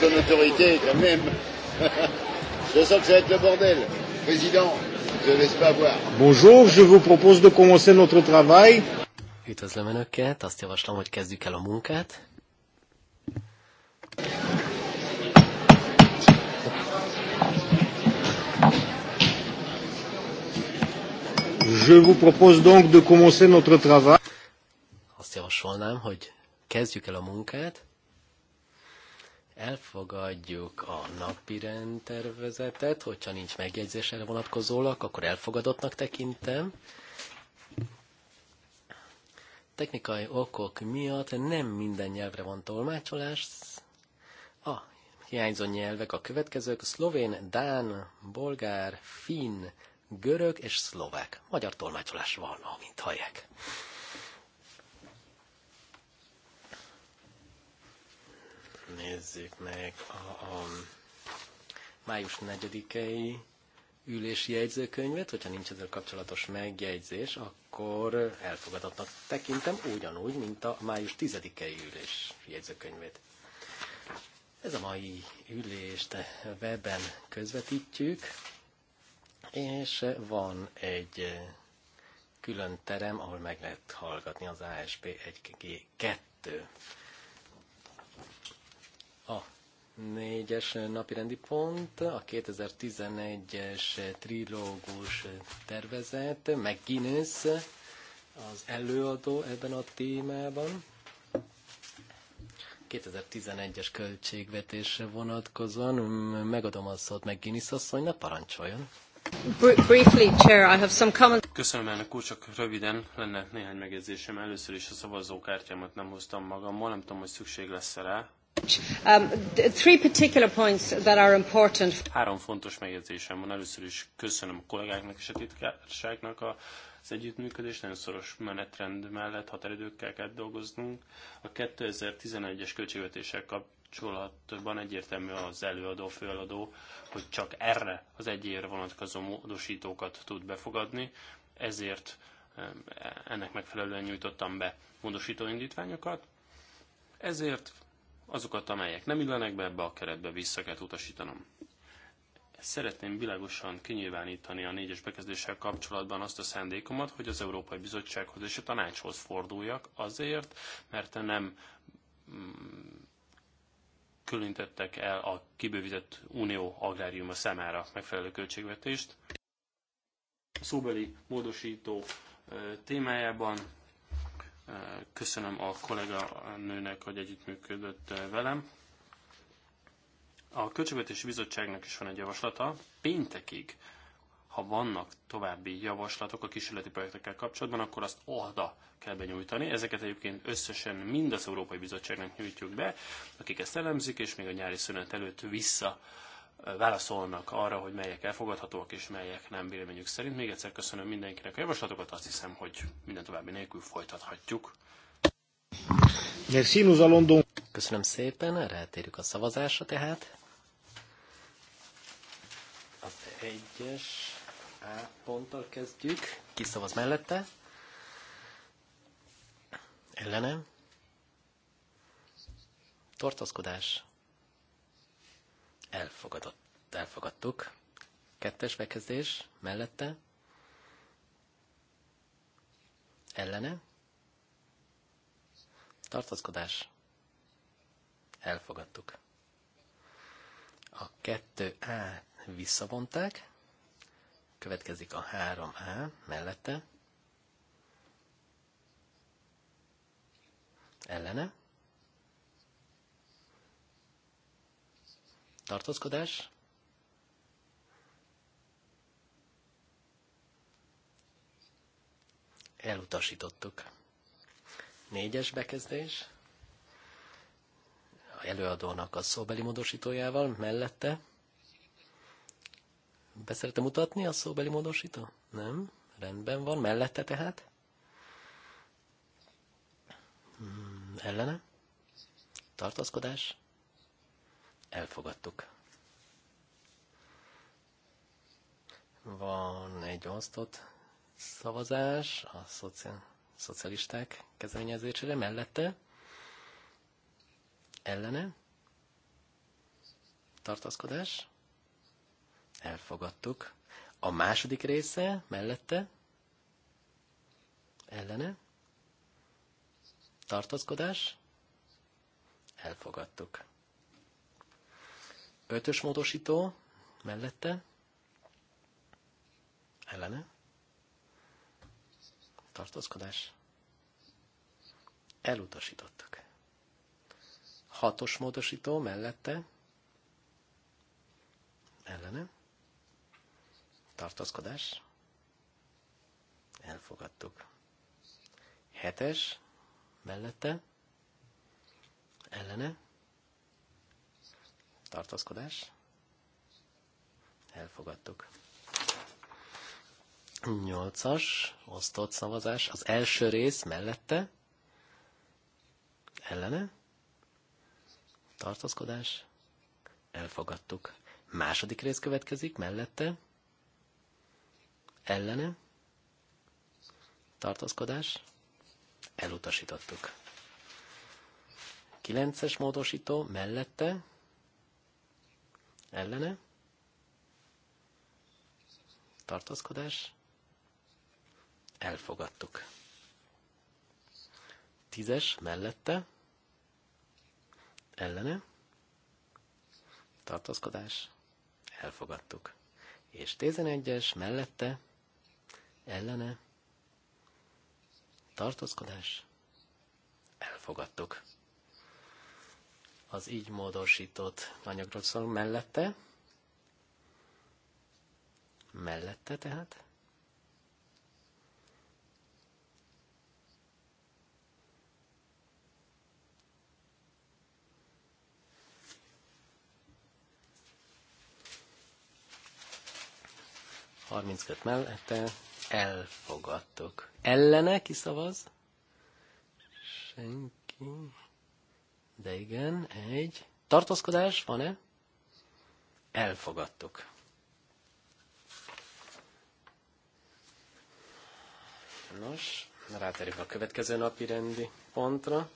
ton autorité quand même. je sens que ça va être le bordel. Président, je ne laisse pas voir. Bonjour, je vous propose de commencer notre travail. Üdvözlöm Önöket, azt javaslom, hogy kezdjük el a munkát. Je vous propose donc de commencer notre travail. Azt javasolnám, hogy kezdjük el a munkát elfogadjuk a napi rendtervezetet, hogyha nincs megjegyzés erre vonatkozólag, akkor elfogadottnak tekintem. Technikai okok miatt nem minden nyelvre van tolmácsolás. A hiányzó nyelvek a következők, szlovén, dán, bolgár, finn, görög és szlovák. Magyar tolmácsolás van, amint hallják. nézzük meg a, a május 4-i ülési jegyzőkönyvet, hogyha nincs ezzel kapcsolatos megjegyzés, akkor elfogadatnak tekintem ugyanúgy, mint a május 10-i ülés jegyzőkönyvét. Ez a mai ülést webben közvetítjük, és van egy külön terem, ahol meg lehet hallgatni az ASP 1G2 négyes napirendi pont, a 2011-es trilógus tervezet, McGuinness az előadó ebben a témában. 2011-es költségvetésre vonatkozóan megadom a szót McGuinness asszonynak, parancsoljon. Briefly, Chair, I have some comments. Köszönöm elnök úr, csak röviden lenne néhány megjegyzésem. Először is a szavazókártyámat nem hoztam magammal, nem tudom, hogy szükség lesz -e rá Um, Három fontos megjegyzésem van. Először is köszönöm a kollégáknak és a titkárságnak az együttműködés. Nagyon szoros menetrend mellett határidőkkel kell dolgoznunk. A 2011-es költségvetéssel kapcsolatban egyértelmű az előadó, főadó, hogy csak erre az egy évre vonatkozó módosítókat tud befogadni. Ezért ennek megfelelően nyújtottam be módosító indítványokat. Ezért azokat, amelyek nem illenek be ebbe a keretbe, vissza kell utasítanom. Szeretném világosan kinyilvánítani a négyes bekezdéssel kapcsolatban azt a szándékomat, hogy az Európai Bizottsághoz és a tanácshoz forduljak azért, mert nem mm, különítettek el a kibővített unió agráriuma számára megfelelő költségvetést. A szóbeli módosító témájában Köszönöm a kollega nőnek, hogy együttműködött eh, velem. A Költségvetési Bizottságnak is van egy javaslata. Péntekig, ha vannak további javaslatok a kísérleti projektekkel kapcsolatban, akkor azt oda kell benyújtani. Ezeket egyébként összesen mind az Európai Bizottságnak nyújtjuk be, akik ezt elemzik, és még a nyári szünet előtt vissza válaszolnak arra, hogy melyek elfogadhatóak és melyek nem véleményük szerint. Még egyszer köszönöm mindenkinek a javaslatokat, azt hiszem, hogy minden további nélkül folytathatjuk. Köszönöm szépen, rátérjük a szavazásra tehát. Az egyes A ponttal kezdjük. Ki szavaz mellette? Ellenem. Tartózkodás elfogadott, elfogadtuk. Kettes bekezdés mellette, ellene, tartozkodás elfogadtuk. A kettő a visszavonták, következik a 3A mellette, ellene, tartózkodás. Elutasítottuk. Négyes bekezdés. A előadónak a szóbeli módosítójával mellette. Beszeretem mutatni a szóbeli módosító? Nem? Rendben van. Mellette tehát? Hmm, ellene? Tartózkodás? elfogadtuk. Van egy osztott szavazás a szociál, szocialisták kezdeményezésére mellette, ellene, tartaszkodás. elfogadtuk. A második része mellette, ellene, tartaszkodás. elfogadtuk. Ötös módosító mellette. Ellene. Tartózkodás. Elutasítottak. Hatos módosító mellette. Ellene. Tartózkodás. Elfogadtuk. Hetes mellette. Ellene tartózkodás. Elfogadtuk. Nyolcas, osztott szavazás. Az első rész mellette. Ellene. Tartózkodás. Elfogadtuk. Második rész következik mellette. Ellene. Tartózkodás. Elutasítottuk. 9-es módosító mellette ellene, tartózkodás, elfogadtuk. Tízes mellette, ellene, tartózkodás, elfogadtuk. És tizenegyes mellette, ellene, tartózkodás, elfogadtuk az így módosított anyagról szól mellette. Mellette tehát. Harmincöt mellette elfogadtuk. Ellene kiszavaz? Senki de igen, egy. Tartózkodás van-e? Elfogadtuk. Nos, ráterjük a következő napi rendi pontra.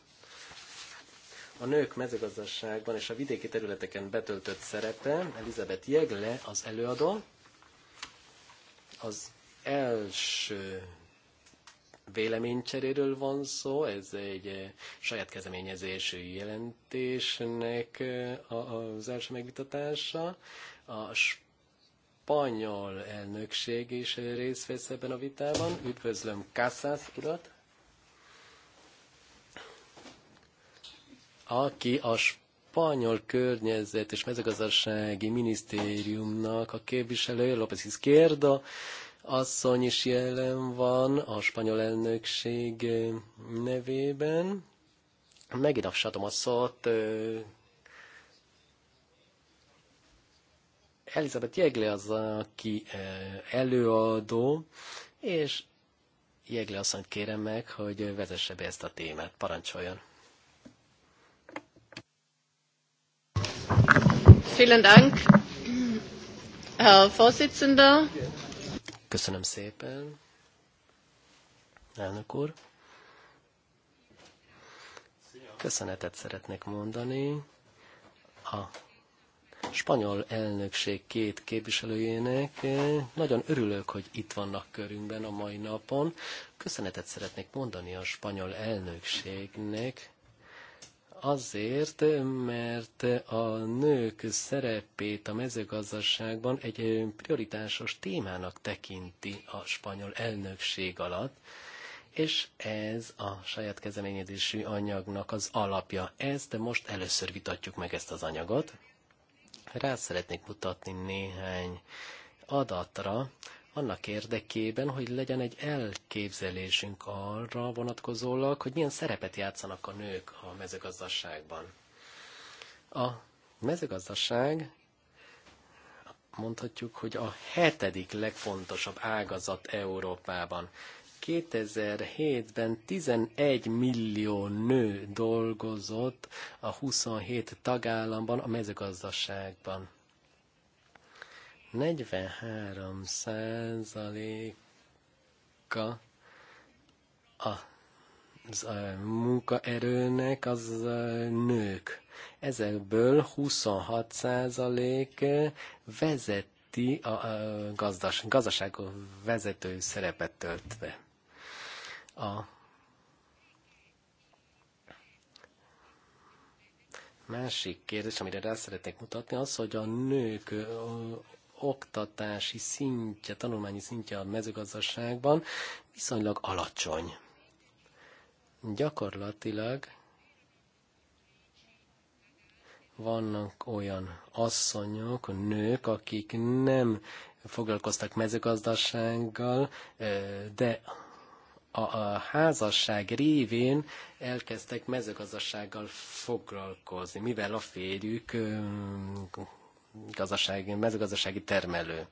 A nők mezőgazdaságban és a vidéki területeken betöltött szerepe, Elizabeth Jegle az előadó, az első véleménycseréről van szó, ez egy eh, saját kezdeményezésű jelentésnek eh, az első megvitatása. A spanyol elnökség is részt vesz ebben a vitában. Üdvözlöm Casas urat, aki a spanyol környezet és mezőgazdasági minisztériumnak a képviselője, López Izquierdo, asszony is jelen van a spanyol elnökség nevében. Megidapsatom a szót Elizabeth Jegle az, aki előadó, és Jegle asszonyt kérem meg, hogy vezesse be ezt a témát. Parancsoljon! Vielen Dank, Herr Vorsitzender. Köszönöm szépen. Elnök úr. Köszönetet szeretnék mondani a spanyol elnökség két képviselőjének. Nagyon örülök, hogy itt vannak körünkben a mai napon. Köszönetet szeretnék mondani a spanyol elnökségnek azért, mert a nők szerepét a mezőgazdaságban egy prioritásos témának tekinti a spanyol elnökség alatt, és ez a saját kezdeményezésű anyagnak az alapja. Ez, de most először vitatjuk meg ezt az anyagot. Rá szeretnék mutatni néhány adatra, annak érdekében, hogy legyen egy elképzelésünk arra vonatkozólag, hogy milyen szerepet játszanak a nők a mezőgazdaságban. A mezőgazdaság mondhatjuk, hogy a hetedik legfontosabb ágazat Európában. 2007-ben 11 millió nő dolgozott a 27 tagállamban a mezőgazdaságban. 43 százaléka a az a munkaerőnek az a nők. Ezekből 26% vezeti a, a gazdas, gazdaság vezető szerepet töltve. A másik kérdés, amire rá szeretnék mutatni, az, hogy a nők oktatási szintje, tanulmányi szintje a mezőgazdaságban viszonylag alacsony. Gyakorlatilag vannak olyan asszonyok, nők, akik nem foglalkoztak mezőgazdasággal, de a, házasság révén elkezdtek mezőgazdasággal foglalkozni, mivel a férjük gazdasági, mezőgazdasági termelő.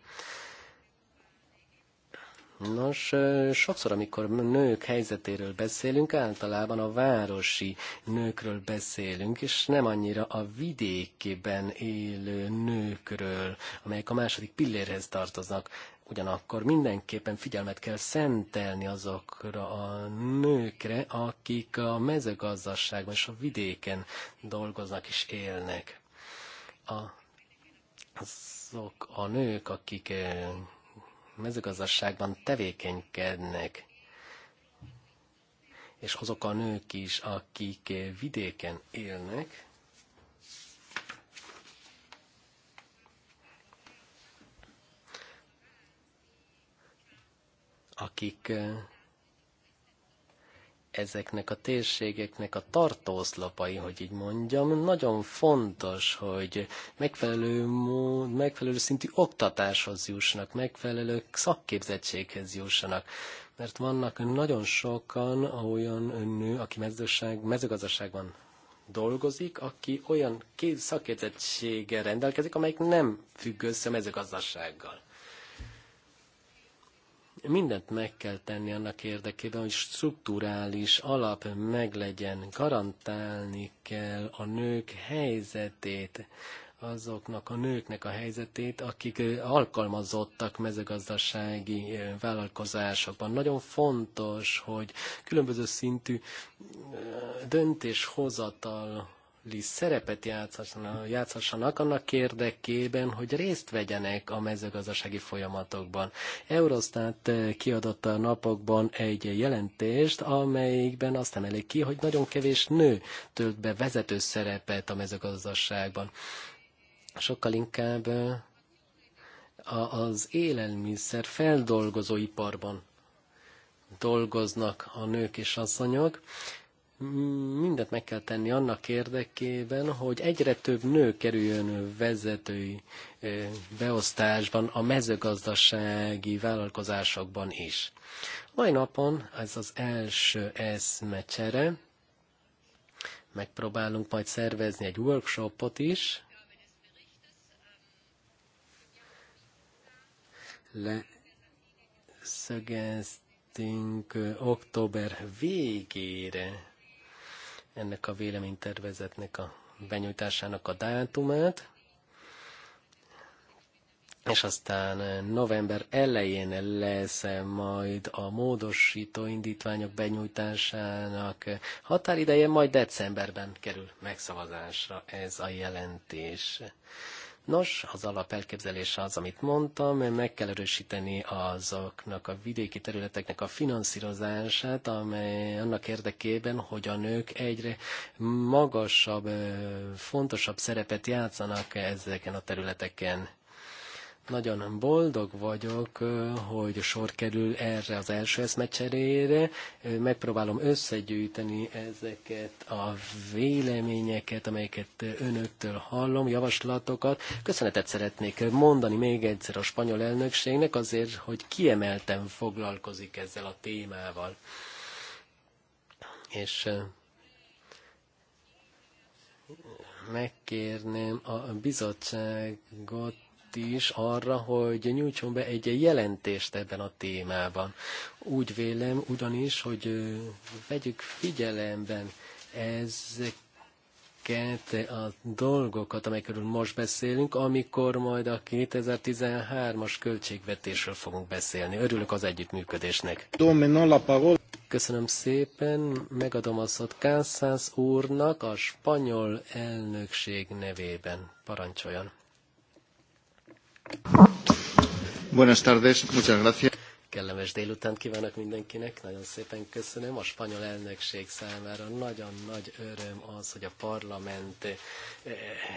Nos, sokszor, amikor nők helyzetéről beszélünk, általában a városi nőkről beszélünk, és nem annyira a vidékében élő nőkről, amelyek a második pillérhez tartoznak. Ugyanakkor mindenképpen figyelmet kell szentelni azokra a nőkre, akik a mezőgazdaságban és a vidéken dolgoznak és élnek. A azok a nők, akik mezőgazdaságban tevékenykednek, és azok a nők is, akik vidéken élnek, akik ezeknek a térségeknek a tartószlapai, hogy így mondjam, nagyon fontos, hogy megfelelő, mód, megfelelő szintű oktatáshoz jussanak, megfelelő szakképzettséghez jussanak. Mert vannak nagyon sokan olyan nő, aki mezőság, mezőgazdaságban dolgozik, aki olyan szakképzettséggel rendelkezik, amelyik nem függ össze mezőgazdasággal mindent meg kell tenni annak érdekében, hogy strukturális alap meglegyen, garantálni kell a nők helyzetét, azoknak a nőknek a helyzetét, akik alkalmazottak mezőgazdasági vállalkozásokban. Nagyon fontos, hogy különböző szintű döntéshozatal szerepet játszhassanak annak érdekében, hogy részt vegyenek a mezőgazdasági folyamatokban. Eurostat eh, kiadotta a napokban egy jelentést, amelyikben azt emelik ki, hogy nagyon kevés nő tölt be vezető szerepet a mezőgazdaságban. Sokkal inkább eh, az élelmiszer feldolgozó iparban dolgoznak a nők és asszonyok, mindent meg kell tenni annak érdekében, hogy egyre több nő kerüljön vezetői beosztásban a mezőgazdasági vállalkozásokban is. Mai napon ez az első eszmecsere, megpróbálunk majd szervezni egy workshopot is, szögeztünk október végére ennek a véleménytervezetnek a benyújtásának a dátumát, és aztán november elején lesz majd a módosító indítványok benyújtásának határideje, majd decemberben kerül megszavazásra ez a jelentés. Nos, az alapelképzelés az, amit mondtam, meg kell erősíteni azoknak a vidéki területeknek a finanszírozását, amely annak érdekében, hogy a nők egyre magasabb, fontosabb szerepet játszanak ezeken a területeken. Nagyon boldog vagyok, hogy sor kerül erre az első eszmecserére. Megpróbálom összegyűjteni ezeket a véleményeket, amelyeket önöktől hallom, javaslatokat. Köszönetet szeretnék mondani még egyszer a spanyol elnökségnek azért, hogy kiemelten foglalkozik ezzel a témával. És megkérném a bizottságot is arra, hogy nyújtson be egy jelentést ebben a témában. Úgy vélem ugyanis, hogy vegyük figyelemben ezek a dolgokat, amelyekről most beszélünk, amikor majd a 2013-as költségvetésről fogunk beszélni. Örülök az együttműködésnek. Köszönöm szépen, megadom a szót Kánszász úrnak a spanyol elnökség nevében. Parancsoljon. Buenas tardes, muchas gracias. Kellemes délután kívánok mindenkinek, nagyon szépen köszönöm. A spanyol elnökség számára nagyon nagy öröm az, hogy a parlament eh,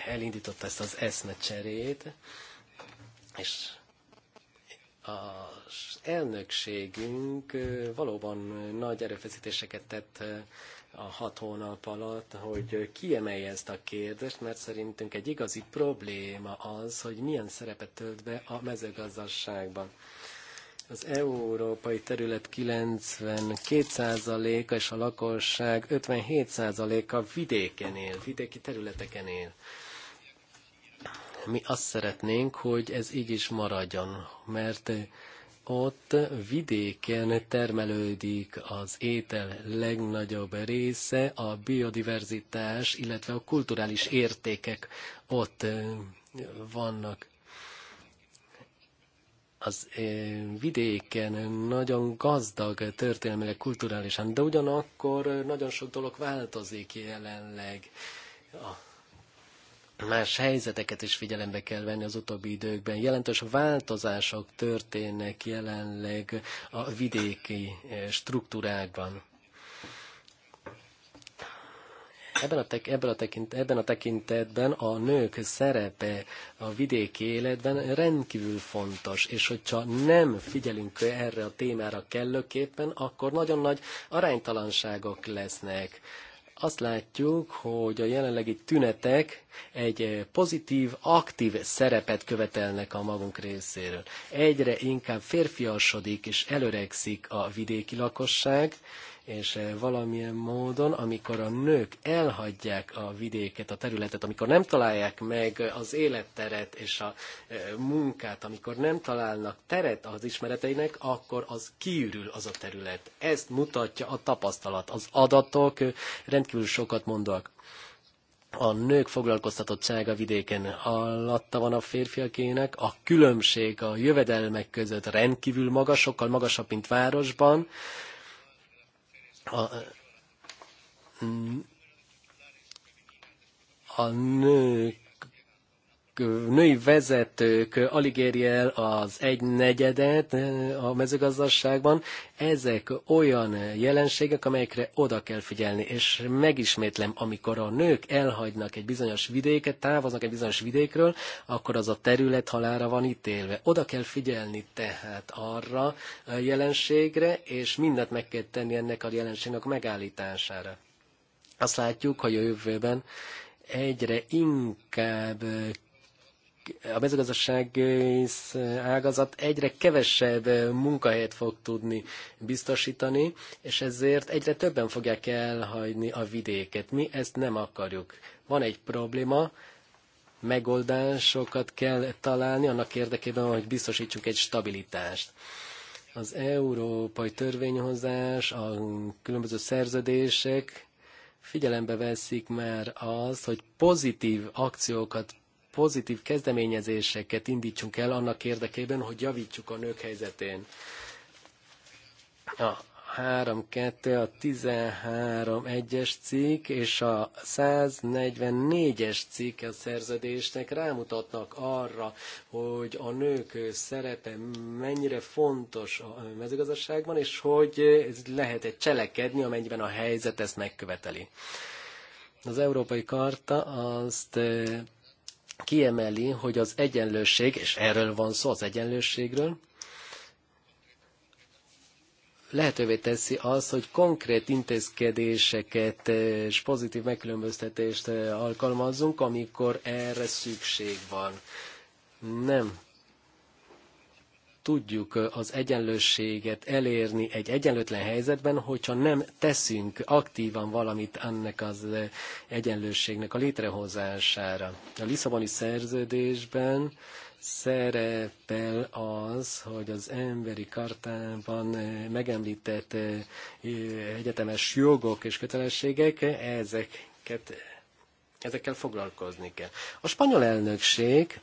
elindította ezt az eszmecserét, és az elnökségünk eh, valóban nagy erőfeszítéseket tett eh, a hat hónap alatt, hogy kiemelje ezt a kérdést, mert szerintünk egy igazi probléma az, hogy milyen szerepet tölt be a mezőgazdaságban. Az európai terület 92%-a és a lakosság 57%-a vidéken él, vidéki területeken él. Mi azt szeretnénk, hogy ez így is maradjon, mert ott vidéken termelődik az étel legnagyobb része, a biodiverzitás, illetve a kulturális értékek ott vannak. Az vidéken nagyon gazdag történelmileg, kulturálisan, de ugyanakkor nagyon sok dolog változik jelenleg. A más helyzeteket is figyelembe kell venni az utóbbi időkben. Jelentős változások történnek jelenleg a vidéki eh, struktúrákban. Ebben a, tek, ebben, a tekint, ebben a tekintetben a nők szerepe a vidéki életben rendkívül fontos, és hogyha nem figyelünk erre a témára kellőképpen, akkor nagyon nagy aránytalanságok lesznek azt látjuk, hogy a jelenlegi tünetek egy eh, pozitív, aktív szerepet követelnek a magunk részéről. Egyre inkább férfiasodik és előregszik a vidéki lakosság, és eh, valamilyen módon, amikor a nők elhagyják a vidéket, a területet, amikor nem találják meg az életteret és a eh, munkát, amikor nem találnak teret az ismereteinek, akkor az kiürül az a terület. Ezt mutatja a tapasztalat. Az adatok eh, rendkívül sokat mondanak a nők foglalkoztatottsága vidéken alatta van a férfiakének, a különbség a jövedelmek között rendkívül magas, sokkal magasabb, mint városban, a, mm, a nők női vezetők alig éri el az egynegyedet eh, a mezőgazdaságban. Ezek olyan jelenségek, amelyekre oda kell figyelni, és megismétlem, amikor a nők elhagynak egy bizonyos vidéket, távoznak egy bizonyos vidékről, akkor az a terület halára van ítélve. Oda kell figyelni tehát arra a jelenségre, és mindent meg kell tenni ennek a jelenségnek megállítására. Azt látjuk, hogy a jövőben egyre inkább a mezőgazdaság ágazat egyre kevesebb munkahelyet fog tudni biztosítani, és ezért egyre többen fogják elhagyni a vidéket. Mi ezt nem akarjuk. Van egy probléma, megoldásokat kell találni annak érdekében, hogy biztosítsunk egy stabilitást az európai törvényhozás, a különböző szerződések figyelembe veszik már az hogy pozitív akciókat pozitív kezdeményezéseket indítsunk el annak érdekében, hogy javítsuk a nők helyzetén. A 3, 2, a 13, 1-es cikk és a 144-es cikk a szerződésnek rámutatnak arra, hogy a nők szerepe mennyire fontos a mezőgazdaságban, és hogy lehet egy cselekedni, amennyiben a helyzet ezt megköveteli. Az Európai Karta azt kiemeli, hogy az egyenlőség, és erről van szó, az egyenlőségről, lehetővé teszi azt, hogy konkrét intézkedéseket és pozitív megkülönböztetést alkalmazzunk, amikor erre szükség van. Nem tudjuk az egyenlőséget elérni egy egyenlőtlen helyzetben, hogyha nem teszünk aktívan valamit ennek az egyenlőségnek a létrehozására. A Lisszaboni szerződésben szerepel az, hogy az emberi kartában megemlített egyetemes jogok és kötelességek, ezeket, ezekkel foglalkozni kell. A spanyol elnökség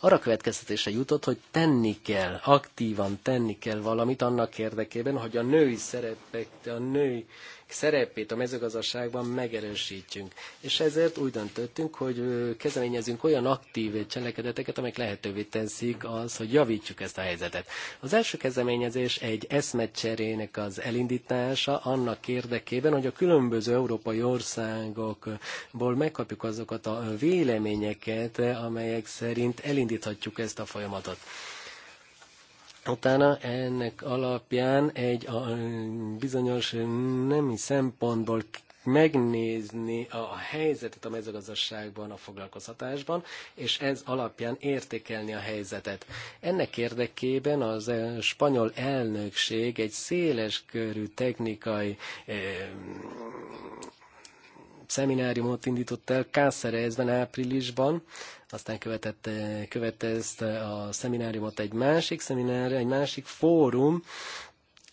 arra következtetése jutott, hogy tenni kell, aktívan tenni kell valamit annak érdekében, hogy a női szerepek, a női szerepét a mezőgazdaságban megerősítsünk. És ezért úgy döntöttünk, hogy kezdeményezünk olyan aktív cselekedeteket, amelyek lehetővé teszik az, hogy javítsuk ezt a helyzetet. Az első kezdeményezés egy eszmecserének az elindítása annak érdekében, hogy a különböző európai országokból megkapjuk azokat a véleményeket, amelyek szerint elindíthatjuk ezt a folyamatot. Utána ennek alapján egy a, bizonyos nemi szempontból megnézni a helyzetet a mezőgazdaságban, a foglalkoztatásban, és ez alapján értékelni a helyzetet. Ennek érdekében az eh, spanyol elnökség egy széles körű technikai eh, szemináriumot indított el Cáceresben áprilisban, aztán követett, eh, követte ezt eh, a szemináriumot egy másik szeminárium, egy másik fórum,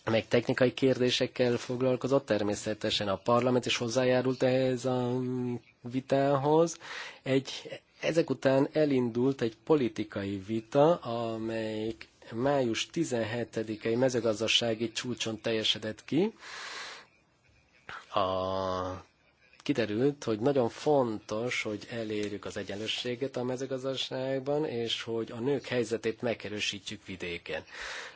meg technikai kérdésekkel foglalkozott, természetesen a parlament is hozzájárult ehhez a vitához. Egy, ezek után elindult egy politikai vita, amelyik május 17-i mezőgazdasági csúcson teljesedett ki. A kiderült, hogy nagyon fontos, hogy elérjük az egyenlősséget a mezőgazdaságban, és hogy a nők helyzetét megerősítjük vidéken.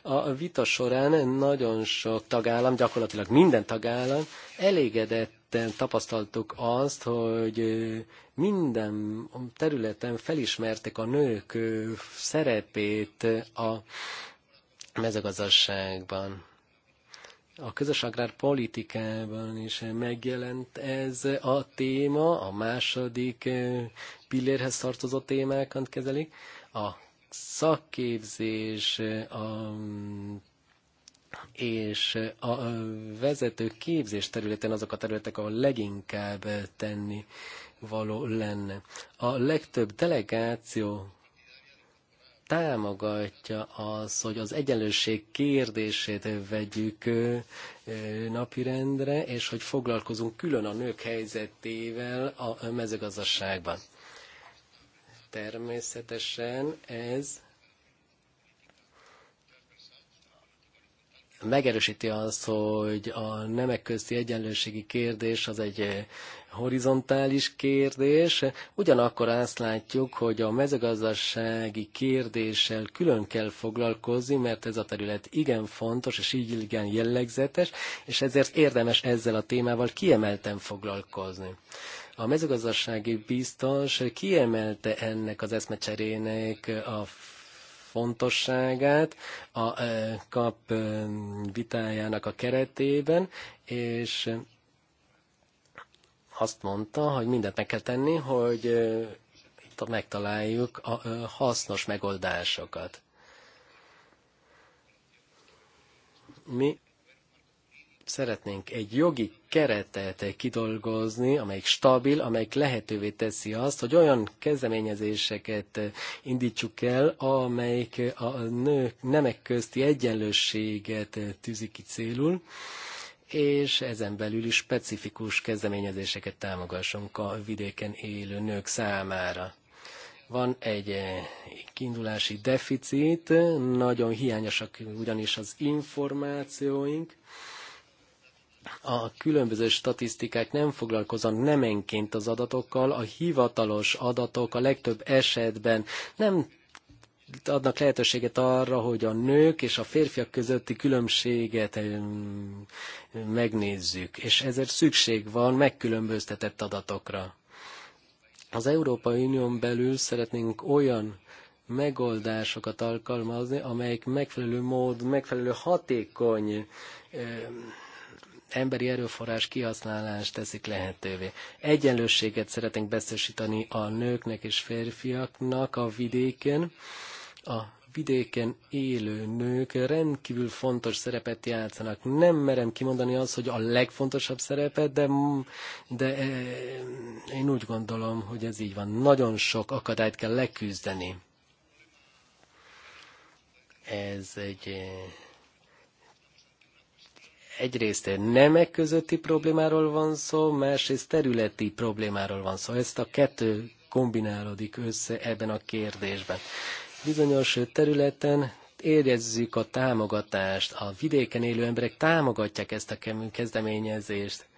A vita során nagyon sok tagállam, gyakorlatilag minden tagállam elégedett tapasztaltuk azt, hogy minden területen felismertek a nők szerepét a mezőgazdaságban a közös agrárpolitikában is megjelent ez a téma, a második eh, pillérhez tartozó témákat kezelik, a szakképzés, eh, a és eh, a vezető képzés területen azok a területek, ahol leginkább tenni való lenne. A legtöbb delegáció támogatja az, hogy az egyenlőség kérdését vegyük napirendre, és hogy foglalkozunk külön a nők helyzetével a mezőgazdaságban. Természetesen ez megerősíti azt, hogy a nemek közti egyenlőségi kérdés az egy horizontális kérdés, ugyanakkor azt látjuk, hogy a mezőgazdasági kérdéssel külön kell foglalkozni, mert ez a terület igen fontos, és így igen jellegzetes, és ezért érdemes ezzel a témával kiemelten foglalkozni. A mezőgazdasági biztos kiemelte ennek az eszmecserének a fontosságát a eh, kap eh, vitájának a keretében, és azt mondta, hogy mindent meg kell tenni, hogy megtaláljuk a hasznos megoldásokat. Mi szeretnénk egy jogi keretet kidolgozni, amelyik stabil, amelyik lehetővé teszi azt, hogy olyan kezdeményezéseket indítsuk el, amelyik a nők nemek közti egyenlőséget tűzi ki célul, és ezen belül is specifikus kezdeményezéseket támogassunk a vidéken élő nők számára. Van egy eh, kiindulási deficit, nagyon hiányosak ugyanis az információink, a különböző statisztikák nem foglalkoznak nemenként az adatokkal, a hivatalos adatok a legtöbb esetben nem adnak lehetőséget arra, hogy a nők és a férfiak közötti különbséget megnézzük, és ezért szükség van megkülönböztetett adatokra. Az Európai Unión belül szeretnénk olyan megoldásokat alkalmazni, amelyek megfelelő mód, megfelelő hatékony emberi erőforrás kihasználást teszik lehetővé. Egyenlősséget szeretnénk biztosítani a nőknek és férfiaknak a vidéken, a vidéken élő nők rendkívül fontos szerepet játszanak. Nem merem kimondani azt, hogy a legfontosabb szerepet, de, de e, én úgy gondolom, hogy ez így van. Nagyon sok akadályt kell leküzdeni. Ez egy e, egyrészt nemek közötti problémáról van szó, másrészt területi problémáról van szó. Ezt a kettő kombinálódik össze ebben a kérdésben bizonyos területen érezzük a támogatást. A vidéken élő emberek támogatják ezt a kezdeményezést.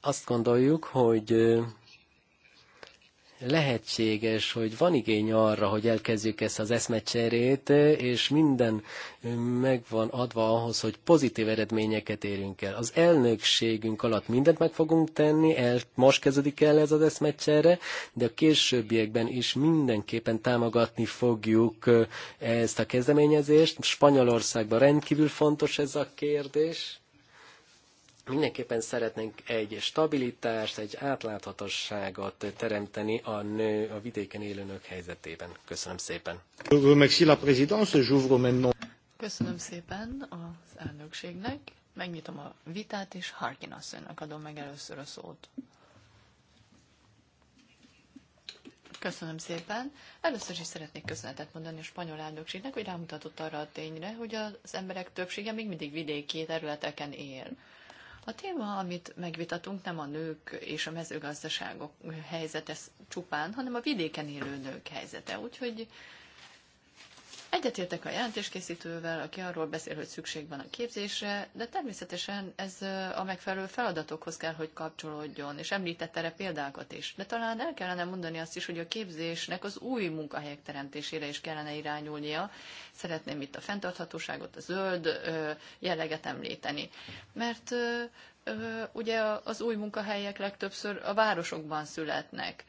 Azt gondoljuk, hogy lehetséges, hogy van igény arra, hogy elkezdjük ezt az eszmecserét, és minden megvan adva ahhoz, hogy pozitív eredményeket érünk el. Az elnökségünk alatt mindent meg fogunk tenni, el, most kezdődik el ez az eszmecsere, de a későbbiekben is mindenképpen támogatni fogjuk eh, ezt a kezdeményezést. Spanyolországban rendkívül fontos ez a kérdés Mindenképpen szeretnénk egy stabilitást, egy átláthatóságot teremteni a nő, a vidéken élő nők helyzetében. Köszönöm szépen. Köszönöm szépen az elnökségnek. Megnyitom a vitát, és Harkin asszonynak adom meg először a szót. Köszönöm szépen. Először is szeretnék köszönetet mondani a spanyol elnökségnek, hogy rámutatott arra a tényre, hogy az emberek többsége még mindig vidéki területeken él. A téma, amit megvitatunk, nem a nők és a mezőgazdaságok helyzete csupán, hanem a vidéken élő nők helyzete. Úgyhogy Egyetértek a jelentéskészítővel, aki arról beszél, hogy szükség van a képzésre, de természetesen ez a megfelelő feladatokhoz kell, hogy kapcsolódjon, és említett erre példákat is. De talán el kellene mondani azt is, hogy a képzésnek az új munkahelyek teremtésére is kellene irányulnia. Szeretném itt a fenntarthatóságot, a zöld jelleget említeni. Mert ugye az új munkahelyek legtöbbször a városokban születnek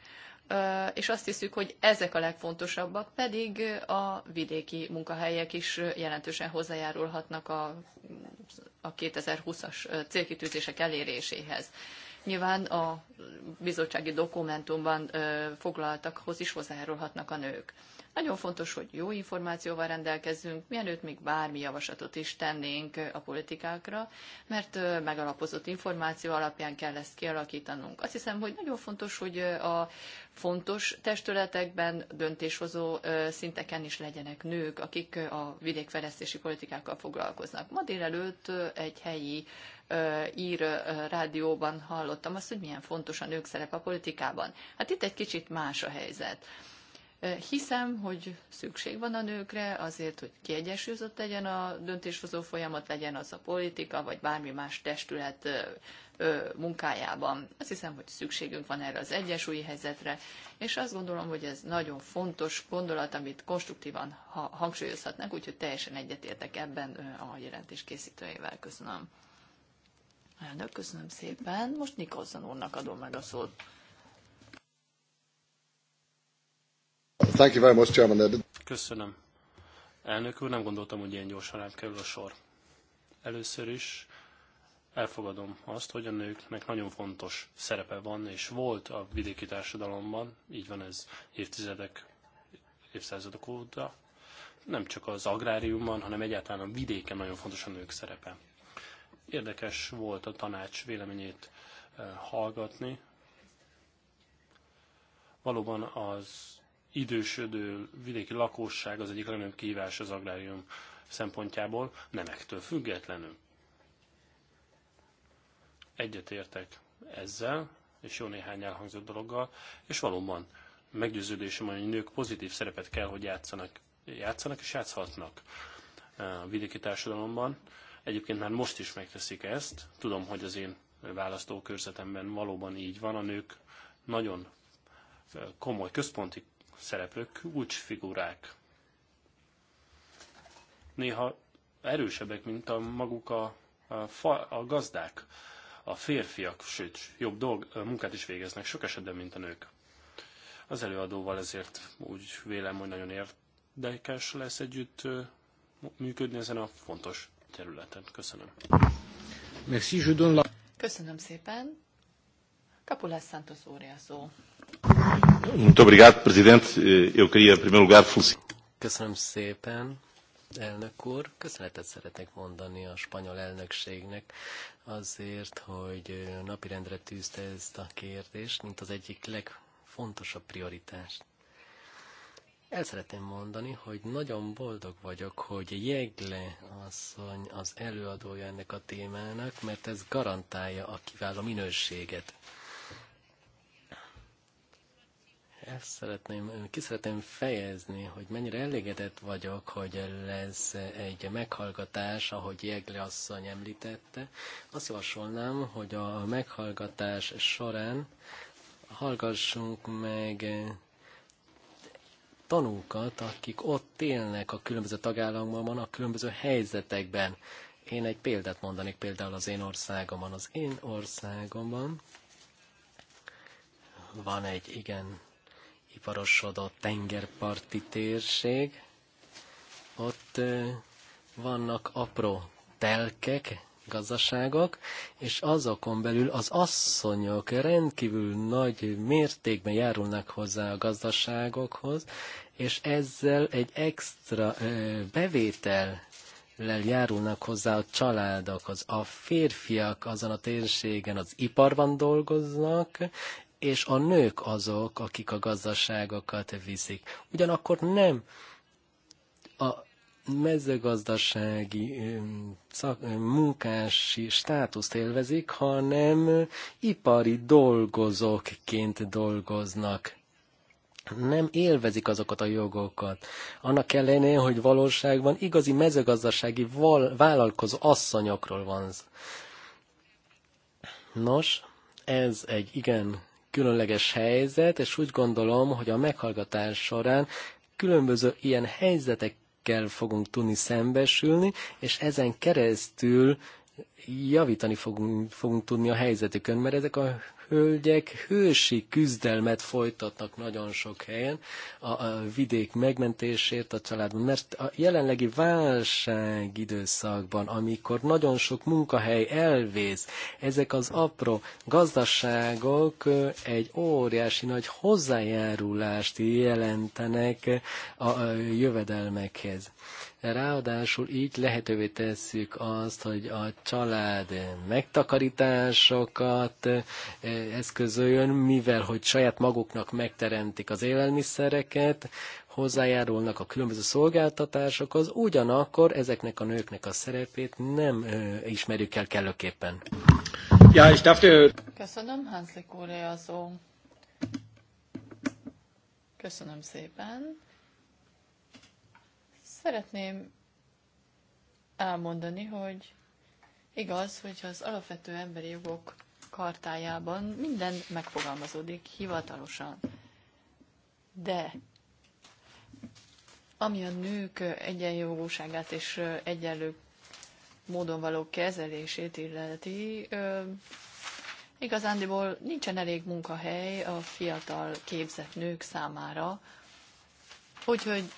és azt hiszük, hogy ezek a legfontosabbak, pedig a vidéki munkahelyek is jelentősen hozzájárulhatnak a, a 2020-as célkitűzések eléréséhez. Nyilván a bizottsági dokumentumban foglaltakhoz is hozzájárulhatnak a nők. Nagyon fontos, hogy jó információval rendelkezzünk, mielőtt még bármi javaslatot is tennénk a politikákra, mert megalapozott információ alapján kell ezt kialakítanunk. Azt hiszem, hogy nagyon fontos, hogy a fontos testületekben, döntéshozó szinteken is legyenek nők, akik a vidékfejlesztési politikákkal foglalkoznak. Ma délelőtt egy helyi ír rádióban hallottam azt, hogy milyen fontos a nők szerep a politikában. Hát itt egy kicsit más a helyzet. Hiszem, hogy szükség van a nőkre azért, hogy kiegyensúlyozott legyen a döntéshozó folyamat, legyen az a politika, vagy bármi más testület munkájában. Azt hiszem, hogy szükségünk van erre az egyensúlyi helyzetre, és azt gondolom, hogy ez nagyon fontos gondolat, amit konstruktívan hangsúlyozhatnak, úgyhogy teljesen egyetértek ebben a jelentés készítőjével. Köszönöm. Elnök, köszönöm szépen. Most Nikolson úrnak adom meg a szót. Thank you very much, Chairman. Köszönöm. Elnök úr, nem gondoltam, hogy ilyen gyorsan átkerül a sor. Először is elfogadom azt, hogy a nőknek nagyon fontos szerepe van, és volt a vidéki társadalomban, így van ez évtizedek, évszázadok óta, nem csak az agráriumban, hanem egyáltalán a vidéken nagyon fontos a nők szerepe. Érdekes volt a tanács véleményét eh, hallgatni. Valóban az idősödő vidéki lakosság az egyik legnagyobb kihívás az agrárium szempontjából, nemektől függetlenül. Egyetértek ezzel, és jó néhány elhangzott dologgal, és valóban meggyőződésem, hogy a nők pozitív szerepet kell, hogy játszanak, játszanak és játszhatnak eh, a vidéki társadalomban. Egyébként már most is megteszik ezt. Tudom, hogy az én választókörzetemben valóban így van. A nők nagyon eh, komoly központi szereplők kulcsfigurák. Néha erősebbek, mint a maguk a, a, fa, a gazdák, a férfiak, sőt, jobb dolg, munkát is végeznek sok esetben, mint a nők. Az előadóval ezért úgy vélem, hogy nagyon érdekes lesz együtt működni ezen a fontos területen. Köszönöm. Merci, je donne la... Köszönöm szépen. Kapulás Santos úr Muito obrigado, Presidente. Eu queria, em primeiro lugar, felicitar. Köszönöm szépen, elnök úr. Köszönetet szeretnék mondani a spanyol elnökségnek azért, hogy napirendre tűzte ezt a kérdést, mint az egyik legfontosabb prioritást. El szeretném mondani, hogy nagyon boldog vagyok, hogy Jegle asszony az előadója ennek a témának, mert ez garantálja a kiváló minőséget. ezt szeretném, ki szeretném fejezni, hogy mennyire elégedett vagyok, hogy lesz egy meghallgatás, ahogy Jegle asszony említette. Azt javasolnám, hogy a meghallgatás során hallgassunk meg tanúkat, akik ott élnek a különböző tagállamokban, a különböző helyzetekben. Én egy példát mondanék például az én országomban. Az én országomban van egy igen iparosodott tengerparti térség. Ott vannak apró telkek, gazdaságok, és azokon belül az asszonyok rendkívül nagy mértékben járulnak hozzá a gazdaságokhoz, és ezzel egy extra bevétel járulnak hozzá a családokhoz. A férfiak azon a térségen az iparban dolgoznak, és a nők azok, akik a gazdaságokat viszik. Ugyanakkor nem a mezőgazdasági szak, munkási státuszt élvezik, hanem ipari dolgozókként dolgoznak. Nem élvezik azokat a jogokat. Annak ellenére, hogy valóságban igazi mezőgazdasági vállalkozó asszonyokról van. Nos, ez egy igen különleges helyzet, és úgy gondolom, hogy a meghallgatás során különböző ilyen helyzetekkel fogunk tudni szembesülni, és ezen keresztül javítani fogunk, fogunk tudni a helyzetükön, mert ezek a hölgyek hősi küzdelmet folytatnak nagyon sok helyen a, a vidék megmentésért a családban, mert a jelenlegi válság időszakban, amikor nagyon sok munkahely elvész, ezek az apró gazdaságok egy óriási nagy hozzájárulást jelentenek a jövedelmekhez. Ráadásul így lehetővé tesszük azt, hogy a család megtakarításokat eh, eszközöljön, mivel hogy saját maguknak megteremtik az élelmiszereket, hozzájárulnak a különböző szolgáltatásokhoz, ugyanakkor ezeknek a nőknek a szerepét nem ö, eh, ismerjük el kellőképpen. Ja, és darf Köszönöm, hanszlik úr, a Köszönöm szépen. Szeretném elmondani, hogy igaz, hogy az alapvető emberi jogok kartájában minden megfogalmazódik hivatalosan. De ami a nők egyenjogúságát és egyenlő módon való kezelését illeti, igazándiból nincsen elég munkahely a fiatal képzett nők számára, úgyhogy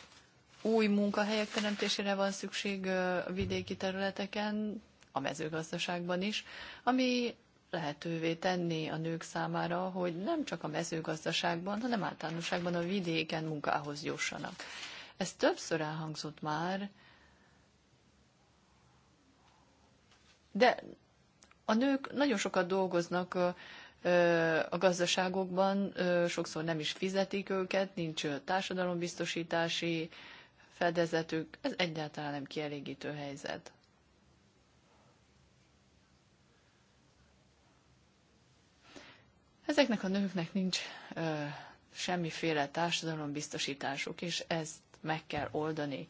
új munkahelyek teremtésére van szükség a vidéki területeken, a mezőgazdaságban is, ami lehetővé tenni a nők számára, hogy nem csak a mezőgazdaságban, hanem általánosságban a vidéken munkához jussanak. Ez többször elhangzott már, de a nők nagyon sokat dolgoznak a gazdaságokban, sokszor nem is fizetik őket, nincs társadalombiztosítási fedezetük, ez egyáltalán nem kielégítő helyzet. Ezeknek a nőknek nincs ö, semmiféle társadalombiztosításuk, és ezt meg kell oldani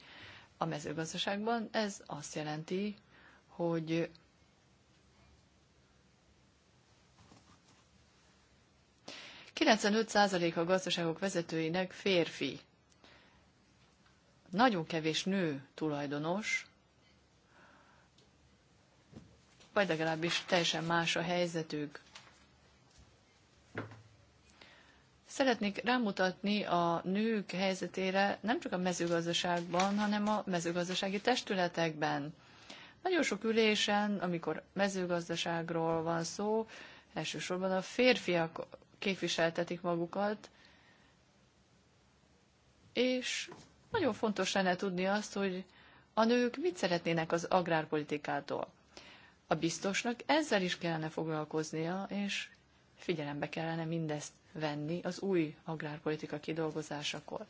a mezőgazdaságban. Ez azt jelenti, hogy a gazdaságok vezetőinek férfi nagyon kevés nő tulajdonos, vagy legalábbis teljesen más a helyzetük. Szeretnék rámutatni a nők helyzetére nem csak a mezőgazdaságban, hanem a mezőgazdasági testületekben. Nagyon sok ülésen, amikor mezőgazdaságról van szó, elsősorban a férfiak képviseltetik magukat, és nagyon fontos lenne tudni azt, hogy a nők mit szeretnének az agrárpolitikától. A biztosnak ezzel is kellene foglalkoznia, és figyelembe kellene mindezt venni az új agrárpolitika kidolgozásakor.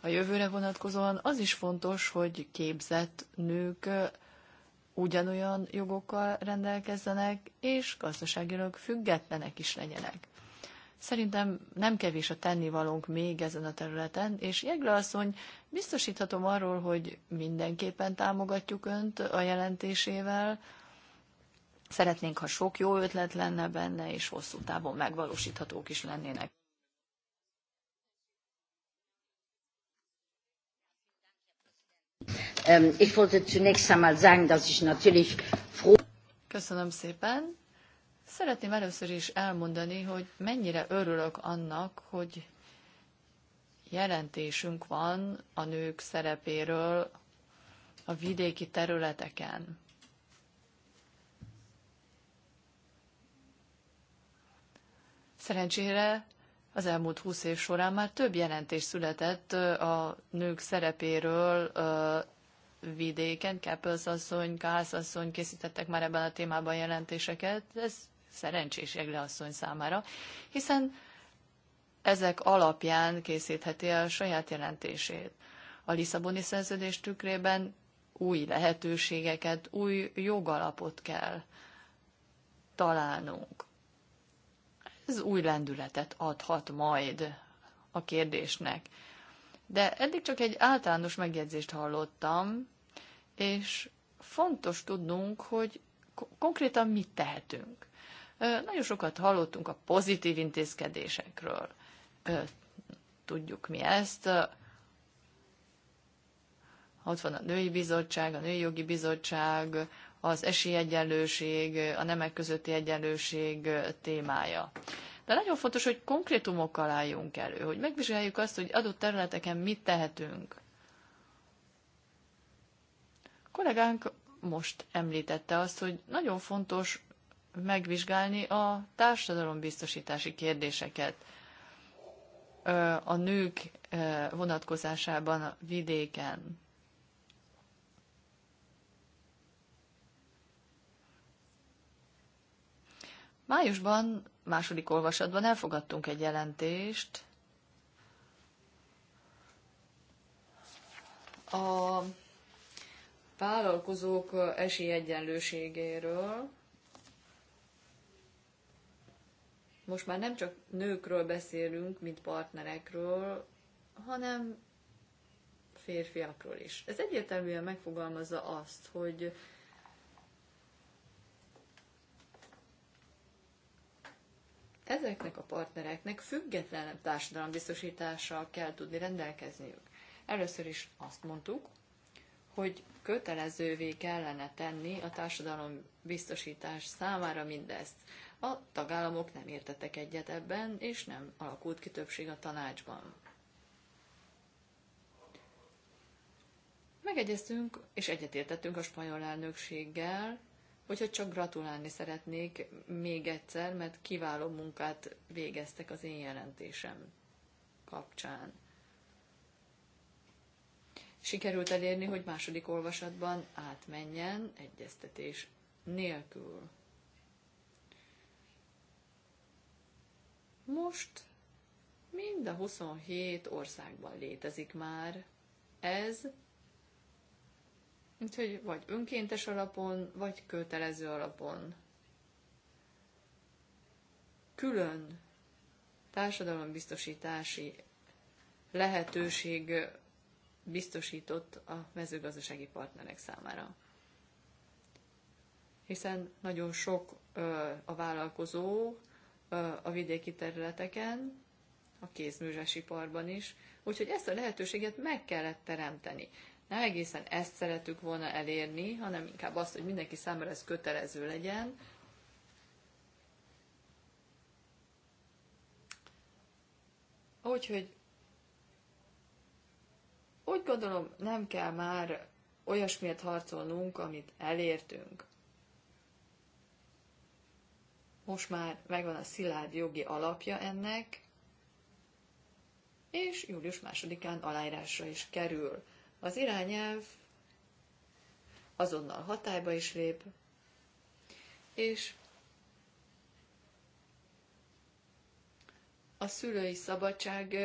A jövőre vonatkozóan az is fontos, hogy képzett nők ugyanolyan jogokkal rendelkezzenek, és gazdaságilag függetlenek is legyenek. Szerintem nem kevés a tennivalónk még ezen a területen, és Jegle asszony, biztosíthatom arról, hogy mindenképpen támogatjuk Önt a jelentésével. Szeretnénk, ha sok jó ötlet lenne benne, és hosszú távon megvalósíthatók is lennének. Ähm, Köszönöm szépen. Szeretném először is elmondani, hogy mennyire örülök annak, hogy jelentésünk van a nők szerepéről a vidéki területeken. Szerencsére az elmúlt húsz év során már több jelentés született a nők szerepéről vidéken. Keppels asszony, Kász asszony készítettek már ebben a témában jelentéseket. Ez szerencsés Jegle asszony számára, hiszen ezek alapján készítheti a saját jelentését. A Lisszaboni szerződés tükrében új lehetőségeket, új jogalapot kell találnunk. Ez új lendületet adhat majd a kérdésnek. De eddig csak egy általános megjegyzést hallottam, és fontos tudnunk, hogy konkrétan mit tehetünk. Nagyon sokat hallottunk a pozitív intézkedésekről. Tudjuk mi ezt. Ott van a női bizottság, a női jogi bizottság, az esélyegyenlőség, a nemek közötti egyenlőség témája. De nagyon fontos, hogy konkrétumokkal álljunk elő, hogy megvizsgáljuk azt, hogy adott területeken mit tehetünk. A kollégánk most említette azt, hogy nagyon fontos megvizsgálni a társadalombiztosítási kérdéseket a nők vonatkozásában a vidéken. Májusban, második olvasatban elfogadtunk egy jelentést a vállalkozók esélyegyenlőségéről, most már nem csak nőkről beszélünk, mint partnerekről, hanem férfiakról is. Ez egyértelműen megfogalmazza azt, hogy ezeknek a partnereknek társadalom biztosítással kell tudni rendelkezniük. Először is azt mondtuk, hogy kötelezővé kellene tenni a biztosítás számára mindezt. A tagállamok nem értettek egyet ebben, és nem alakult ki többség a tanácsban. Megegyeztünk, és egyetértettünk a spanyol elnökséggel, hogyha csak gratulálni szeretnék még egyszer, mert kiváló munkát végeztek az én jelentésem kapcsán. Sikerült elérni, hogy második olvasatban átmenjen egyeztetés nélkül. Most mind a 27 országban létezik már ez, úgyhogy vagy önkéntes alapon, vagy kötelező alapon. Külön társadalombiztosítási lehetőség biztosított a mezőgazdasági partnerek számára. Hiszen nagyon sok ö, a vállalkozó, a vidéki területeken, a kézműves iparban is. Úgyhogy ezt a lehetőséget meg kellett teremteni. Nem egészen ezt szeretük volna elérni, hanem inkább azt, hogy mindenki számára ez kötelező legyen. Úgyhogy úgy gondolom, nem kell már olyasmiért harcolnunk, amit elértünk most már megvan a szilárd jogi alapja ennek, és július másodikán aláírásra is kerül. Az irányelv azonnal hatályba is lép, és a szülői szabadság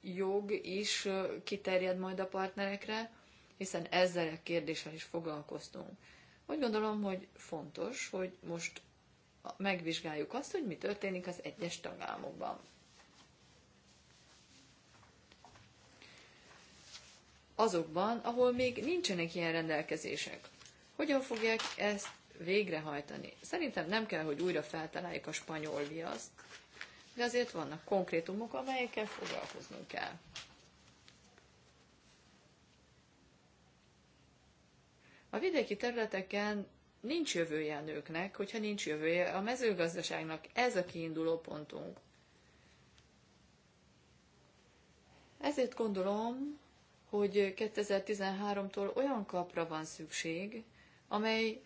jog is kiterjed majd a partnerekre, hiszen ezzel a kérdéssel is foglalkoztunk. Úgy gondolom, hogy fontos, hogy most megvizsgáljuk azt, hogy mi történik az egyes tagállamokban. Azokban, ahol még nincsenek ilyen rendelkezések. Hogyan fogják ezt végrehajtani? Szerintem nem kell, hogy újra feltaláljuk a spanyol viaszt, de azért vannak konkrétumok, amelyekkel foglalkoznunk kell. A vidéki területeken nincs jövője a nőknek, hogyha nincs jövője a mezőgazdaságnak. Ez a kiinduló pontunk. Ezért gondolom, hogy 2013-tól olyan kapra van szükség, amely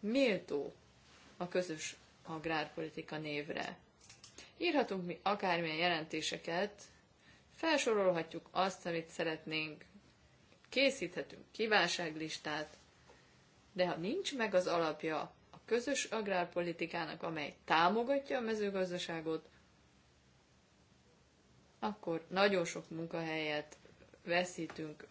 méltó a közös agrárpolitika névre. Írhatunk mi akármilyen jelentéseket, felsorolhatjuk azt, amit szeretnénk, készíthetünk kiválságlistát, de ha nincs meg az alapja a közös agrárpolitikának, amely támogatja a mezőgazdaságot, akkor nagyon sok munkahelyet veszítünk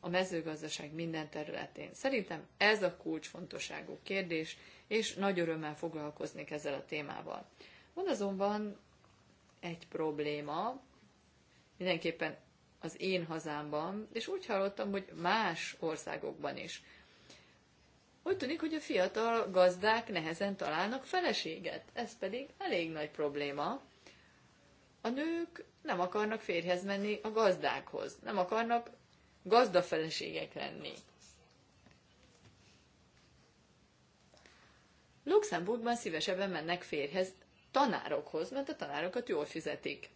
a mezőgazdaság minden területén. Szerintem ez a kulcsfontosságú kérdés, és nagy örömmel foglalkoznék ezzel a témával. Van azonban egy probléma, mindenképpen az én hazámban, és úgy hallottam, hogy más országokban is. Úgy tűnik, hogy a fiatal gazdák nehezen találnak feleséget, ez pedig elég nagy probléma. A nők nem akarnak férjhez menni a gazdákhoz, nem akarnak gazda feleségek lenni. Luxemburgban szívesebben mennek férjhez tanárokhoz, mert a tanárokat jól fizetik.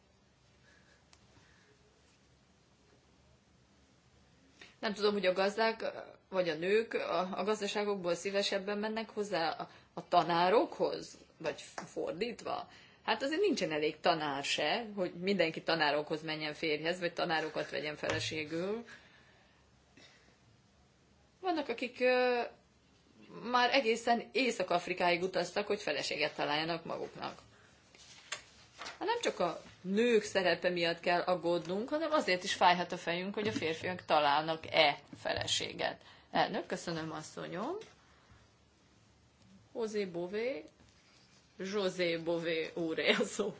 Nem tudom, hogy a gazdák vagy a nők a, a gazdaságokból szívesebben mennek hozzá a, a tanárokhoz, vagy fordítva. Hát azért nincsen elég tanár se, hogy mindenki tanárokhoz menjen férjhez, vagy tanárokat vegyen feleségül. Vannak, akik ö, már egészen Észak-Afrikáig utaztak, hogy feleséget találjanak maguknak. Hát nem csak a nők szerepe miatt kell aggódnunk, hanem azért is fájhat a fejünk, hogy a férfiak találnak-e feleséget. Elnök, köszönöm asszonyom. José Bové, José Bové úré szó.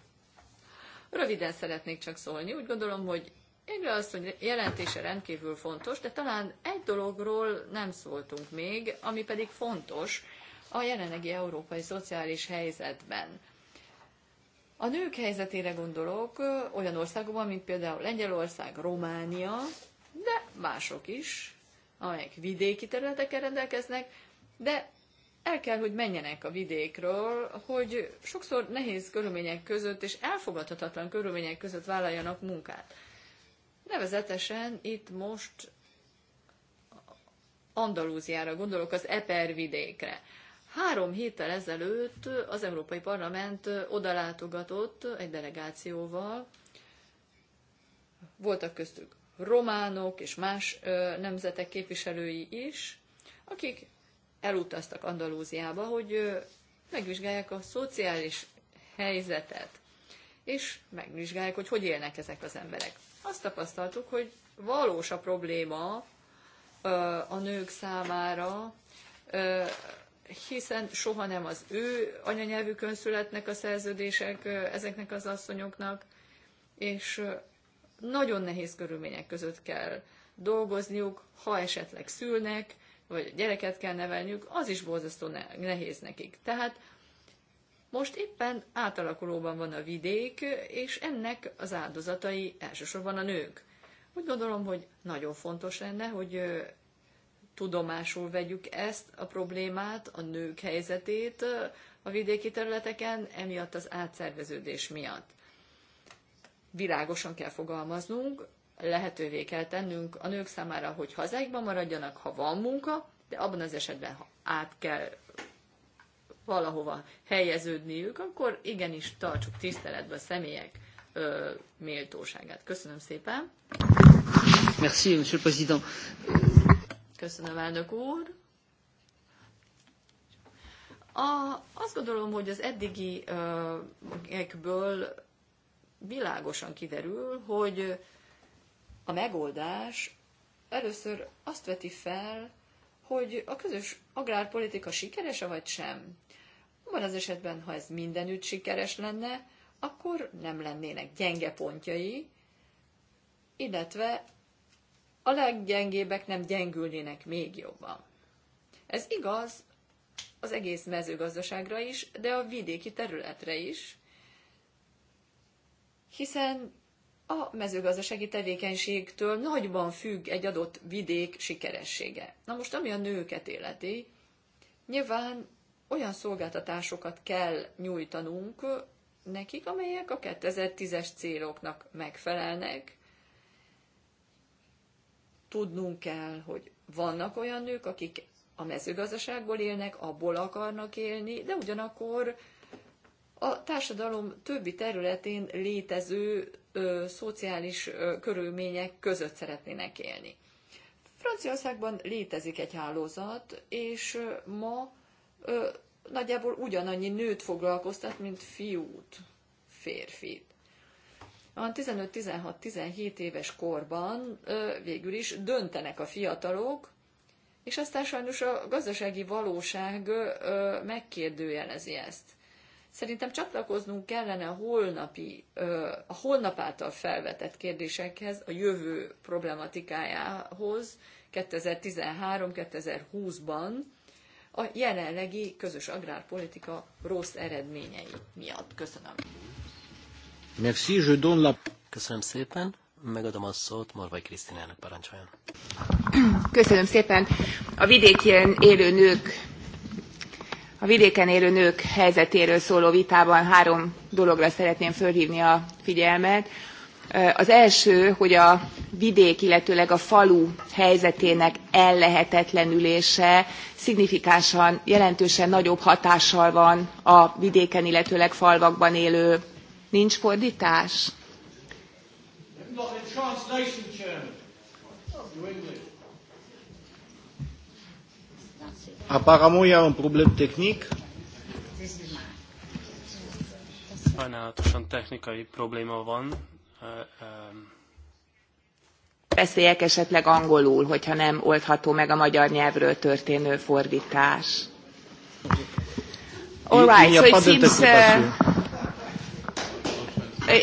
Röviden szeretnék csak szólni. Úgy gondolom, hogy Égle asszony jelentése rendkívül fontos, de talán egy dologról nem szóltunk még, ami pedig fontos a jelenlegi európai szociális helyzetben. A nők helyzetére gondolok olyan országokban, mint például Lengyelország, Románia, de mások is, amelyek vidéki területeken rendelkeznek, de el kell, hogy menjenek a vidékről, hogy sokszor nehéz körülmények között és elfogadhatatlan körülmények között vállaljanak munkát. Nevezetesen itt most Andalúziára gondolok, az Eper vidékre. Három héttel ezelőtt az Európai Parlament odalátogatott egy delegációval, voltak köztük románok és más nemzetek képviselői is, akik elutaztak Andalúziába, hogy megvizsgálják a szociális helyzetet, és megvizsgálják, hogy hogy élnek ezek az emberek. Azt tapasztaltuk, hogy valós a probléma a nők számára, hiszen soha nem az ő anyanyelvükön születnek a szerződések ezeknek az asszonyoknak, és nagyon nehéz körülmények között kell dolgozniuk, ha esetleg szülnek, vagy gyereket kell nevelniük, az is borzasztó nehéz nekik. Tehát most éppen átalakulóban van a vidék, és ennek az áldozatai elsősorban a nők. Úgy gondolom, hogy nagyon fontos lenne, hogy tudomásul vegyük ezt a problémát, a nők helyzetét a vidéki területeken, emiatt az átszerveződés miatt világosan kell fogalmaznunk, lehetővé kell tennünk a nők számára, hogy hazáikban maradjanak, ha van munka, de abban az esetben, ha át kell valahova helyeződniük, akkor igenis tartsuk tiszteletbe a személyek ö, méltóságát. Köszönöm szépen. Merci, monsieur le président. Köszönöm, elnök úr. A, azt gondolom, hogy az eddigi ö, ekből világosan kiderül, hogy a megoldás először azt veti fel, hogy a közös agrárpolitika sikeres-e vagy sem. Abban az esetben, ha ez mindenütt sikeres lenne, akkor nem lennének gyenge pontjai, illetve a leggyengébbek nem gyengülnének még jobban. Ez igaz az egész mezőgazdaságra is, de a vidéki területre is, hiszen a mezőgazdasági tevékenységtől nagyban függ egy adott vidék sikeressége. Na most, ami a nőket életi, nyilván olyan szolgáltatásokat kell nyújtanunk nekik, amelyek a 2010-es céloknak megfelelnek. Tudnunk kell, hogy vannak olyan nők, akik a mezőgazdaságból élnek, abból akarnak élni, de ugyanakkor a társadalom többi területén létező ö, szociális ö, körülmények között szeretnének élni. Franciaországban létezik egy hálózat, és ö, ma ö, nagyjából ugyanannyi nőt foglalkoztat, mint fiút, férfit. A 15-16-17 éves korban ö, végül is döntenek a fiatalok, és aztán sajnos a gazdasági valóság ö, megkérdőjelezi ezt Szerintem csatlakoznunk kellene a, holnapi, a holnap által felvetett kérdésekhez, a jövő problematikájához 2013-2020-ban a jelenlegi közös agrárpolitika rossz eredményei miatt. Köszönöm. Merci, je donne la... Köszönöm szépen. Megadom a szót Morvai Krisztinának parancsoljon. Köszönöm szépen. A vidékén élő nők a vidéken élő nők helyzetéről szóló vitában három dologra szeretném fölhvni a figyelmet az első hogy a vidék illetőleg a falu helyzetének ellehetetlenülése szignifikánsan jelentősen nagyobb hatással van a vidéken illetőleg falvakban élő nincs fordtás? Apparemment, il y a un problème technique. Sajnálatosan technikai probléma van. Beszéljek esetleg angolul, hogyha nem oldható meg a magyar nyelvről történő fordítás. All right, so it seems, uh,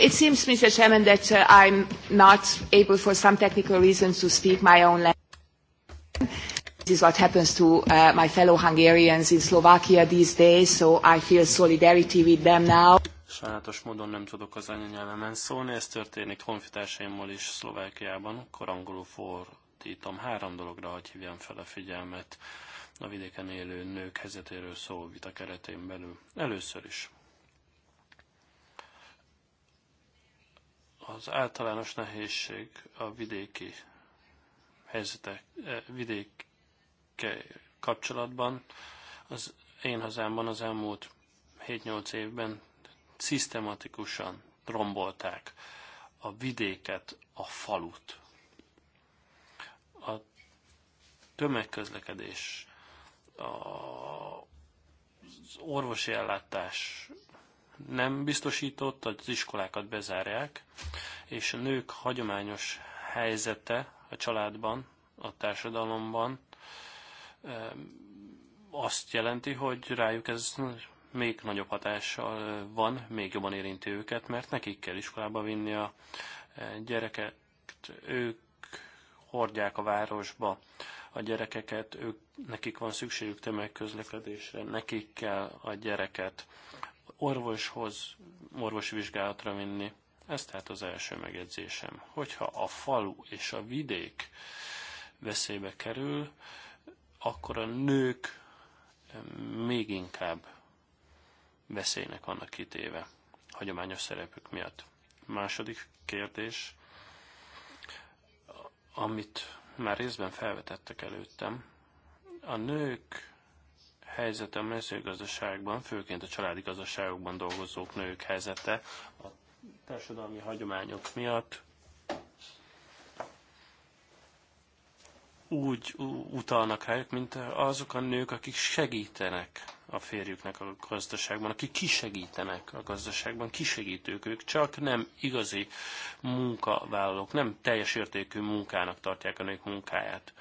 it seems, Mr. Chairman, that uh, I'm not able for some technical reasons to speak my own language this is what happens to uh, my fellow Hungarians in Slovakia these days, so I feel solidarity with them now. Sajnálatos módon nem tudok az anyanyelvemen szólni, ez történik honfitársaimmal is Szlovákiában, korangoló fordítom. Három dologra hogy hívjam fel a figyelmet a vidéken élő nők helyzetéről szóló vita keretén belül. Először is az általános nehézség a vidéki helyzetek, eh, vidéki kapcsolatban az én hazámban az elmúlt 7-8 évben szisztematikusan rombolták a vidéket, a falut. A tömegközlekedés, a, az orvosi ellátás nem biztosított, az iskolákat bezárják, és a nők hagyományos helyzete a családban, a társadalomban azt jelenti, hogy rájuk ez még nagyobb hatással van, még jobban érinti őket, mert nekik kell iskolába vinni a e, gyereket, ők hordják a városba a gyerekeket, ők, nekik van szükségük tömegközlekedésre, nekik kell a gyereket orvoshoz, orvosi vizsgálatra vinni. Ez tehát az első megjegyzésem. Hogyha a falu és a vidék veszélybe kerül, akkor a nők még inkább veszélynek vannak kitéve hagyományos szerepük miatt. Második kérdés, amit már részben felvetettek előttem, a nők helyzete a mezőgazdaságban, főként a családi gazdaságokban dolgozók nők helyzete a társadalmi hagyományok miatt úgy utalnak rájuk, mint azok a nők, akik segítenek a férjüknek a gazdaságban, akik kisegítenek a gazdaságban, kisegítők ők, csak nem igazi munkavállalók, nem teljes értékű munkának tartják a nők munkáját.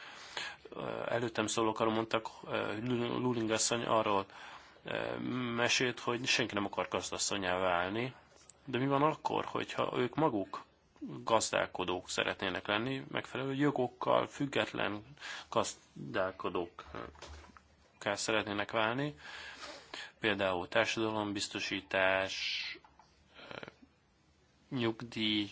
Előttem szólók arról mondtak, Luling asszony arról mesélt, hogy senki nem akar gazdasszonyá válni, de mi van akkor, hogyha ők maguk gazdálkodók szeretnének lenni, megfelelő jogokkal, független gazdálkodókká szeretnének válni, például társadalombiztosítás, eh, nyugdíj,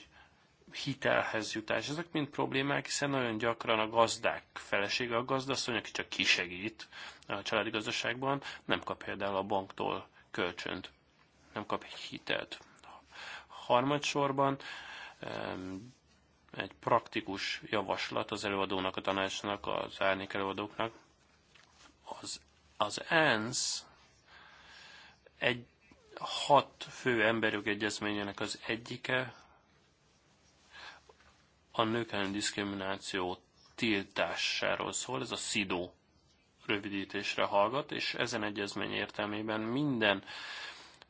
hitelhez jutás, ezek mind problémák, hiszen nagyon gyakran a gazdák felesége, a gazdasszony, aki csak kisegít a családi gazdaságban, nem kap például a banktól kölcsönt, nem kap hitelt. Harmadsorban egy praktikus javaslat az előadónak, a tanácsnak, az árnyék előadóknak. Az, az ENSZ egy hat fő emberjogi egyezményének az egyike a nők elleni diszkrimináció tiltásáról szól, ez a SIDO rövidítésre hallgat, és ezen egyezmény értelmében minden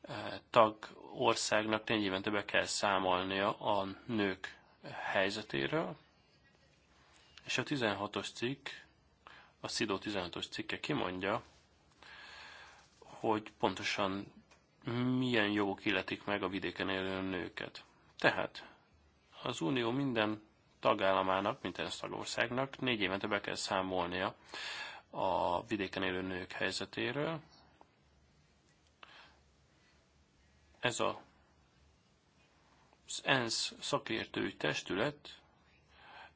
eh, tag országnak négy be kell számolnia a nők helyzetéről, és a 16-os cikk, a SZIDO 16-os cikke kimondja, hogy pontosan milyen jogok illetik meg a vidéken élő nőket. Tehát az Unió minden tagállamának, minden tagországnak négy évente be kell számolnia a vidéken élő nők helyzetéről, Ez a az ENSZ szakértői testület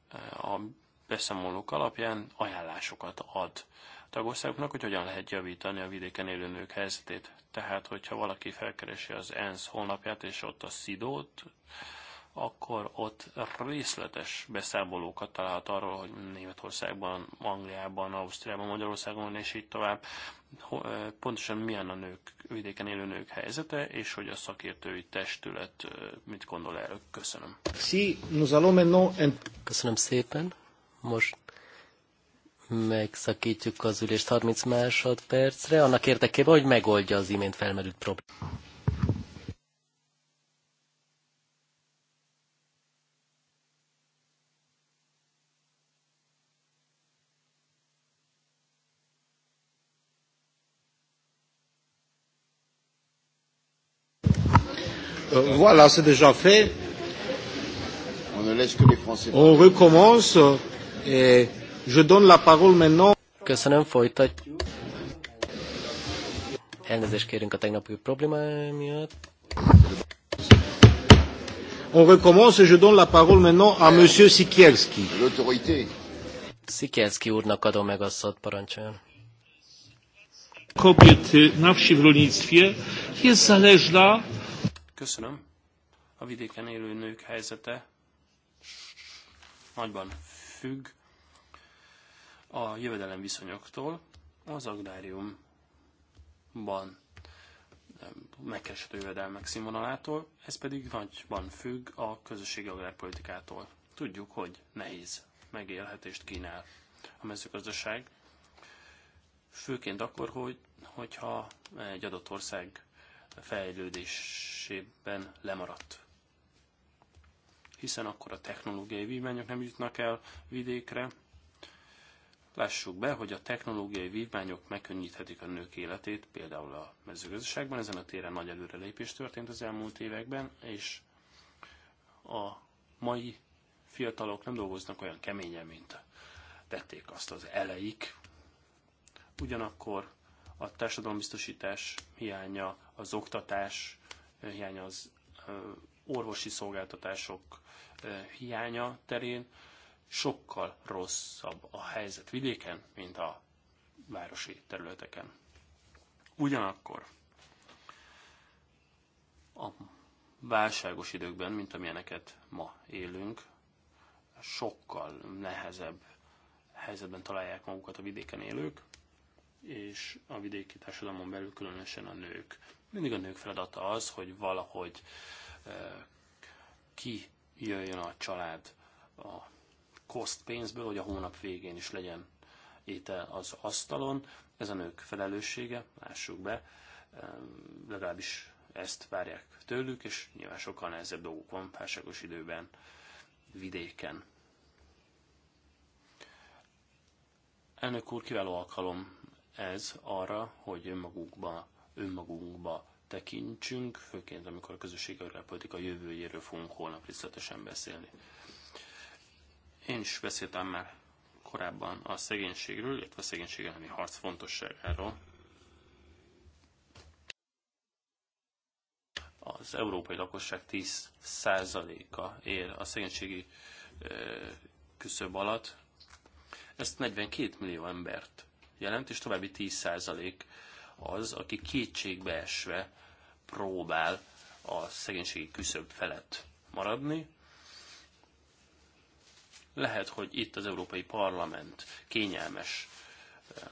eh, a beszámolók alapján ajánlásokat ad a tagországoknak, hogy hogyan lehet javítani a vidéken élő nők helyzetét. Tehát, hogyha valaki felkeresi az ENSZ honlapját, és ott a szidót, akkor ott részletes beszámolókat találhat arról, hogy Németországban, Angliában, Ausztriában, Magyarországon és így tovább pontosan milyen a nők, vidéken élő nők helyzete, és hogy a szakértői testület mit gondol erről. Köszönöm. Köszönöm szépen. Most megszakítjuk az ülést 30 másodpercre, annak érdekében, hogy megoldja az imént felmerült problémát. Voilà, c'est déjà fait. On ne laisse que les Français. On recommence et je donne la parole maintenant. Köszönöm, folytat. Elnézést kérünk a tegnapi problémája miatt. On recommence et je donne la parole maintenant à Monsieur Sikielski. L'autorité. Sikielski úrnak adom meg a szót, parancsoljon kobiety na wsi w rolnictwie jest zależna. Köszönöm. A vidéken élő nők helyzete nagyban függ a jövedelem viszonyoktól. Az agráriumban megkereshető jövedelmek színvonalától, ez pedig nagyban függ a közösségi agrárpolitikától. Tudjuk, hogy nehéz megélhetést kínál a mezőgazdaság, főként akkor, hogy, hogyha egy adott ország fejlődésében lemaradt hiszen akkor a technológiai vívmányok nem jutnak el vidékre. Lássuk be, hogy a technológiai vívmányok megkönnyíthetik a nők életét, például a mezőgazdaságban, ezen a téren nagy előrelépés történt az elmúlt években, és a mai fiatalok nem dolgoznak olyan keményen, mint tették azt az eleik. Ugyanakkor a társadalombiztosítás hiánya, az oktatás hiánya az orvosi szolgáltatások eh, hiánya terén sokkal rosszabb a helyzet vidéken, mint a városi területeken. Ugyanakkor a válságos időkben, mint amilyeneket ma élünk, sokkal nehezebb helyzetben találják magukat a vidéken élők, és a vidéki társadalmon belül különösen a nők. Mindig a nők feladata az, hogy valahogy ki jöjjön a család a koszt pénzből, hogy a hónap végén is legyen étel az asztalon. Ez a nők felelőssége, lássuk be, ehm, legalábbis ezt várják tőlük, és nyilván sokkal nehezebb dolgok van válságos időben vidéken. Elnök úr, kiváló alkalom ez arra, hogy önmagunkba, önmagunkba tekintsünk, főként amikor a közösségi agrárpolitika jövőjéről fogunk holnap részletesen beszélni. Én is beszéltem már korábban a szegénységről, illetve a szegénység elleni harc fontosságáról. Az európai lakosság 10%-a él a szegénységi küszöb alatt. Ezt 42 millió embert jelent, és további 10% az, aki kétségbeesve próbál a szegénységi küszöb felett maradni. Lehet, hogy itt az Európai Parlament kényelmes eh,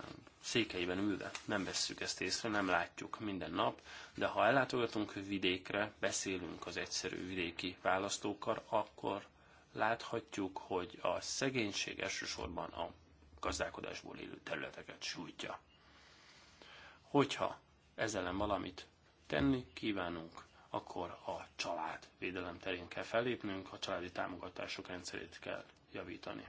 székeiben ülve nem vesszük ezt észre, nem látjuk minden nap, de ha ellátogatunk vidékre, beszélünk az egyszerű vidéki választókkal, akkor láthatjuk, hogy a szegénység elsősorban a gazdálkodásból élő területeket sújtja. Hogyha ezzel valamit tenni kívánunk, akkor a család védelem terén kell fellépnünk, a családi támogatások rendszerét kell javítani.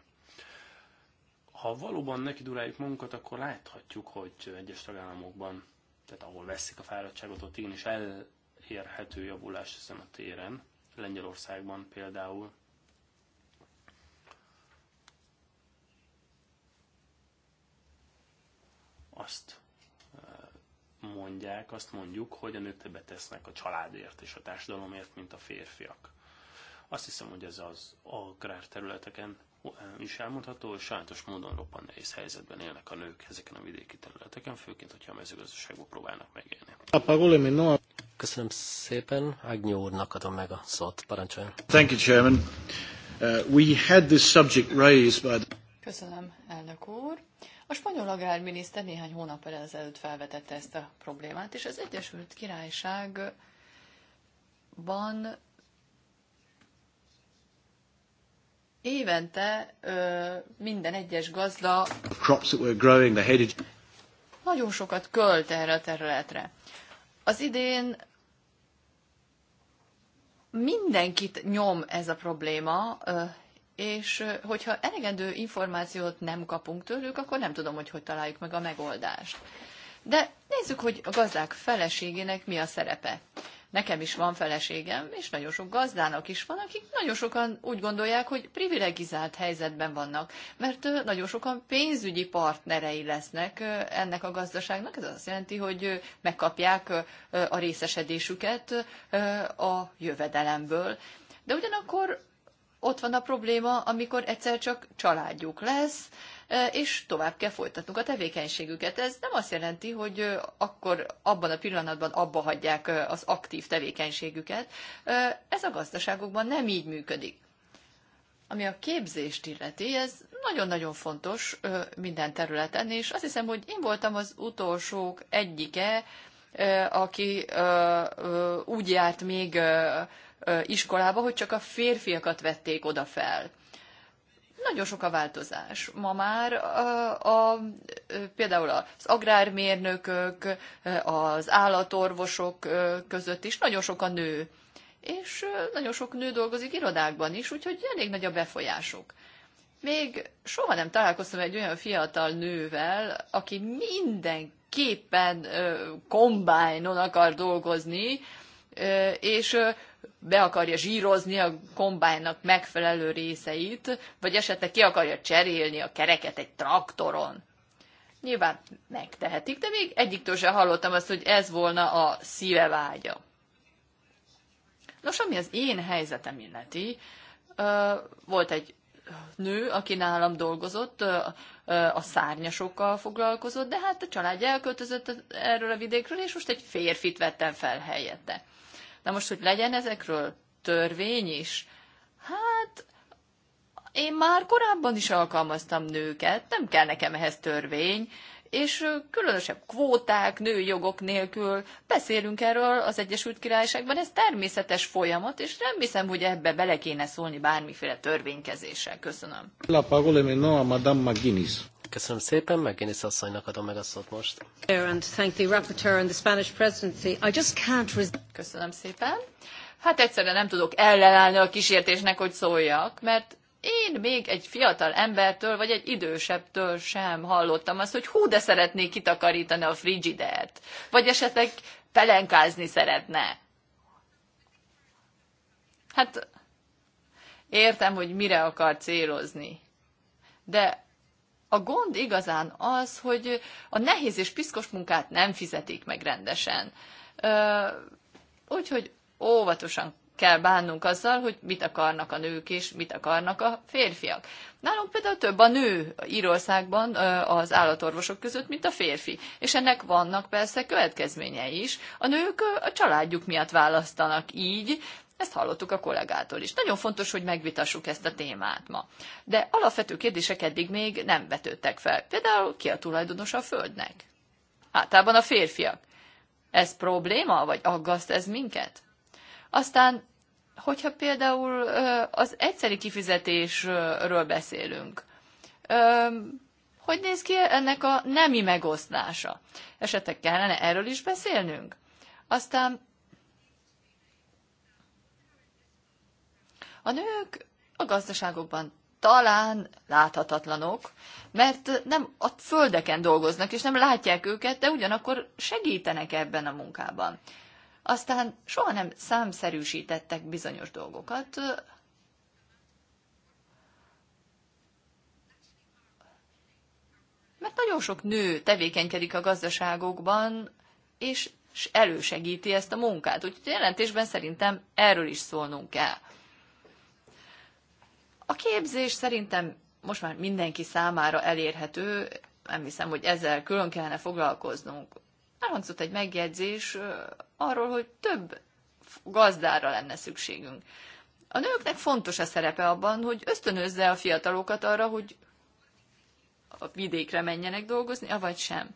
Ha valóban neki duráljuk magunkat, akkor láthatjuk, hogy egyes tagállamokban, tehát ahol veszik a fáradtságot, ott igenis elérhető javulás ezen a téren. Lengyelországban például azt mondják, azt mondjuk, hogy a nők többet tesznek a családért és a társadalomért, mint a férfiak. Azt hiszem, hogy ez az agrárterületeken eh, is elmondható, hogy sajátos módon roppan nehéz helyzetben élnek a nők ezeken a vidéki területeken, főként, hogyha a mezőgazdaságból próbálnak megélni. Köszönöm szépen, Agnyó úrnak adom meg a szót, parancsoljon. Thank you, Chairman. Uh, we had this subject raised by the... Köszönöm, elnök úr. A spanyol agrárminiszter néhány hónap ezelőtt felvetette ezt a problémát, és az Egyesült Királyságban évente ö, minden egyes gazda crops that were growing, the headed... nagyon sokat költ erre a területre. Az idén mindenkit nyom ez a probléma, ö, és hogyha elegendő információt nem kapunk tőlük, akkor nem tudom, hogy hogy találjuk meg a megoldást. De nézzük, hogy a gazdák feleségének mi a szerepe. Nekem is van feleségem, és nagyon sok gazdának is van, akik nagyon sokan úgy gondolják, hogy privilegizált helyzetben vannak, mert nagyon sokan pénzügyi partnerei lesznek ennek a gazdaságnak. Ez azt jelenti, hogy megkapják a részesedésüket a jövedelemből. De ugyanakkor ott van a probléma, amikor egyszer csak családjuk lesz, e, és tovább kell folytatnunk a tevékenységüket. Ez nem azt jelenti, hogy akkor abban a pillanatban abba hagyják az aktív tevékenységüket. Ez a gazdaságokban nem így működik. Ami a képzést illeti, ez nagyon-nagyon fontos minden területen, és azt hiszem, hogy én voltam az utolsók egyike, aki úgy járt még iskolába, hogy csak a férfiakat vették oda fel. Nagyon sok a változás. Ma már a, a, például az agrármérnökök, az állatorvosok között is nagyon sok a nő. És nagyon sok nő dolgozik irodákban is, úgyhogy elég nagy a befolyásuk. Még soha nem találkoztam egy olyan fiatal nővel, aki mindenképpen kombájnon akar dolgozni, és be akarja zsírozni a kombánynak megfelelő részeit, vagy esetleg ki akarja cserélni a kereket egy traktoron. Nyilván megtehetik, de még egyiktől sem hallottam azt, hogy ez volna a szíve vágya. Nos, ami az én helyzetem illeti, volt egy nő, aki nálam dolgozott, a szárnyasokkal foglalkozott, de hát a családja elköltözött erről a vidékről, és most egy férfit vettem fel helyette. Na most, hogy legyen ezekről törvény is, hát én már korábban is alkalmaztam nőket, nem kell nekem ehhez törvény, és különösebb kvóták, nőjogok nélkül beszélünk erről az Egyesült Királyságban, ez természetes folyamat, és nem hiszem, hogy ebbe bele kéne szólni bármiféle törvénykezéssel. Köszönöm. La parole maintenant à Madame McGuinness. Köszönöm szépen, McGinnis asszonynak adom meg a szót most. Köszönöm szépen. Hát egyszerűen nem tudok ellenállni a kísértésnek, hogy szóljak, mert én még egy fiatal embertől, vagy egy idősebbtől sem hallottam azt, hogy hú, de szeretnék kitakarítani a frigidert, vagy esetleg pelenkázni szeretne. Hát értem, hogy mire akar célozni, de a gond igazán az, hogy a nehéz és piszkos munkát nem fizetik meg rendesen. Úgyhogy óvatosan kell bánnunk azzal, hogy mit akarnak a nők és mit akarnak a férfiak. Nálunk például több a nő Írországban az állatorvosok között, mint a férfi. És ennek vannak persze következményei is. A nők a családjuk miatt választanak így, ezt hallottuk a kollégától is. Nagyon fontos, hogy megvitassuk ezt a témát ma. De alapvető kérdések eddig még nem vetődtek fel. Például ki a tulajdonos a földnek? Általában a férfiak. Ez probléma, vagy aggaszt ez minket? Aztán, hogyha például az egyszeri kifizetésről beszélünk, hogy néz ki ennek a nemi megosztása? Esetleg kellene erről is beszélnünk? Aztán A nők a gazdaságokban talán láthatatlanok, mert nem a földeken dolgoznak, és nem látják őket, de ugyanakkor segítenek ebben a munkában. Aztán soha nem számszerűsítettek bizonyos dolgokat. Mert nagyon sok nő tevékenykedik a gazdaságokban, és elősegíti ezt a munkát. Úgyhogy a jelentésben szerintem erről is szólnunk kell. A képzés szerintem most már mindenki számára elérhető, nem hiszem, hogy ezzel külön kellene foglalkoznunk. Elhangzott egy megjegyzés arról, hogy több gazdára lenne szükségünk. A nőknek fontos a szerepe abban, hogy ösztönözze a fiatalokat arra, hogy a vidékre menjenek dolgozni, avagy sem.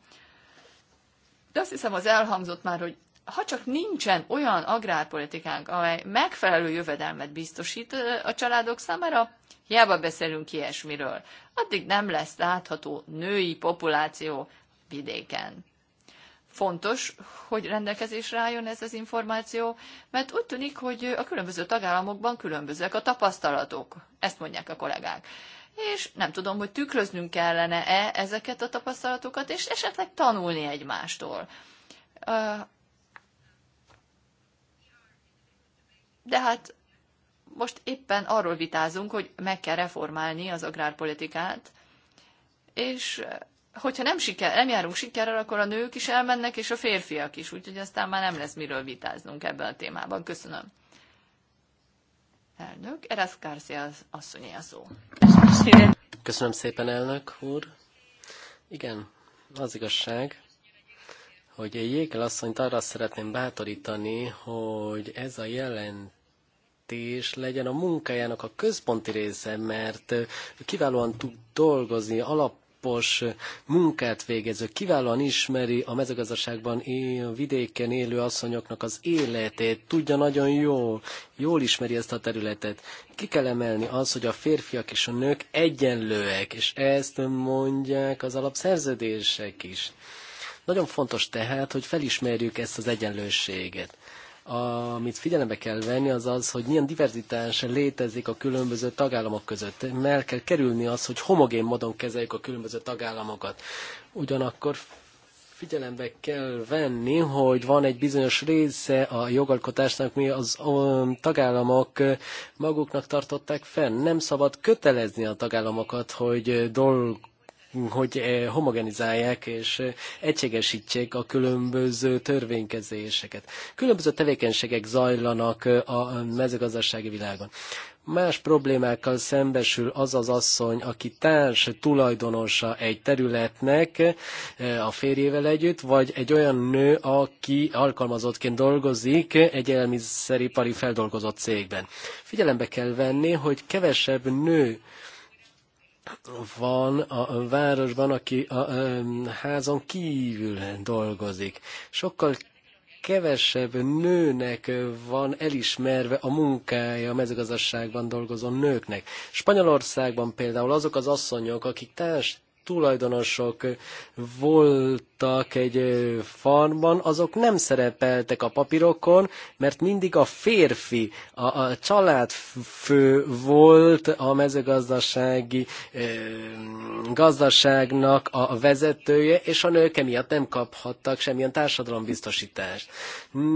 De azt hiszem, az elhangzott már, hogy ha csak nincsen olyan agrárpolitikánk, amely megfelelő jövedelmet biztosít a családok számára, Hiába beszélünk ilyesmiről. Addig nem lesz látható női populáció vidéken. Fontos, hogy rendelkezésre álljon ez az információ, mert úgy tűnik, hogy a különböző tagállamokban különbözőek a tapasztalatok. Ezt mondják a kollégák és nem tudom, hogy tükröznünk kellene-e ezeket a tapasztalatokat, és esetleg tanulni egymástól. De hát most éppen arról vitázunk, hogy meg kell reformálni az agrárpolitikát, és eh, hogyha nem, siker, nem járunk sikerrel, akkor a nők is elmennek, és a férfiak is, úgyhogy aztán már nem lesz miről vitáznunk ebben a témában. Köszönöm. Elnök, Erasz Garcia asszonyi a szó. Köszönöm szépen, elnök úr. Igen, az igazság, hogy Jékel asszonyt arra szeretném bátorítani, hogy ez a jelent megértés legyen a munkájának a központi része, mert kiválóan tud dolgozni, alap alapos munkát végező, kiválóan ismeri a mezőgazdaságban él, vidéken élő asszonyoknak az életét, tudja nagyon jól, jól ismeri ezt a területet. Ki kell emelni az, hogy a férfiak és a nők egyenlőek, és ezt mondják az alapszerződések is. Nagyon fontos tehát, hogy felismerjük ezt az egyenlőséget. Amit figyelembe kell venni, az az, hogy milyen diverzitás létezik a különböző tagállamok között. Mel kell kerülni az, hogy homogén módon kezeljük a különböző tagállamokat. Ugyanakkor figyelembe kell venni, hogy van egy bizonyos része a jogalkotásnak, mi az tagállamok maguknak tartották fenn. Nem szabad kötelezni a tagállamokat, hogy dolgokat hogy eh, homogenizálják és eh, egységesítsék a különböző törvénykezéseket. Különböző tevékenységek zajlanak eh, a mezőgazdasági világon. Más problémákkal szembesül az az asszony, aki társ tulajdonosa egy területnek a férjével együtt, vagy egy olyan nő, aki alkalmazottként dolgozik egy élelmiszeripari feldolgozott cégben. Figyelembe kell venni, hogy kevesebb nő van a városban, aki a, házon kívül dolgozik. Sokkal kevesebb nőnek van elismerve a munkája a mezőgazdaságban dolgozó nőknek. Spanyolországban például azok az asszonyok, akik társ tulajdonosok voltak egy farmban, azok nem szerepeltek a papírokon, mert mindig a férfi, a, a családfő volt a mezőgazdasági ö, gazdaságnak a vezetője, és a nők emiatt nem kaphattak semmilyen társadalombiztosítást.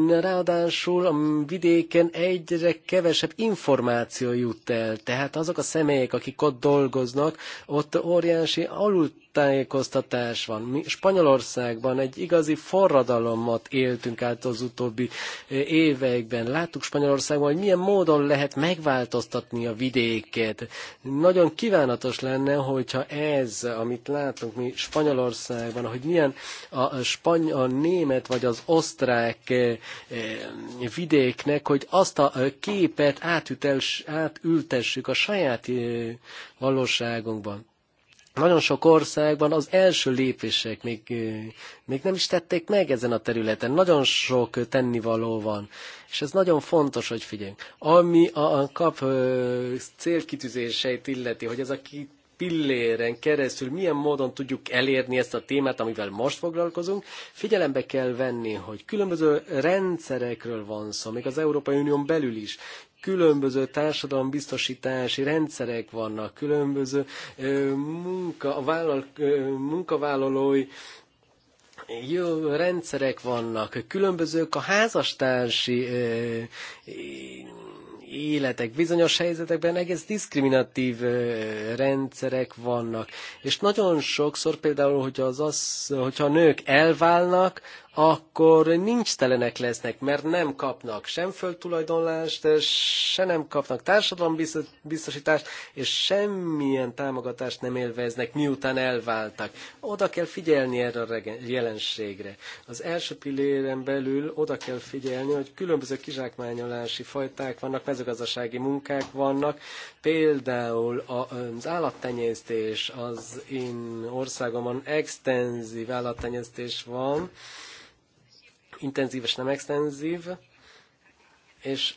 Ráadásul a vidéken egyre kevesebb információ jut el, tehát azok a személyek, akik ott dolgoznak, ott óriási alul sajtótájékoztatás van. Mi Spanyolországban egy igazi forradalommat éltünk át az utóbbi években. Láttuk Spanyolországban, hogy milyen módon lehet megváltoztatni a vidéket. Nagyon kívánatos lenne, hogyha ez, amit látunk mi Spanyolországban, hogy milyen a, spany- a német vagy az osztrák vidéknek, hogy azt a képet átültessük a saját valóságunkban nagyon sok országban az első lépések még, még nem is tették meg ezen a területen. Nagyon sok tennivaló van, és ez nagyon fontos, hogy figyeljünk. Ami a kap célkitűzéseit illeti, hogy ez a ki pilléren keresztül milyen módon tudjuk elérni ezt a témát, amivel most foglalkozunk. Figyelembe kell venni, hogy különböző rendszerekről van szó, még az Európai Unión belül is különböző társadalombiztosítási rendszerek vannak, különböző munkavállalói jó rendszerek vannak, különbözők a házastársi életek, bizonyos helyzetekben egész diszkriminatív rendszerek vannak. És nagyon sokszor például, hogyha, az az, hogyha a nők elválnak, akkor nincs telenek lesznek, mert nem kapnak sem földtulajdonlást, se nem kapnak társadalombiztosítást, és semmilyen támogatást nem élveznek, miután elváltak. Oda kell figyelni erre a jelenségre. Az első pilléren belül oda kell figyelni, hogy különböző kizsákmányolási fajták vannak, mezőgazdasági munkák vannak, például az állattenyésztés, az én országomon extenzív állattenyésztés van, intenzív és nem extenzív, és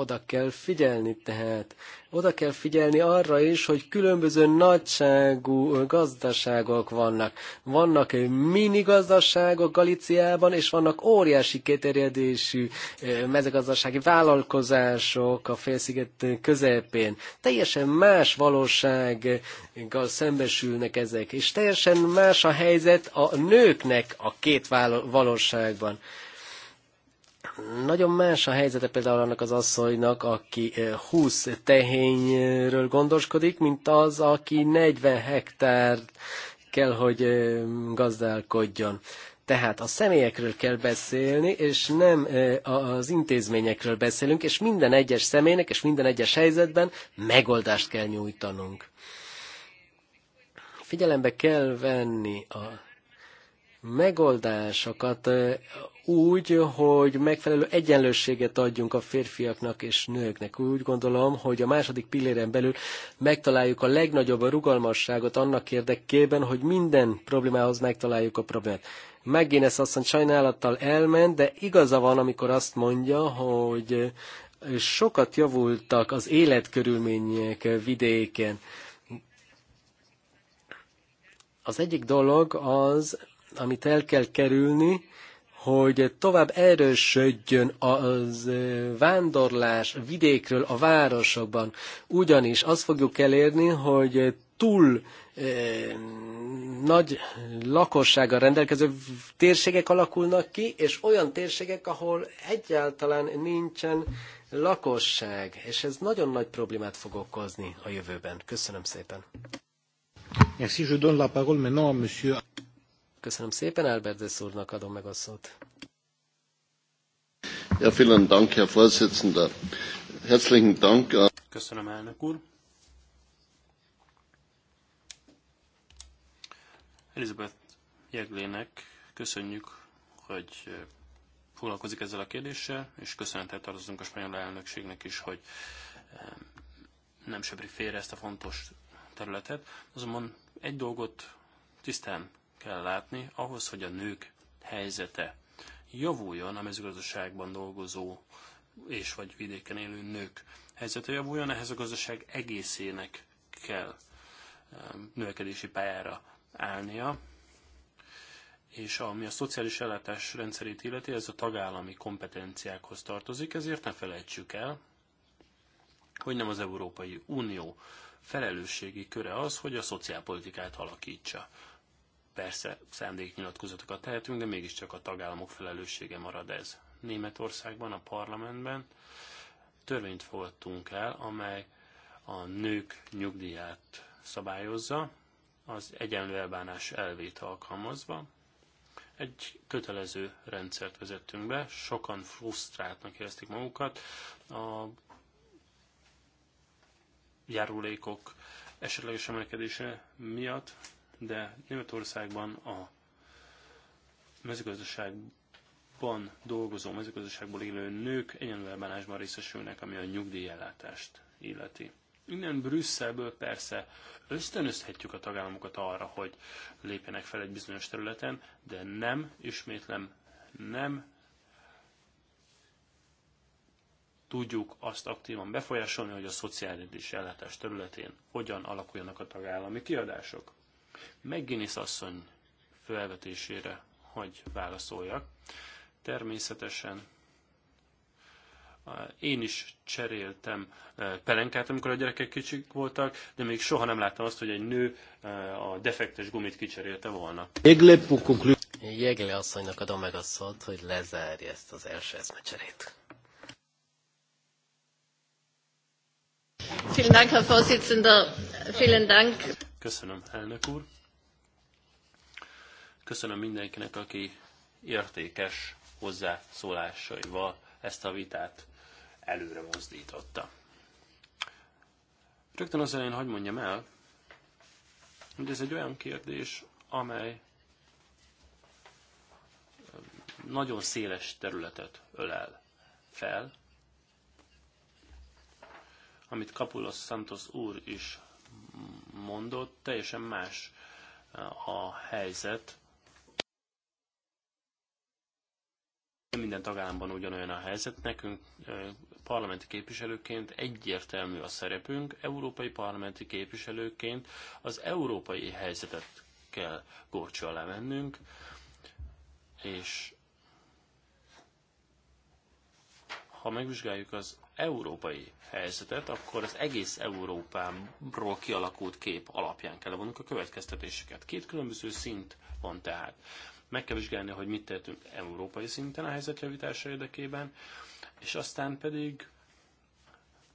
oda kell figyelni tehát. Oda kell figyelni arra is, hogy különböző nagyságú gazdaságok vannak. Vannak mini gazdaságok Galiciában, és vannak óriási kéterjedésű eh, mezőgazdasági vállalkozások a félsziget közepén. Teljesen más valósággal szembesülnek ezek, és teljesen más a helyzet a nőknek a két valóságban. Nagyon más a helyzete például annak az asszonynak, aki 20 eh, tehényről gondoskodik, mint az, aki 40 hektár kell, hogy eh, gazdálkodjon. Tehát a személyekről kell beszélni, és nem eh, az intézményekről beszélünk, és minden egyes személynek és minden egyes helyzetben megoldást kell nyújtanunk. Figyelembe kell venni a megoldásokat úgy, hogy megfelelő egyenlőséget adjunk a férfiaknak és nőknek. Úgy gondolom, hogy a második pilléren belül megtaláljuk a legnagyobb rugalmasságot annak érdekében, hogy minden problémához megtaláljuk a problémát. Megint ezt aztán sajnálattal elment, de igaza van, amikor azt mondja, hogy sokat javultak az életkörülmények vidéken. Az egyik dolog az, amit el kell kerülni, hogy tovább erősödjön az vándorlás vidékről a városokban. Ugyanis azt fogjuk elérni, hogy túl nagy lakossággal rendelkező térségek alakulnak ki, és olyan térségek, ahol egyáltalán nincsen lakosság, és ez nagyon nagy problémát fog okozni a jövőben. Köszönöm szépen. Merci, je donne la parole maintenant à monsieur Köszönöm szépen, Albert úrnak adom meg a szót. Ja, vielen Dank, Herr Vorsitzender. Herzlichen Dank. Äh, Köszönöm, elnök úr. Elizabeth Jeglének köszönjük, hogy foglalkozik ezzel a kérdéssel, és köszönetet tartozunk a spanyol elnökségnek is, hogy nem söpri félre ezt a fontos területet. Azonban egy dolgot tisztán kell látni, ahhoz, hogy a nők helyzete javuljon a mezőgazdaságban dolgozó és vagy vidéken élő nők helyzete javuljon, ehhez a gazdaság egészének kell növekedési pályára állnia, és ami a szociális ellátás rendszerét illeti, ez a tagállami kompetenciákhoz tartozik, ezért ne felejtsük el, hogy nem az Európai Unió felelősségi köre az, hogy a szociálpolitikát alakítsa. Persze szándéknyilatkozatokat tehetünk, de mégiscsak a tagállamok felelőssége marad ez. Németországban, a parlamentben törvényt fogadtunk el, amely a nők nyugdíját szabályozza, az egyenlő elbánás elvét alkalmazva. Egy kötelező rendszert vezettünk be, sokan frusztráltnak érezték magukat. A járulékok esetleges emelkedése miatt de Németországban a mezőgazdaságban dolgozó, mezőgazdaságból élő nők egyenlő elbánásban részesülnek, ami a nyugdíjellátást illeti. Innen Brüsszelből persze ösztönözhetjük a tagállamokat arra, hogy lépjenek fel egy bizonyos területen, de nem, ismétlem, nem tudjuk azt aktívan befolyásolni, hogy a szociális ellátás területén hogyan alakuljanak a tagállami kiadások. McGuinness asszony felvetésére hogy válaszoljak. Természetesen eh, én is cseréltem eh, pelenkát, amikor a gyerekek kicsik voltak, de még soha nem láttam azt, hogy egy nő eh, a defektes gumit kicserélte volna. Jegle asszonynak adom meg a szót, hogy lezárja ezt az első eszmecserét. Vielen Dank, Herr Vorsitzender. Vielen Dank. Köszönöm, elnök úr. Köszönöm mindenkinek, aki értékes hozzászólásaival ezt a vitát előre mozdította. Rögtön az elején hagyd mondjam el, hogy ez egy olyan kérdés, amely nagyon széles területet ölel fel, amit Kapulos Santos úr is mondott, teljesen más eh, a helyzet. Nem minden tagállamban ugyanolyan a helyzet, nekünk eh, parlamenti képviselőként egyértelmű a szerepünk, európai parlamenti képviselőként az európai helyzetet kell górcsa alá és ha megvizsgáljuk az európai helyzetet, akkor az egész Európáról kialakult kép alapján kell levonunk a következtetéseket. Két különböző szint van tehát. Meg kell vizsgálni, hogy mit tettünk európai szinten a helyzetjavítása érdekében, és aztán pedig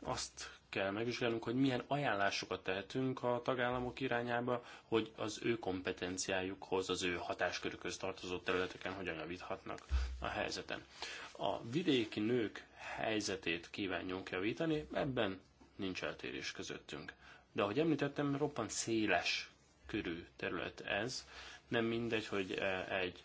azt kell megvizsgálnunk, hogy milyen ajánlásokat tehetünk a tagállamok irányába, hogy az ő kompetenciájukhoz, az ő hatáskörükhöz tartozó területeken hogyan javíthatnak a helyzeten. A vidéki nők helyzetét kívánjunk javítani, ebben nincs eltérés közöttünk. De ahogy említettem, roppant széles körű terület ez. Nem mindegy, hogy e, egy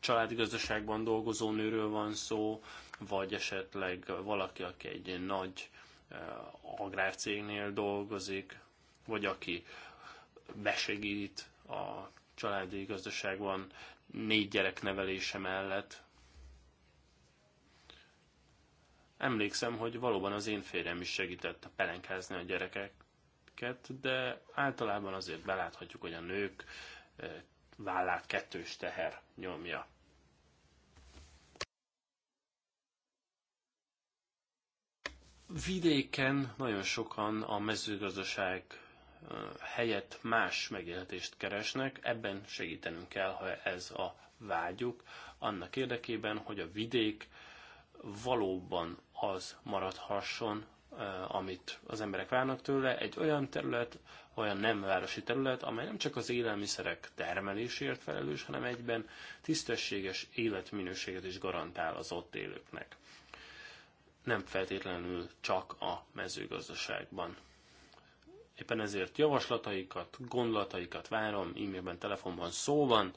családi gazdaságban dolgozó nőről van szó, vagy esetleg valaki, aki egy nagy e, agrárcégnél dolgozik, vagy aki besegít a családi gazdaságban négy gyerek nevelése mellett, Emlékszem, hogy valóban az én férjem is segített pelenkázni a gyerekeket, de általában azért beláthatjuk, hogy a nők eh, vállát kettős teher nyomja. Vidéken nagyon sokan a mezőgazdaság eh, helyett más megélhetést keresnek, ebben segítenünk kell, ha ez a vágyuk, annak érdekében, hogy a vidék valóban az maradhasson, amit az emberek várnak tőle, egy olyan terület, olyan nem városi terület, amely nem csak az élelmiszerek termelésért felelős, hanem egyben tisztességes életminőséget is garantál az ott élőknek. Nem feltétlenül csak a mezőgazdaságban. Éppen ezért javaslataikat, gondolataikat várom, e-mailben, telefonban, szóban.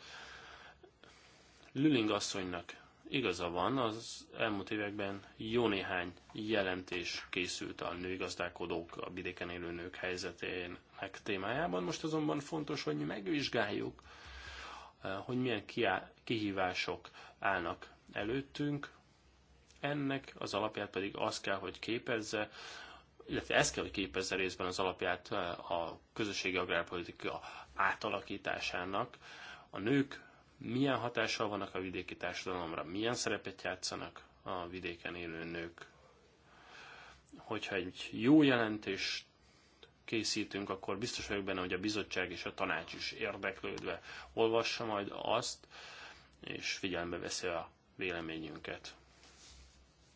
Lüling asszonynak Igaza van, az elmúlt években jó néhány jelentés készült a nőgazdálkodók, a vidéken élő nők helyzetének témájában. Most azonban fontos, hogy mi megvizsgáljuk, eh, hogy milyen kihívások állnak előttünk. Ennek az alapját pedig az kell, hogy képezze, illetve ez kell, hogy képezze részben az alapját eh, a közösségi agrárpolitika átalakításának. A nők milyen hatással vannak a vidéki társadalomra, milyen szerepet játszanak a vidéken élő nők. Hogyha egy jó jelentést készítünk, akkor biztos vagyok benne, hogy a bizottság és a tanács is érdeklődve olvassa majd azt, és figyelembe veszi a véleményünket.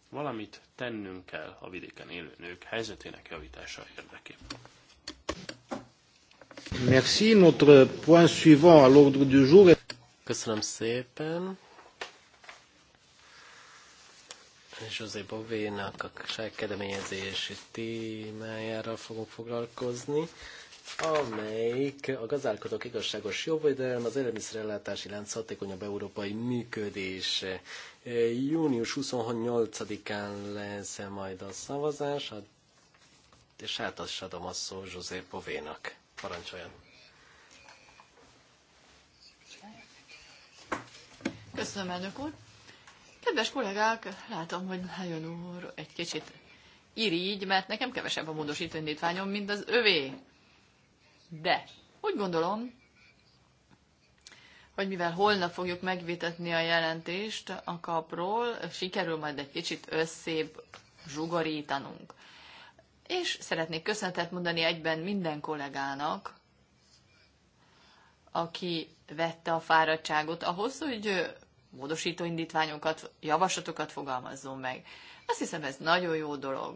Valamit tennünk kell a vidéken élő nők helyzetének javítása érdekében. Merci. Notre point suivant à l'ordre du jour Köszönöm szépen. José Bovénak a kedeményezési témájára fogunk foglalkozni, amelyik a gazdálkodók igazságos jogvédelem, az élelmiszerellátási lánc hatékonyabb európai működése. Június 28-án lesz majd a szavazás, és hát azt adom a szó José Bovénak. Parancsoljon! Köszönöm, elnök úr. Kedves kollégák, látom, hogy nagyon úr egy kicsit irigy, mert nekem kevesebb a módosító indítványom, mint az övé. De úgy gondolom, hogy mivel holnap fogjuk megvitetni a jelentést a kapról, sikerül majd egy kicsit összébb zsugorítanunk. És szeretnék köszönetet mondani egyben minden kollégának, aki vette a fáradtságot ahhoz, hogy módosító indítványokat, javaslatokat fogalmazzon meg. Azt hiszem, ez nagyon jó dolog.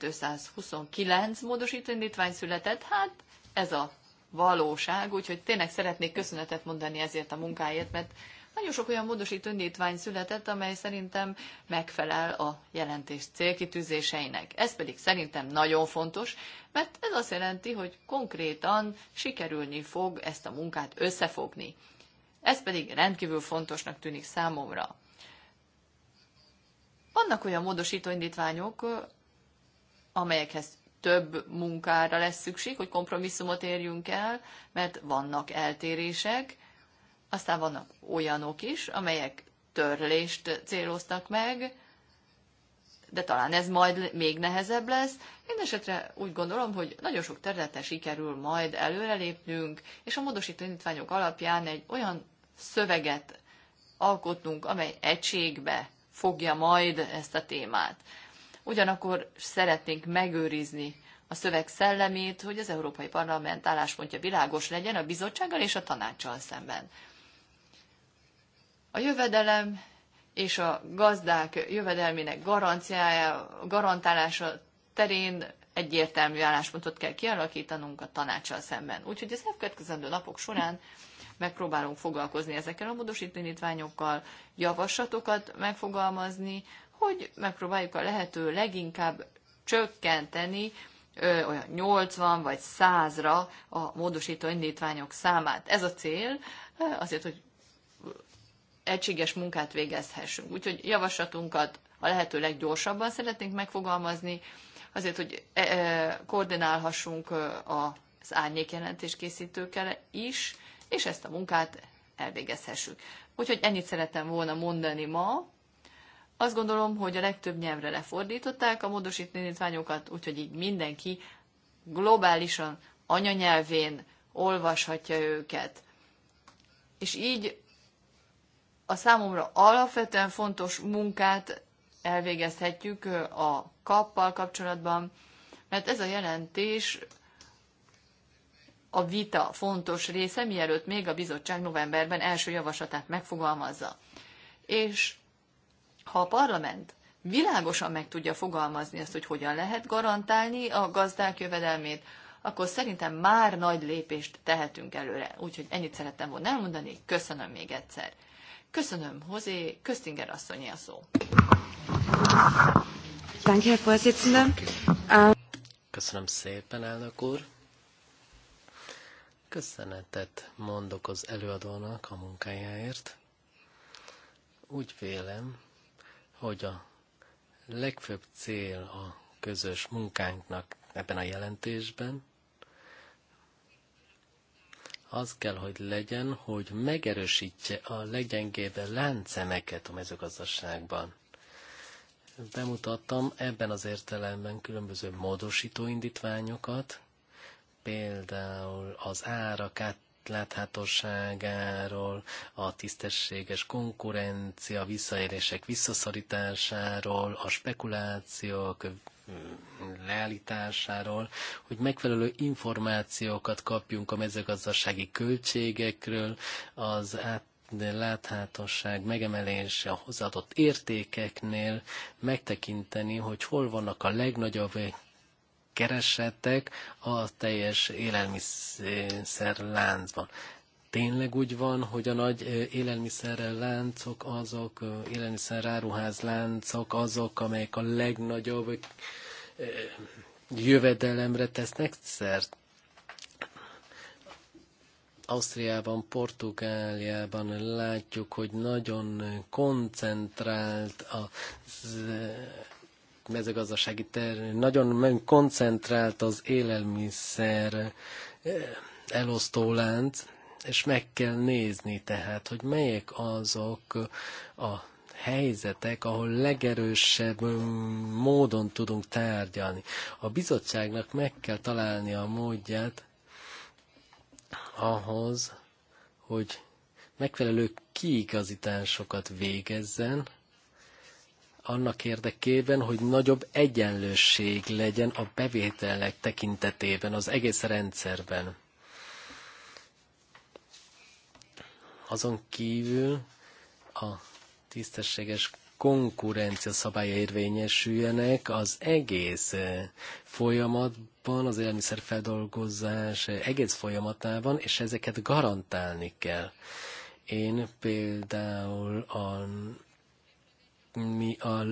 229 módosító indítvány született, hát ez a valóság, úgyhogy tényleg szeretnék köszönetet mondani ezért a munkáért, mert nagyon sok olyan módosító indítvány született, amely szerintem megfelel a jelentés célkitűzéseinek. Ez pedig szerintem nagyon fontos, mert ez azt jelenti, hogy konkrétan sikerülni fog ezt a munkát összefogni. Ez pedig rendkívül fontosnak tűnik számomra. Vannak olyan módosítóindítványok, amelyekhez több munkára lesz szükség, hogy kompromisszumot érjünk el, mert vannak eltérések, aztán vannak olyanok is, amelyek törlést céloztak meg, de talán ez majd még nehezebb lesz. Én esetre úgy gondolom, hogy nagyon sok területen sikerül majd előrelépnünk, és a módosító indítványok alapján egy olyan szöveget alkotnunk, amely egységbe fogja majd ezt a témát. Ugyanakkor szeretnénk megőrizni a szöveg szellemét, hogy az Európai Parlament álláspontja világos legyen a bizottsággal és a tanácssal szemben. A jövedelem és a gazdák jövedelmének garanciája, garantálása terén egyértelmű álláspontot kell kialakítanunk a tanácssal szemben. Úgyhogy az elkövetkezendő napok során megpróbálunk foglalkozni ezekkel a módosítványokkal, javaslatokat megfogalmazni, hogy megpróbáljuk a lehető leginkább csökkenteni ö, olyan 80 vagy 100-ra a módosító indítványok számát. Ez a cél, azért, hogy egységes munkát végezhessünk. Úgyhogy javaslatunkat a lehető leggyorsabban szeretnénk megfogalmazni, azért, hogy e, e, koordinálhassunk az árnyékjelentés készítőkkel is, és ezt a munkát elvégezhessük. Úgyhogy ennyit szerettem volna mondani ma. Azt gondolom, hogy a legtöbb nyelvre lefordították a módosítményítványokat, úgyhogy így mindenki globálisan anyanyelvén olvashatja őket. És így a számomra alapvetően fontos munkát elvégezhetjük a kappal kapcsolatban, mert ez a jelentés a vita fontos része, mielőtt még a bizottság novemberben első javaslatát megfogalmazza. És ha a parlament világosan meg tudja fogalmazni azt, hogy hogyan lehet garantálni a gazdák jövedelmét, akkor szerintem már nagy lépést tehetünk előre. Úgyhogy ennyit szerettem volna elmondani, köszönöm még egyszer. Köszönöm, Hozé, Köztinger asszonyi a szó. Köszönöm szépen, elnök úr. Köszönetet mondok az előadónak a munkájáért. Úgy vélem, hogy a legfőbb cél a közös munkánknak ebben a jelentésben az kell, hogy legyen, hogy megerősítse a legyengébb láncemeket a mezőgazdaságban. Bemutattam ebben az értelemben különböző módosító indítványokat, például az árak átláthatóságáról, a tisztességes konkurencia, visszaérések visszaszorításáról, a spekulációk leállításáról, hogy megfelelő információkat kapjunk a mezőgazdasági költségekről, az át de láthatóság megemelése a hozzáadott értékeknél megtekinteni, hogy hol vannak a legnagyobb keresetek a teljes láncban. Tényleg úgy van, hogy a nagy élelmiszerláncok azok, élelmiszeráruházláncok azok, amelyek a legnagyobb jövedelemre tesznek szert. Ausztriában, Portugáliában látjuk, hogy nagyon koncentrált az mezőgazdasági terén. Nagyon koncentrált az élelmiszer eh, elosztó lánc, és meg kell nézni tehát, hogy melyek azok a helyzetek, ahol legerősebb mm, módon tudunk tárgyalni. A bizottságnak meg kell találni a módját ahhoz, hogy megfelelő kiigazításokat végezzen, annak érdekében, hogy nagyobb egyenlőség legyen a bevételek tekintetében, az egész rendszerben. Azon kívül a tisztességes konkurencia szabálya érvényesüljenek az egész eh, folyamatban, az élelmiszerfeldolgozás eh, egész folyamatában, és ezeket garantálni kell. Én például a mi a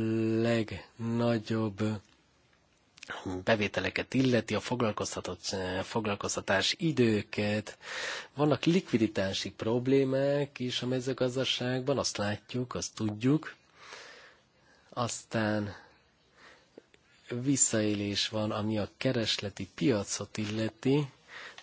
legnagyobb bevételeket illeti, a foglalkoztatás időket. Vannak likviditási problémák is a mezőgazdaságban, azt látjuk, azt tudjuk. Aztán visszaélés van, ami a keresleti piacot illeti.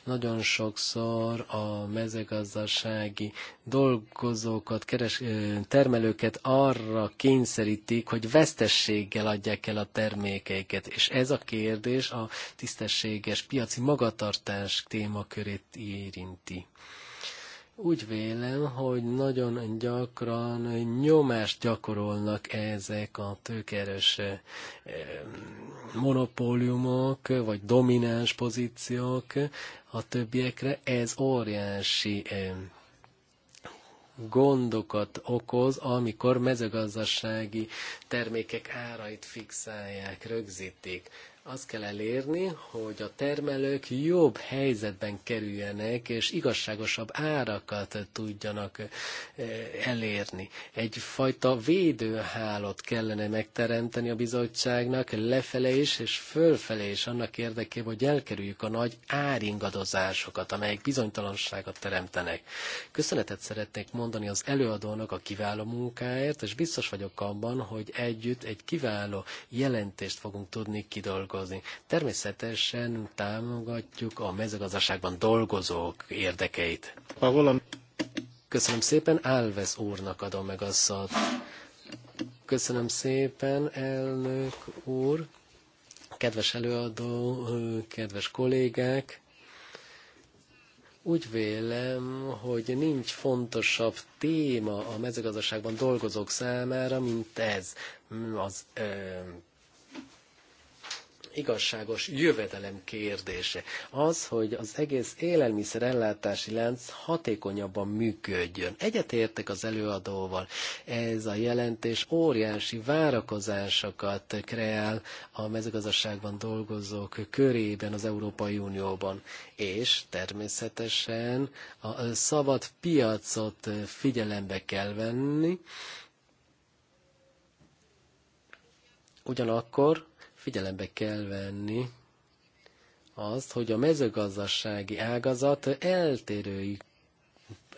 Nagyon sokszor a mezőgazdasági dolgozókat, keres, termelőket arra kényszerítik, hogy vesztességgel adják el a termékeiket. És ez a kérdés a tisztességes piaci magatartás témakörét érinti. Úgy vélem, hogy nagyon gyakran nyomást gyakorolnak ezek a tőkeres eh, monopóliumok, vagy domináns pozíciók a többiekre. Ez óriási eh, gondokat okoz, amikor mezőgazdasági termékek árait fixálják, rögzítik azt kell elérni, hogy a termelők jobb helyzetben kerüljenek, és igazságosabb árakat tudjanak e, elérni. Egyfajta védőhálót kellene megteremteni a bizottságnak lefele is, és fölfelé is annak érdekében, hogy elkerüljük a nagy áringadozásokat, amelyek bizonytalanságot teremtenek. Köszönetet szeretnék mondani az előadónak a kiváló munkáért, és biztos vagyok abban, hogy együtt egy kiváló jelentést fogunk tudni kidolgozni foglalkozni. Természetesen támogatjuk a mezőgazdaságban dolgozók érdekeit. Pavolom. Köszönöm szépen, Álvesz úrnak adom meg a szót. Köszönöm szépen, elnök úr, kedves előadó, kedves kollégák. Úgy vélem, hogy nincs fontosabb téma a mezőgazdaságban dolgozók számára, mint ez. Az ö, igazságos jövedelem kérdése. Az, hogy az egész élelmiszerellátási lánc hatékonyabban működjön. Egyetértek az előadóval. Ez a jelentés óriási várakozásokat kreál a mezőgazdaságban dolgozók körében az Európai Unióban. És természetesen a szabad piacot figyelembe kell venni, ugyanakkor figyelembe kell venni azt, hogy a mezőgazdasági ágazat eltérő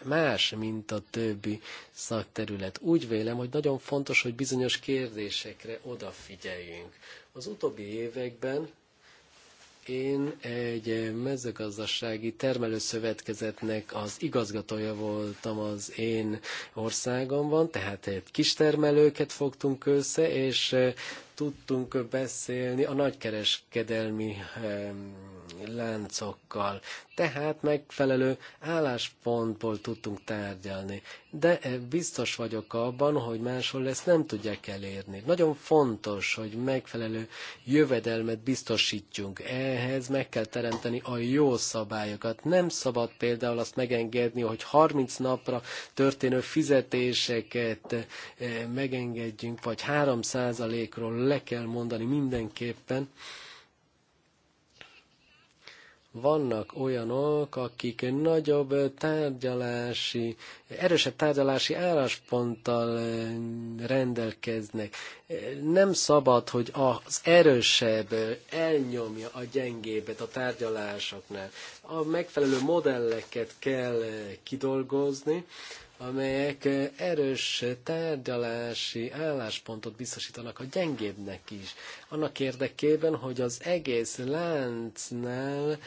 más, mint a többi szakterület. Úgy vélem, hogy nagyon fontos, hogy bizonyos kérdésekre odafigyeljünk. Az utóbbi években én egy mezőgazdasági termelőszövetkezetnek az igazgatója voltam az én országomban, tehát egy kis termelőket fogtunk össze, és tudtunk beszélni a nagykereskedelmi láncokkal. Tehát megfelelő álláspontból tudtunk tárgyalni. De eh, biztos vagyok abban, hogy máshol ezt nem tudják elérni. Nagyon fontos, hogy megfelelő jövedelmet biztosítjunk. Ehhez meg kell teremteni a jó szabályokat. Nem szabad például azt megengedni, hogy 30 napra történő fizetéseket eh, megengedjünk, vagy 3%-ról le kell mondani mindenképpen. Vannak olyanok, akik nagyobb tárgyalási, erősebb tárgyalási állásponttal eh, rendelkeznek. Nem szabad, hogy az erősebb elnyomja a gyengébet a tárgyalásoknál. A megfelelő modelleket kell eh, kidolgozni, amelyek eh, erős tárgyalási álláspontot biztosítanak a gyengébbnek is. Annak érdekében, hogy az egész láncnál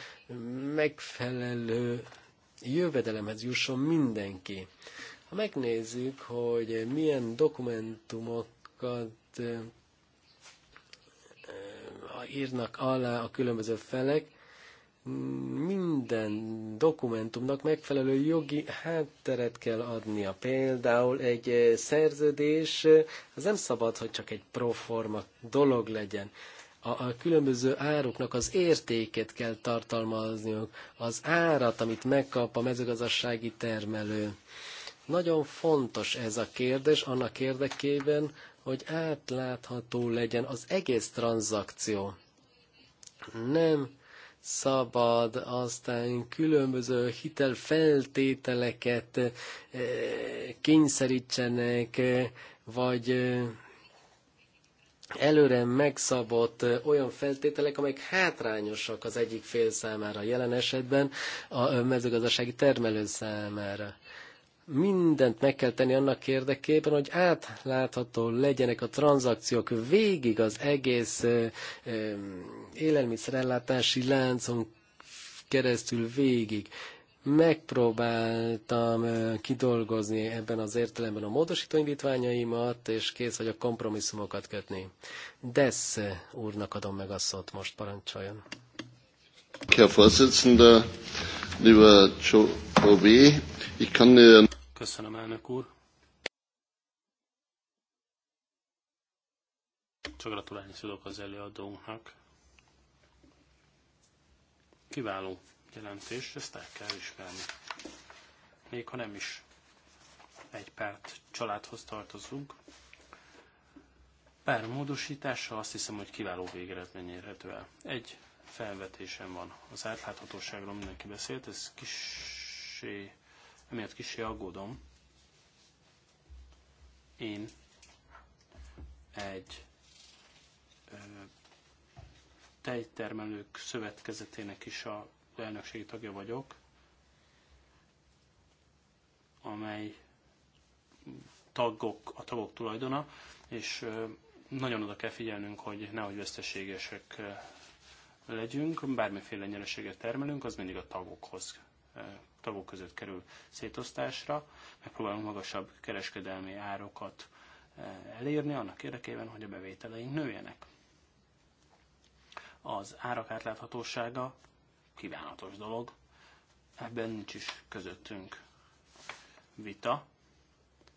megfelelő jövedelemhez jusson mindenki. Ha megnézzük, hogy milyen dokumentumokat eh, eh, írnak alá a különböző felek, minden dokumentumnak megfelelő jogi hátteret kell adnia. Például egy eh, szerződés, eh, az nem szabad, hogy csak egy proforma dolog legyen. A, a különböző áruknak az értékét kell tartalmazniuk, az árat, amit megkap a mezőgazdasági termelő. Nagyon fontos ez a kérdés annak érdekében, hogy átlátható legyen az egész tranzakció. Nem szabad, aztán különböző hitelfeltételeket eh, kényszerítsenek, eh, vagy eh, előre megszabott olyan feltételek, amelyek hátrányosak az egyik fél számára, jelen esetben a mezőgazdasági termelő számára mindent meg kell tenni annak érdekében, hogy átlátható legyenek a tranzakciók végig az egész élelmiszerellátási láncon keresztül végig. Megpróbáltam kidolgozni ebben az értelemben a módosító indítványaimat, és kész vagyok kompromisszumokat kötni. Desz úrnak adom meg a szót most, parancsoljon. Herr Vorsitzender, lieber Joe Ove, ich kann Köszönöm, elnök úr. Csak gratulálni tudok az előadónknak. Kiváló jelentés, ezt el kell ismerni. Még ha nem is egy párt családhoz tartozunk, pár módosítása azt hiszem, hogy kiváló végeredmény érhető el. Egy felvetésem van. Az átláthatóságról mindenki beszélt, ez kissé, emiatt kissé aggódom. Én egy ö, tejtermelők szövetkezetének is a elnökségi tagja vagyok, amely tagok, a tagok tulajdona, és nagyon oda kell figyelnünk, hogy nehogy veszteségesek legyünk, bármiféle nyereséget termelünk, az mindig a tagokhoz, eh, tagok között kerül szétosztásra. Megpróbálunk magasabb kereskedelmi árokat eh, elérni annak érdekében, hogy a bevételeink nőjenek. Az árak átláthatósága kívánatos dolog, ebben nincs is közöttünk vita,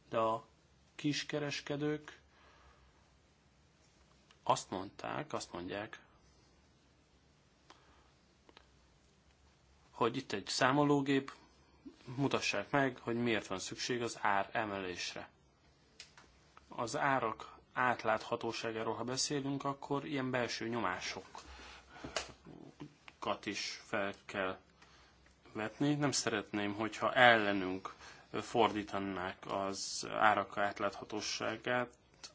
de a kiskereskedők azt mondták, azt mondják, hogy itt egy számológép, mutassák meg, hogy miért van szükség az ár emelésre. Az árak átláthatóságáról, ha beszélünk, akkor ilyen belső nyomásokat is fel kell vetni. Nem szeretném, hogyha ellenünk fordítanák az árak átláthatóságát,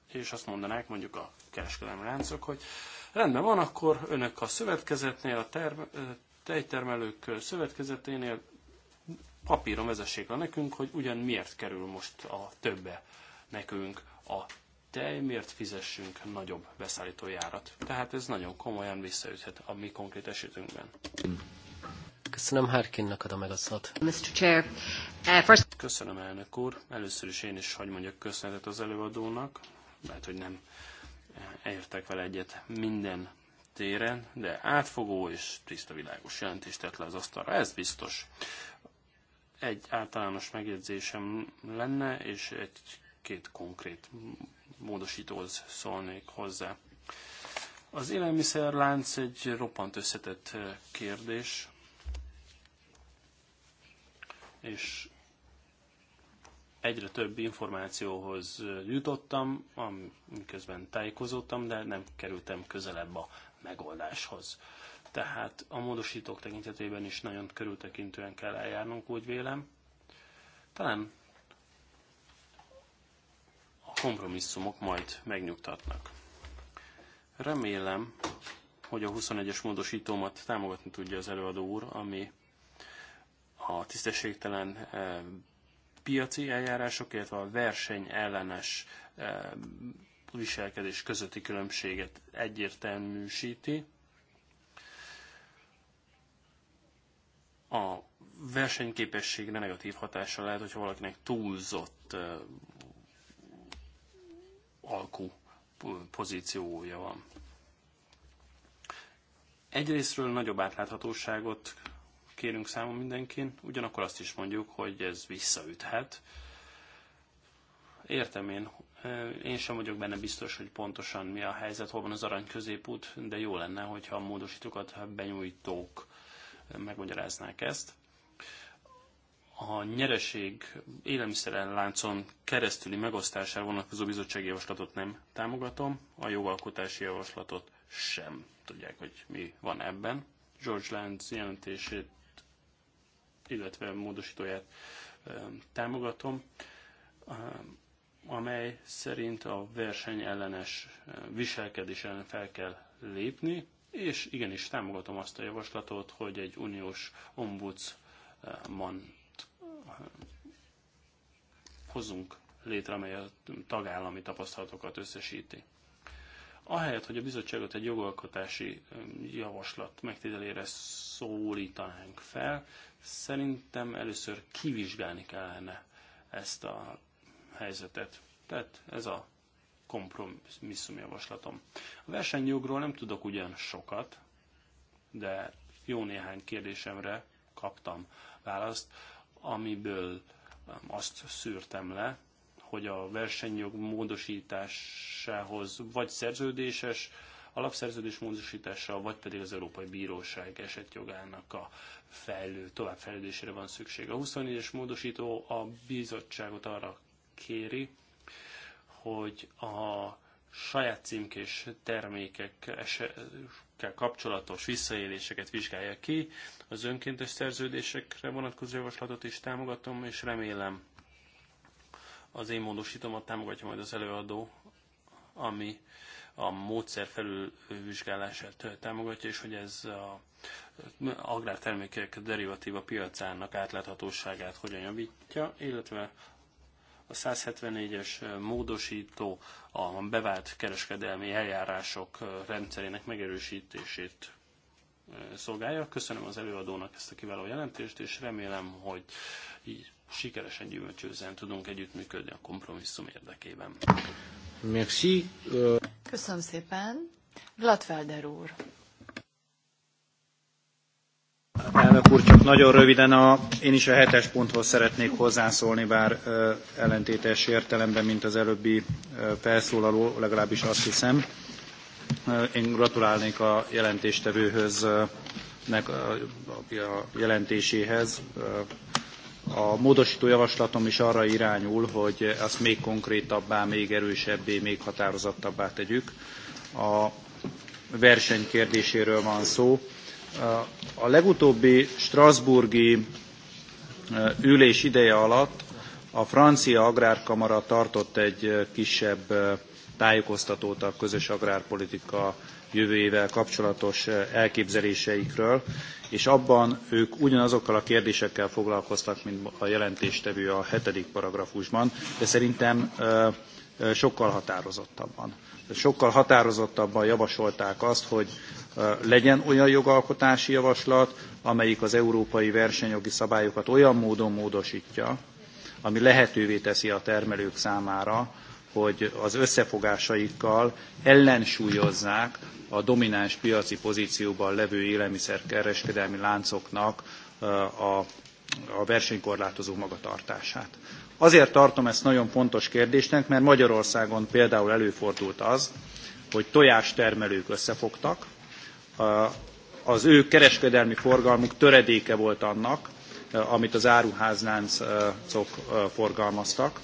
és azt mondanák mondjuk a kereskedelmi láncok, hogy rendben van, akkor önök a szövetkezetnél, a term- tejtermelők szövetkezeténél papíron vezessék le nekünk, hogy ugyan miért kerül most a többe nekünk a tej, miért fizessünk nagyobb beszállítójárat. Tehát ez nagyon komolyan visszaüthet a mi konkrét esetünkben. Köszönöm, Harkinnak adom meg a szót. Mr. Chair, uh, first... Köszönöm, elnök úr. Először is én is hagy mondjak köszönetet az előadónak. Lehet, hogy nem értek vele egyet minden téren, de átfogó és tiszta világos jelentést tett le az asztalra, ez biztos. Egy általános megjegyzésem lenne, és egy-két konkrét módosítóhoz szólnék hozzá. Az élelmiszerlánc egy roppant összetett eh, kérdés, és egyre több információhoz eh, jutottam, amiközben tájékozódtam, de nem kerültem közelebb a megoldáshoz. Tehát a módosítók tekintetében is nagyon körültekintően kell eljárnunk, úgy vélem. Talán a kompromisszumok majd megnyugtatnak. Remélem, hogy a 21-es módosítómat támogatni tudja az előadó úr, ami a tisztességtelen eh, piaci eljárások, illetve a verseny ellenes eh, viselkedés közötti különbséget egyértelműsíti. A versenyképességre negatív hatása lehet, hogyha valakinek túlzott uh, alkú pozíciója van. Egyrésztről nagyobb átláthatóságot kérünk számon mindenkin, ugyanakkor azt is mondjuk, hogy ez visszaüthet. Értem én én sem vagyok benne biztos, hogy pontosan mi a helyzet, hol van az arany középút, de jó lenne, hogyha a módosítókat benyújtók megmagyaráznák ezt. A nyereség élelmiszerelláncon keresztüli megosztására vonatkozó bizottsági javaslatot nem támogatom, a jogalkotási javaslatot sem. Tudják, hogy mi van ebben. George Lenz jelentését, illetve módosítóját támogatom amely szerint a verseny ellenes eh, viselkedés ellen fel kell lépni, és igenis támogatom azt a javaslatot, hogy egy uniós ombudsman eh, hozunk létre, amely a tagállami tapasztalatokat összesíti. Ahelyett, hogy a bizottságot egy jogalkotási eh, javaslat megtételére szólítanánk fel, szerintem először kivizsgálni kellene ezt a helyzetet. Tehát ez a kompromisszumjavaslatom. A versenyjogról nem tudok ugyan sokat, de jó néhány kérdésemre kaptam választ, amiből azt szűrtem le, hogy a versenyjog módosításához vagy szerződéses, alapszerződés módosítása, vagy pedig az Európai Bíróság esetjogának a fejlő, továbbfejlődésére van szükség. A 24-es módosító a bizottságot arra kéri, hogy a saját címkés termékekkel kapcsolatos visszaéléseket vizsgálja ki. Az önkéntes szerződésekre vonatkozó javaslatot is támogatom, és remélem az én módosítomat támogatja majd az előadó, ami a módszer felülvizsgálását támogatja, és hogy ez a agrártermékek derivatíva piacának átláthatóságát hogyan javítja, illetve a 174-es módosító a bevált kereskedelmi eljárások rendszerének megerősítését szolgálja. Köszönöm az előadónak ezt a kiváló jelentést, és remélem, hogy így sikeresen gyümölcsőzően tudunk együttműködni a kompromisszum érdekében. Merci. Köszönöm szépen. Glatfelder úr. Elnök úr, csak nagyon röviden a, én is a hetes ponthoz szeretnék hozzászólni, bár ö, ellentétes értelemben, mint az előbbi ö, felszólaló, legalábbis azt hiszem. Ö, én gratulálnék a jelentéstevőhöz, ö, nek a, a jelentéséhez. A módosító javaslatom is arra irányul, hogy azt még konkrétabbá, még erősebbé, még határozottabbá tegyük. A verseny kérdéséről van szó a legutóbbi Strasburgi eh, ülés ideje alatt a francia agrárkamara tartott egy eh, kisebb eh, tájékoztatót a közös agrárpolitika jövőjével kapcsolatos elképzeléseikről, és abban ők ugyanazokkal a kérdésekkel foglalkoztak, mint a jelentéstevő a hetedik paragrafusban, de szerintem sokkal határozottabban. Sokkal határozottabban javasolták azt, hogy legyen olyan jogalkotási javaslat, amelyik az európai versenyjogi szabályokat olyan módon módosítja, ami lehetővé teszi a termelők számára, hogy az összefogásaikkal ellensúlyozzák a domináns piaci pozícióban levő élelmiszerkereskedelmi láncoknak a, a versenykorlátozó magatartását. Azért tartom ezt nagyon fontos kérdésnek, mert Magyarországon például előfordult az, hogy tojástermelők összefogtak, az ő kereskedelmi forgalmuk töredéke volt annak, e, amit az áruházláncok e, e, forgalmaztak,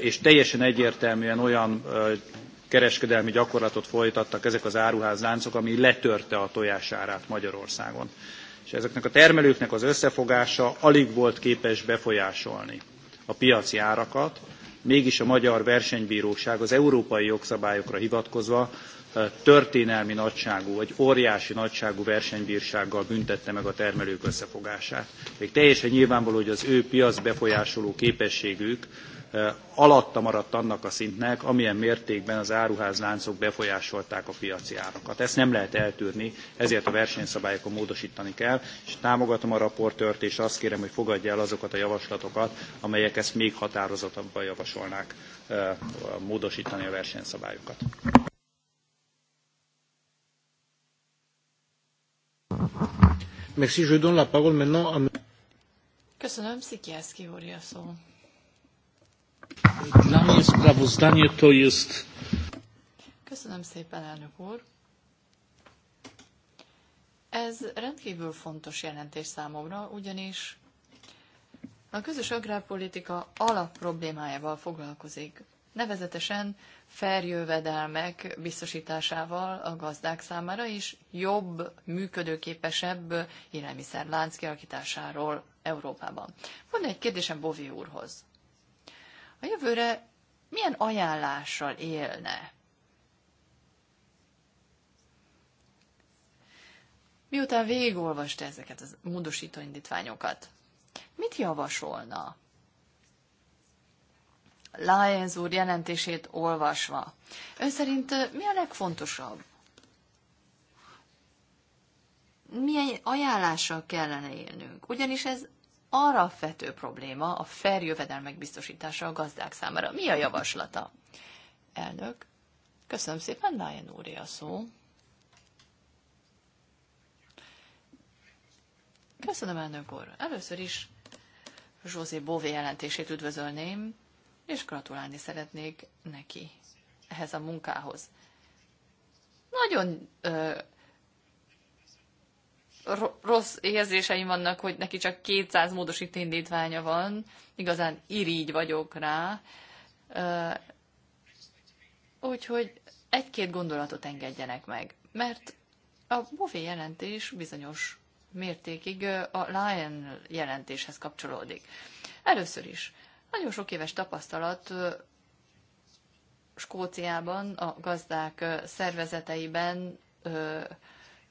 és teljesen egyértelműen olyan kereskedelmi gyakorlatot folytattak ezek az áruházláncok, ami letörte a tojásárát Magyarországon. És ezeknek a termelőknek az összefogása alig volt képes befolyásolni a piaci árakat, mégis a Magyar Versenybíróság az európai jogszabályokra hivatkozva történelmi nagyságú, vagy óriási nagyságú versenybírsággal büntette meg a termelők összefogását. Még teljesen nyilvánvaló, hogy az ő piac befolyásoló képességük alatta maradt annak a szintnek, amilyen mértékben az áruházláncok befolyásolták a piaci árakat. Ezt nem lehet eltűrni, ezért a versenyszabályokon módosítani kell, és támogatom a raportört, és azt kérem, hogy fogadja el azokat a javaslatokat, amelyek ezt még határozottabban javasolnák módosítani a versenyszabályokat. Merci, je donne la parole maintenant à... Köszönöm, Szikiászki úr, a szó. Dla mnie sprawozdanie to jest... Köszönöm szépen, elnök úr. Ez rendkívül fontos jelentés számomra, ugyanis a közös agrárpolitika alapproblémájával foglalkozik, nevezetesen feljövedelmek biztosításával a gazdák számára is jobb, működőképesebb élelmiszerlánc kialakításáról Európában. Van egy kérdésem Bovi úrhoz a jövőre milyen ajánlással élne? Miután végigolvasta ezeket a módosító indítványokat, mit javasolna? Lyons úr jelentését olvasva. Ön szerint mi a legfontosabb? Milyen ajánlással kellene élnünk? Ugyanis ez fető probléma a fair jövedelmek biztosítása a gazdák számára. Mi a javaslata? Elnök, köszönöm szépen, Lion úr a szó. Köszönöm, elnök úr. Először is José Bové jelentését üdvözölném, és gratulálni szeretnék neki ehhez a munkához. Nagyon ö, rossz érzéseim vannak, hogy neki csak 200 módosít indítványa van, igazán irígy vagyok rá. Úgyhogy egy-két gondolatot engedjenek meg, mert a Bové jelentés bizonyos mértékig a Lion jelentéshez kapcsolódik. Először is, nagyon sok éves tapasztalat Skóciában, a gazdák szervezeteiben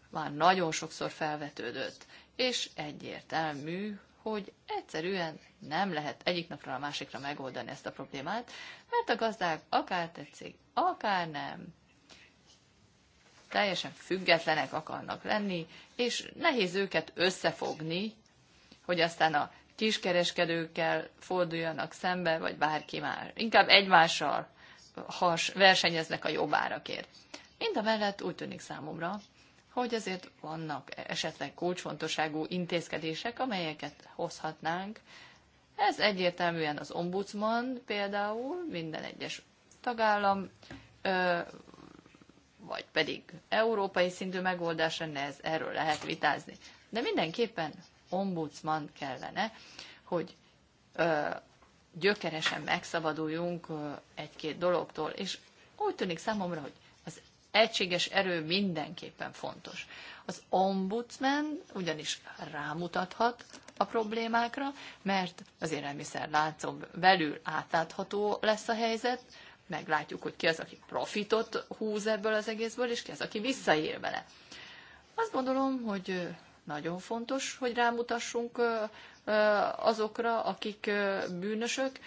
már nagyon sokszor felvetődött, és egyértelmű, hogy egyszerűen nem lehet egyik napra a másikra megoldani ezt a problémát, mert a gazdák akár tetszik, akár nem, teljesen függetlenek akarnak lenni, és nehéz őket összefogni, hogy aztán a kiskereskedőkkel forduljanak szembe, vagy bárki már. Inkább egymással has, versenyeznek a jobb árakért. Mind a mellett úgy tűnik számomra, hogy azért vannak esetleg kulcsfontosságú intézkedések, amelyeket hozhatnánk. Ez egyértelműen az ombudsman például, minden egyes tagállam, vagy pedig európai szintű megoldás lenne, ez, erről lehet vitázni. De mindenképpen ombudsman kellene, hogy gyökeresen megszabaduljunk egy-két dologtól, és úgy tűnik számomra, hogy egységes erő mindenképpen fontos. Az ombudsman ugyanis rámutathat a problémákra, mert az élelmiszer látszom belül átlátható lesz a helyzet, meglátjuk, hogy ki az, aki profitot húz ebből az egészből, és ki az, aki visszaél vele. Azt gondolom, hogy nagyon fontos, hogy rámutassunk azokra, akik bűnösök,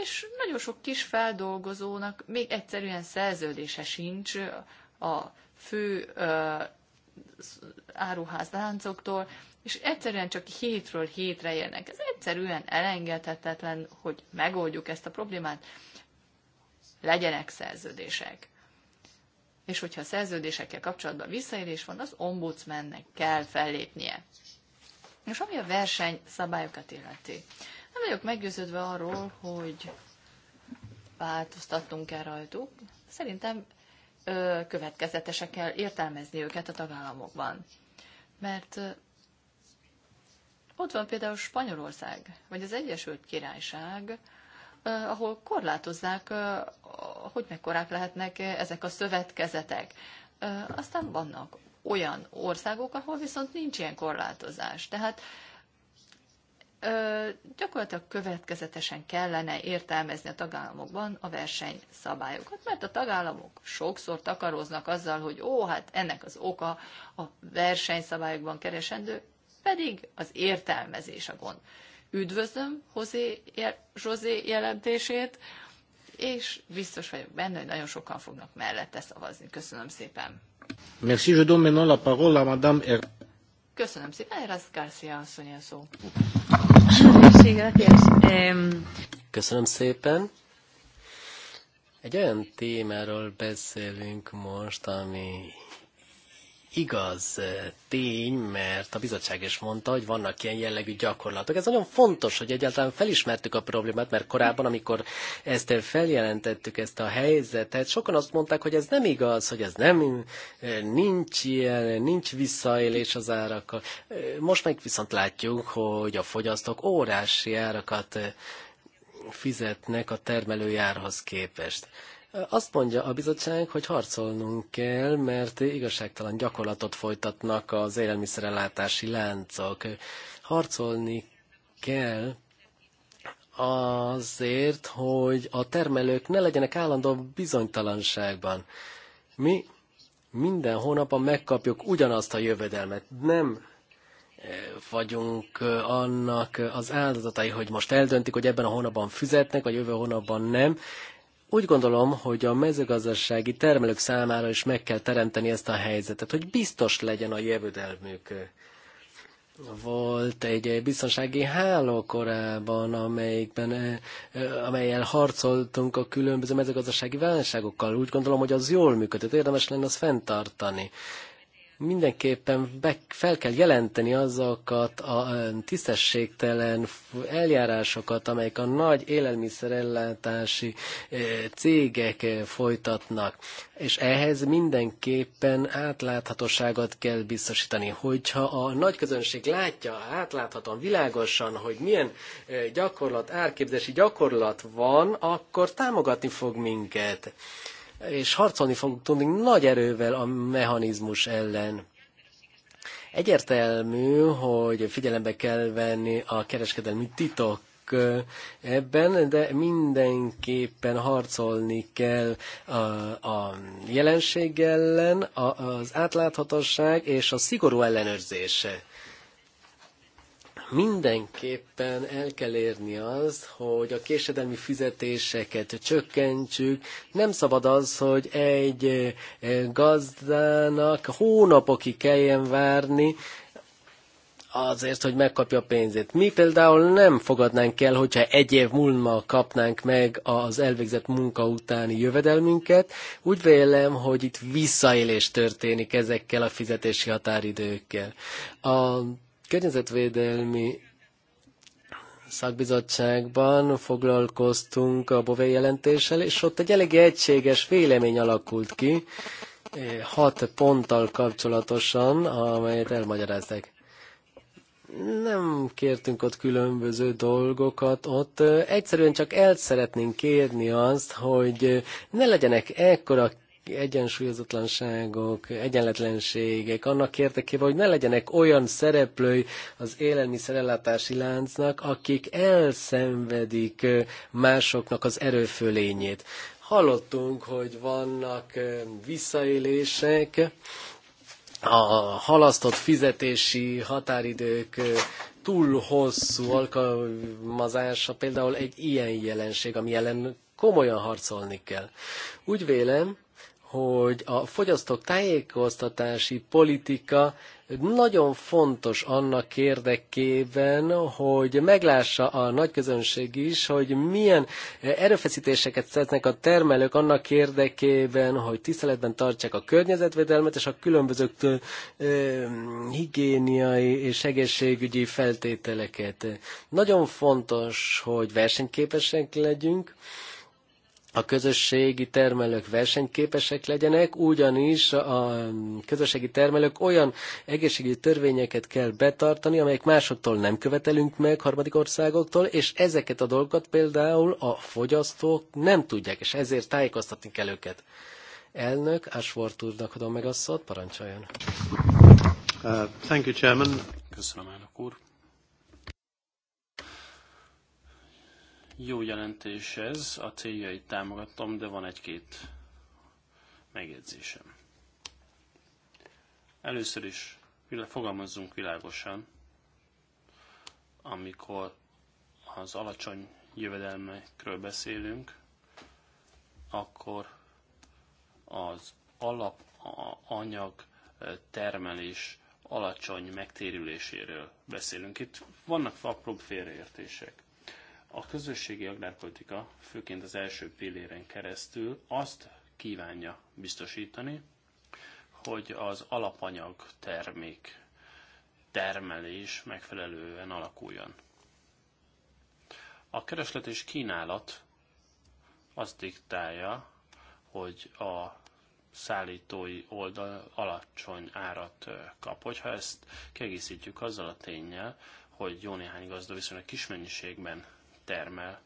és nagyon sok kis feldolgozónak még egyszerűen szerződése sincs a fő áruházláncoktól, és egyszerűen csak hétről hétre jönnek. Ez egyszerűen elengedhetetlen, hogy megoldjuk ezt a problémát. Legyenek szerződések. És hogyha a szerződésekkel kapcsolatban visszaélés van, az ombudsmannek kell fellépnie. És ami a verseny szabályokat illeti. Nem vagyok meggyőződve arról, hogy változtattunk-e rajtuk. Szerintem ö, következetesen kell értelmezni őket a tagállamokban. Mert ö, ott van például Spanyolország, vagy az Egyesült Királyság, ö, ahol korlátozzák, ö, hogy mekkorák lehetnek ezek a szövetkezetek. Ö, aztán vannak olyan országok, ahol viszont nincs ilyen korlátozás. Tehát ö, gyakorlatilag következetesen kellene értelmezni a tagállamokban a versenyszabályokat, mert a tagállamok sokszor takaróznak azzal, hogy ó, hát ennek az oka a versenyszabályokban keresendő, pedig az értelmezés a gond. Üdvözlöm Hozé, Zsozé jelentését, és biztos vagyok benne, hogy nagyon sokan fognak mellette szavazni. Köszönöm szépen. Merci, je donne maintenant la parole à Madame er Köszönöm szépen, Erasz Garcia asszony a szó. Köszönöm szépen. Egy olyan témáról beszélünk most, ami igaz eh, tény, mert a bizottság is mondta, hogy vannak ilyen jellegű gyakorlatok. Ez nagyon fontos, hogy egyáltalán felismertük a problémát, mert korábban, amikor ezt feljelentettük, ezt a helyzetet, sokan azt mondták, hogy ez nem igaz, hogy ez nem, eh, nincs ilyen, nincs visszaélés az árakkal. Eh, most meg viszont látjuk, hogy a fogyasztók órási árakat fizetnek a termelőjárhoz képest. Azt mondja a bizottság, hogy harcolnunk kell, mert igazságtalan gyakorlatot folytatnak az élelmiszerellátási láncok. Harcolni kell azért, hogy a termelők ne legyenek állandó bizonytalanságban. Mi minden hónapban megkapjuk ugyanazt a jövedelmet. Nem vagyunk annak az áldozatai, hogy most eldöntik, hogy ebben a hónapban fizetnek, vagy jövő hónapban nem úgy gondolom, hogy a mezőgazdasági termelők számára is meg kell teremteni ezt a helyzetet, hogy biztos legyen a jövedelmük. Volt egy biztonsági háló korábban, amelyikben, amelyel harcoltunk a különböző mezőgazdasági válságokkal. Úgy gondolom, hogy az jól működött, érdemes lenne azt fenntartani mindenképpen be, fel kell jelenteni azokat a tisztességtelen eljárásokat, amelyek a nagy élelmiszerellátási cégek folytatnak. És ehhez mindenképpen átláthatóságot kell biztosítani. Hogyha a nagy közönség látja átláthatóan, világosan, hogy milyen gyakorlat, árképzési gyakorlat van, akkor támogatni fog minket és harcolni fogunk tudni nagy erővel a mechanizmus ellen. Egyértelmű, hogy figyelembe kell venni a kereskedelmi titok eh, ebben, de mindenképpen harcolni kell a, a jelenség ellen, a, az átláthatóság és a szigorú ellenőrzése mindenképpen el kell érni az, hogy a késedelmi fizetéseket csökkentsük. Nem szabad az, hogy egy eh, gazdának hónapokig kelljen várni, azért, hogy megkapja a pénzét. Mi például nem fogadnánk el, hogyha egy év múlva kapnánk meg az elvégzett munka utáni jövedelmünket. Úgy vélem, hogy itt visszaélés történik ezekkel a fizetési határidőkkel. A környezetvédelmi szakbizottságban foglalkoztunk a Bové jelentéssel, és ott egy elég egységes vélemény alakult ki, eh, hat ponttal kapcsolatosan, amelyet elmagyaráztak. Nem kértünk ott különböző dolgokat, ott egyszerűen csak el szeretnénk kérni azt, hogy ne legyenek ekkora egyensúlyozatlanságok, egyenletlenségek annak érdekében, hogy ne legyenek olyan szereplői az élelmiszerellátási láncnak, akik elszenvedik másoknak az erőfölényét. Hallottunk, hogy vannak visszaélések, a halasztott fizetési határidők túl hosszú alkalmazása például egy ilyen jelenség, ami ellen komolyan harcolni kell. Úgy vélem, hogy a fogyasztók tájékoztatási politika nagyon fontos annak érdekében, hogy meglássa a nagyközönség is, hogy milyen erőfeszítéseket tesznek a termelők annak érdekében, hogy tiszteletben tartsák a környezetvédelmet és a különböző higiéniai és egészségügyi feltételeket. Nagyon fontos, hogy versenyképesek legyünk, a közösségi termelők versenyképesek legyenek, ugyanis a közösségi termelők olyan egészségügyi törvényeket kell betartani, amelyek másoktól nem követelünk meg harmadik országoktól, és ezeket a dolgokat például a fogyasztók nem tudják, és ezért tájékoztatni kell őket. Elnök, Ashworth úrnak adom meg a szót, parancsoljon. Uh, thank you, Chairman. Köszönöm, elnök úr. Jó jelentés ez, a céljait támogatom, de van egy-két megjegyzésem. Először is fogalmazzunk világosan, amikor az alacsony jövedelmekről beszélünk, akkor az alapanyag termelés alacsony megtérüléséről beszélünk. Itt vannak apróbb félreértések. A közösségi agrárpolitika, főként az első pilléren keresztül azt kívánja biztosítani, hogy az alapanyag termék termelés megfelelően alakuljon. A kereslet és kínálat azt diktálja, hogy a szállítói oldal alacsony árat kap. Hogyha ezt kiegészítjük azzal a tényel, hogy jó néhány gazda viszonylag kis mennyiségben termel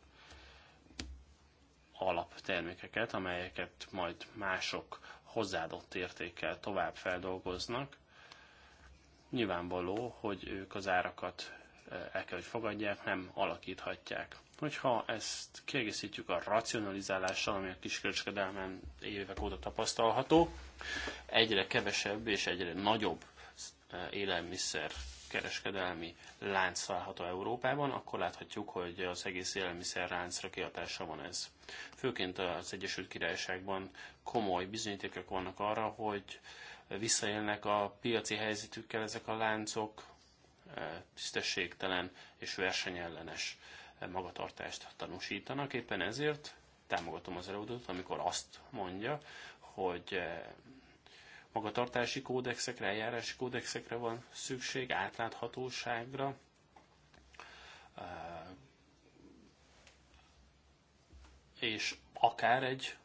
alaptermékeket, amelyeket majd mások hozzáadott értékkel tovább feldolgoznak. Nyilvánvaló, hogy ők az árakat eh, el kell, hogy fogadják, nem alakíthatják. Hogyha ezt kiegészítjük a racionalizálással, ami a kiskereskedelmen évek óta tapasztalható, egyre kevesebb és egyre nagyobb eh, élelmiszer kereskedelmi lánc található Európában, akkor láthatjuk, hogy az egész láncra kihatása van ez. Főként az Egyesült Királyságban komoly bizonyítékok vannak arra, hogy visszaélnek a piaci helyzetükkel ezek a láncok, e, tisztességtelen és versenyellenes magatartást tanúsítanak. Éppen ezért támogatom az előadót, amikor azt mondja, hogy e, magatartási kódexekre, eljárási kódexekre van szükség, átláthatóságra, és akár egy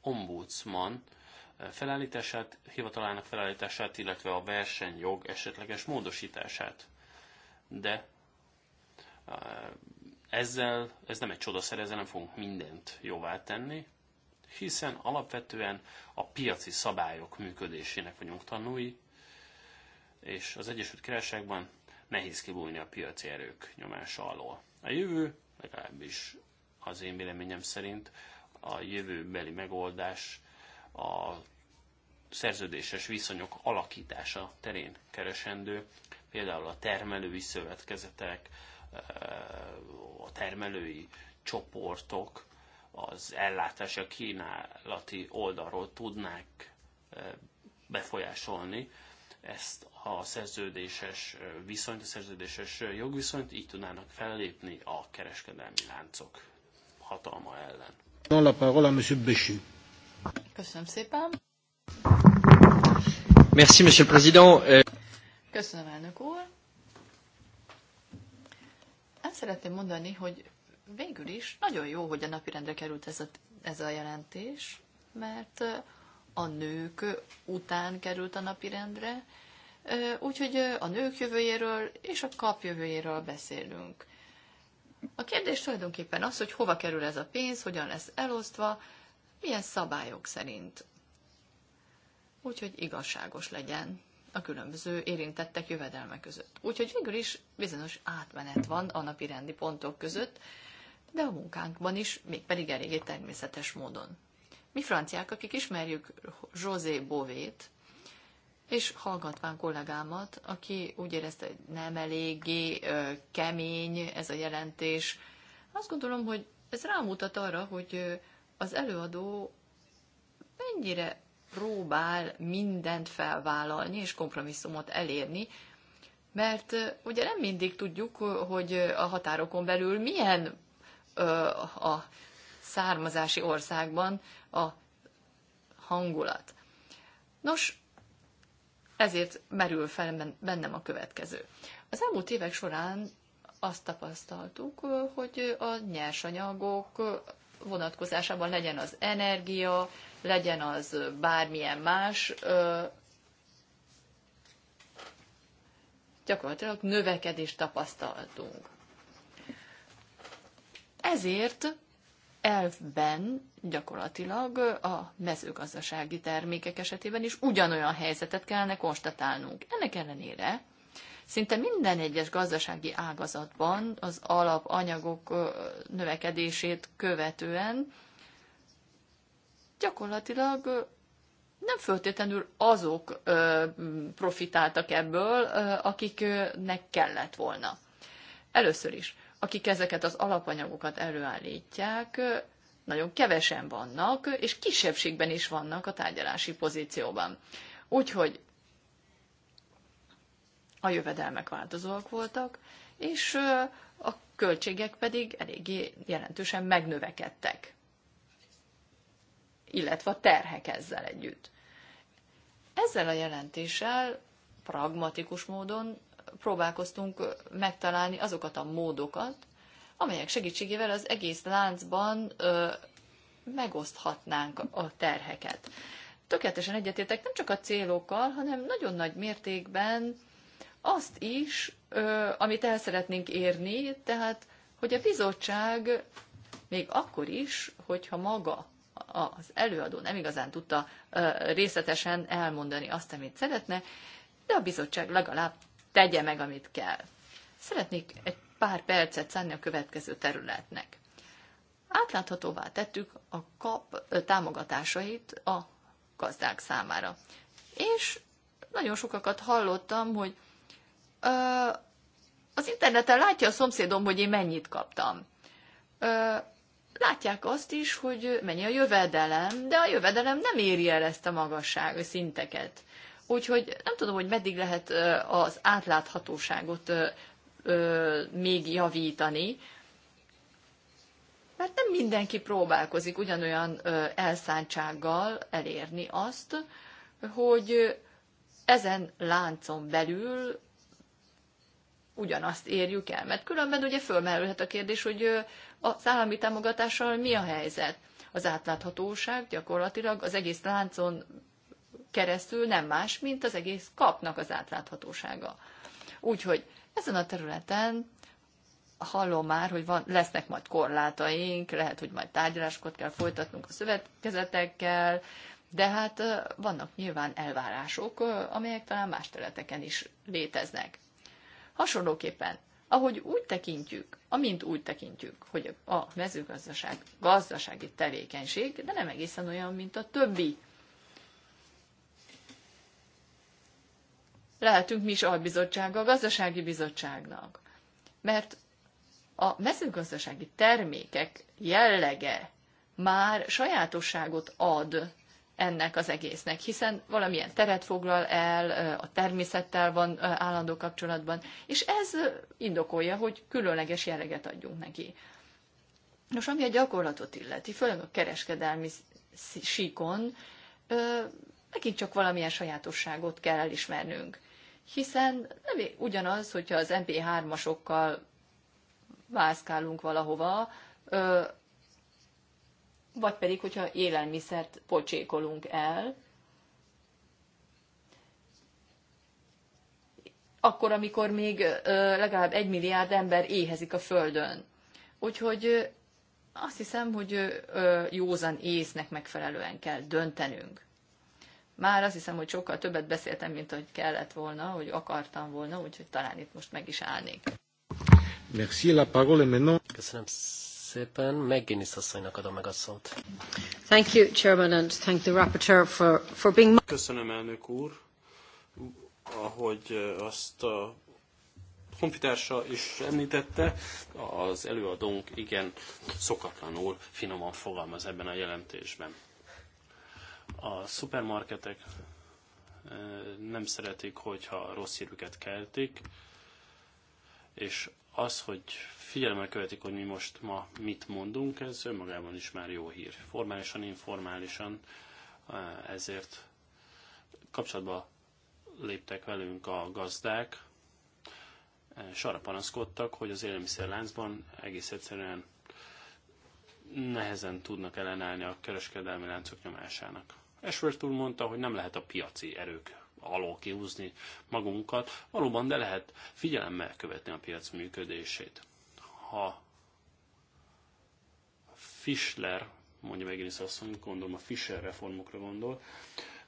ombudsman felállítását, hivatalának felállítását, illetve a versenyjog esetleges módosítását. De ezzel, ez nem egy csodaszer, ezzel nem fogunk mindent jóvá tenni, hiszen alapvetően a piaci szabályok működésének vagyunk tanúi, és az Egyesült Királyságban nehéz kibújni a piaci erők nyomása alól. A jövő, legalábbis az én véleményem szerint, a jövőbeli megoldás a szerződéses viszonyok alakítása terén keresendő, például a termelői szövetkezetek, a termelői csoportok az ellátás, a kínálati oldalról tudnák eh, befolyásolni ezt a szerződéses eh, viszonyt, a szerződéses eh, jogviszonyt, így tudnának fellépni a kereskedelmi láncok hatalma ellen. Köszönöm szépen. Merci, Monsieur le Président. Euh, Köszönöm, elnök úr. Azt szeretném mondani, hogy végül is nagyon jó, hogy a napirendre került ez a, ez a jelentés, mert a nők után került a napirendre, úgyhogy a nők jövőjéről és a kap jövőjéről beszélünk. A kérdés tulajdonképpen az, hogy hova kerül ez a pénz, hogyan lesz elosztva, milyen szabályok szerint. Úgyhogy igazságos legyen a különböző érintettek jövedelme között. Úgyhogy végül is bizonyos átmenet van a napi rendi pontok között, de a munkánkban is, mégpedig eléggé természetes módon. Mi franciák, akik ismerjük José Bovét, és hallgatván kollégámat, aki úgy érezte, hogy nem eléggé ö, kemény ez a jelentés, azt gondolom, hogy ez rámutat arra, hogy az előadó mennyire próbál mindent felvállalni és kompromisszumot elérni, mert ugye nem mindig tudjuk, hogy a határokon belül milyen a származási országban a hangulat. Nos, ezért merül fel bennem a következő. Az elmúlt évek során azt tapasztaltuk, hogy a nyersanyagok vonatkozásában legyen az energia, legyen az bármilyen más, gyakorlatilag növekedést tapasztaltunk. Ezért elvben gyakorlatilag a mezőgazdasági termékek esetében is ugyanolyan helyzetet kellene konstatálnunk. Ennek ellenére szinte minden egyes gazdasági ágazatban az alapanyagok növekedését követően gyakorlatilag nem föltétlenül azok profitáltak ebből, akiknek kellett volna. Először is akik ezeket az alapanyagokat előállítják, nagyon kevesen vannak, és kisebbségben is vannak a tárgyalási pozícióban. Úgyhogy a jövedelmek változóak voltak, és a költségek pedig eléggé jelentősen megnövekedtek, illetve a terhek ezzel együtt. Ezzel a jelentéssel pragmatikus módon próbálkoztunk megtalálni azokat a módokat, amelyek segítségével az egész láncban ö, megoszthatnánk a terheket. Tökéletesen egyetértek nem csak a célokkal, hanem nagyon nagy mértékben azt is, ö, amit el szeretnénk érni, tehát hogy a bizottság még akkor is, hogyha maga az előadó nem igazán tudta részletesen elmondani azt, amit szeretne, de a bizottság legalább tegye meg, amit kell. Szeretnék egy pár percet szánni a következő területnek. Átláthatóvá tettük a kap támogatásait a gazdák számára. És nagyon sokakat hallottam, hogy ö, az interneten látja a szomszédom, hogy én mennyit kaptam. Ö, látják azt is, hogy mennyi a jövedelem, de a jövedelem nem éri el ezt a magasság, a szinteket. Úgyhogy nem tudom, hogy meddig lehet az átláthatóságot még javítani, mert nem mindenki próbálkozik ugyanolyan elszántsággal elérni azt, hogy ezen láncon belül ugyanazt érjük el. Mert különben ugye fölmerülhet a kérdés, hogy az állami támogatással mi a helyzet. Az átláthatóság gyakorlatilag az egész láncon keresztül nem más, mint az egész kapnak az átláthatósága. Úgyhogy ezen a területen hallom már, hogy van, lesznek majd korlátaink, lehet, hogy majd tárgyalásokat kell folytatnunk a szövetkezetekkel, de hát vannak nyilván elvárások, amelyek talán más területeken is léteznek. Hasonlóképpen, ahogy úgy tekintjük, amint úgy tekintjük, hogy a mezőgazdaság gazdasági tevékenység, de nem egészen olyan, mint a többi lehetünk mi is albizottsága a gazdasági bizottságnak. Mert a mezőgazdasági termékek jellege már sajátosságot ad ennek az egésznek, hiszen valamilyen teret foglal el, a természettel van állandó kapcsolatban, és ez indokolja, hogy különleges jelleget adjunk neki. Nos, ami a gyakorlatot illeti, főleg a kereskedelmi síkon, megint csak valamilyen sajátosságot kell elismernünk hiszen nem ugyanaz, hogyha az MP3-asokkal vászkálunk valahova, vagy pedig, hogyha élelmiszert pocsékolunk el, akkor, amikor még legalább egy milliárd ember éhezik a Földön. Úgyhogy azt hiszem, hogy józan észnek megfelelően kell döntenünk. Már azt hiszem, hogy sokkal többet beszéltem, mint hogy kellett volna, hogy akartam volna, úgyhogy talán itt most meg is állnék. Merci la parole maintenant. Köszönöm szépen. McGuinness asszonynak adom meg a szót. Thank you, Chairman, and thank the rapporteur for, for being... Köszönöm, elnök úr, ahogy eh, azt a honfitársa is említette, az előadónk igen szokatlanul finoman fogalmaz ebben a jelentésben. A szupermarketek nem szeretik, hogyha rossz hírüket keltik, és az, hogy figyelemmel követik, hogy mi most ma mit mondunk, ez önmagában is már jó hír. Formálisan, informálisan, ezért kapcsolatba léptek velünk a gazdák, és arra panaszkodtak, hogy az élelmiszerláncban egész egyszerűen nehezen tudnak ellenállni a kereskedelmi láncok nyomásának. Ashworth úr mondta, hogy nem lehet a piaci erők alól kihúzni magunkat, valóban, de lehet figyelemmel követni a piac működését. Ha Fischler, mondja azt asszony, gondolom a Fischer reformokra gondol,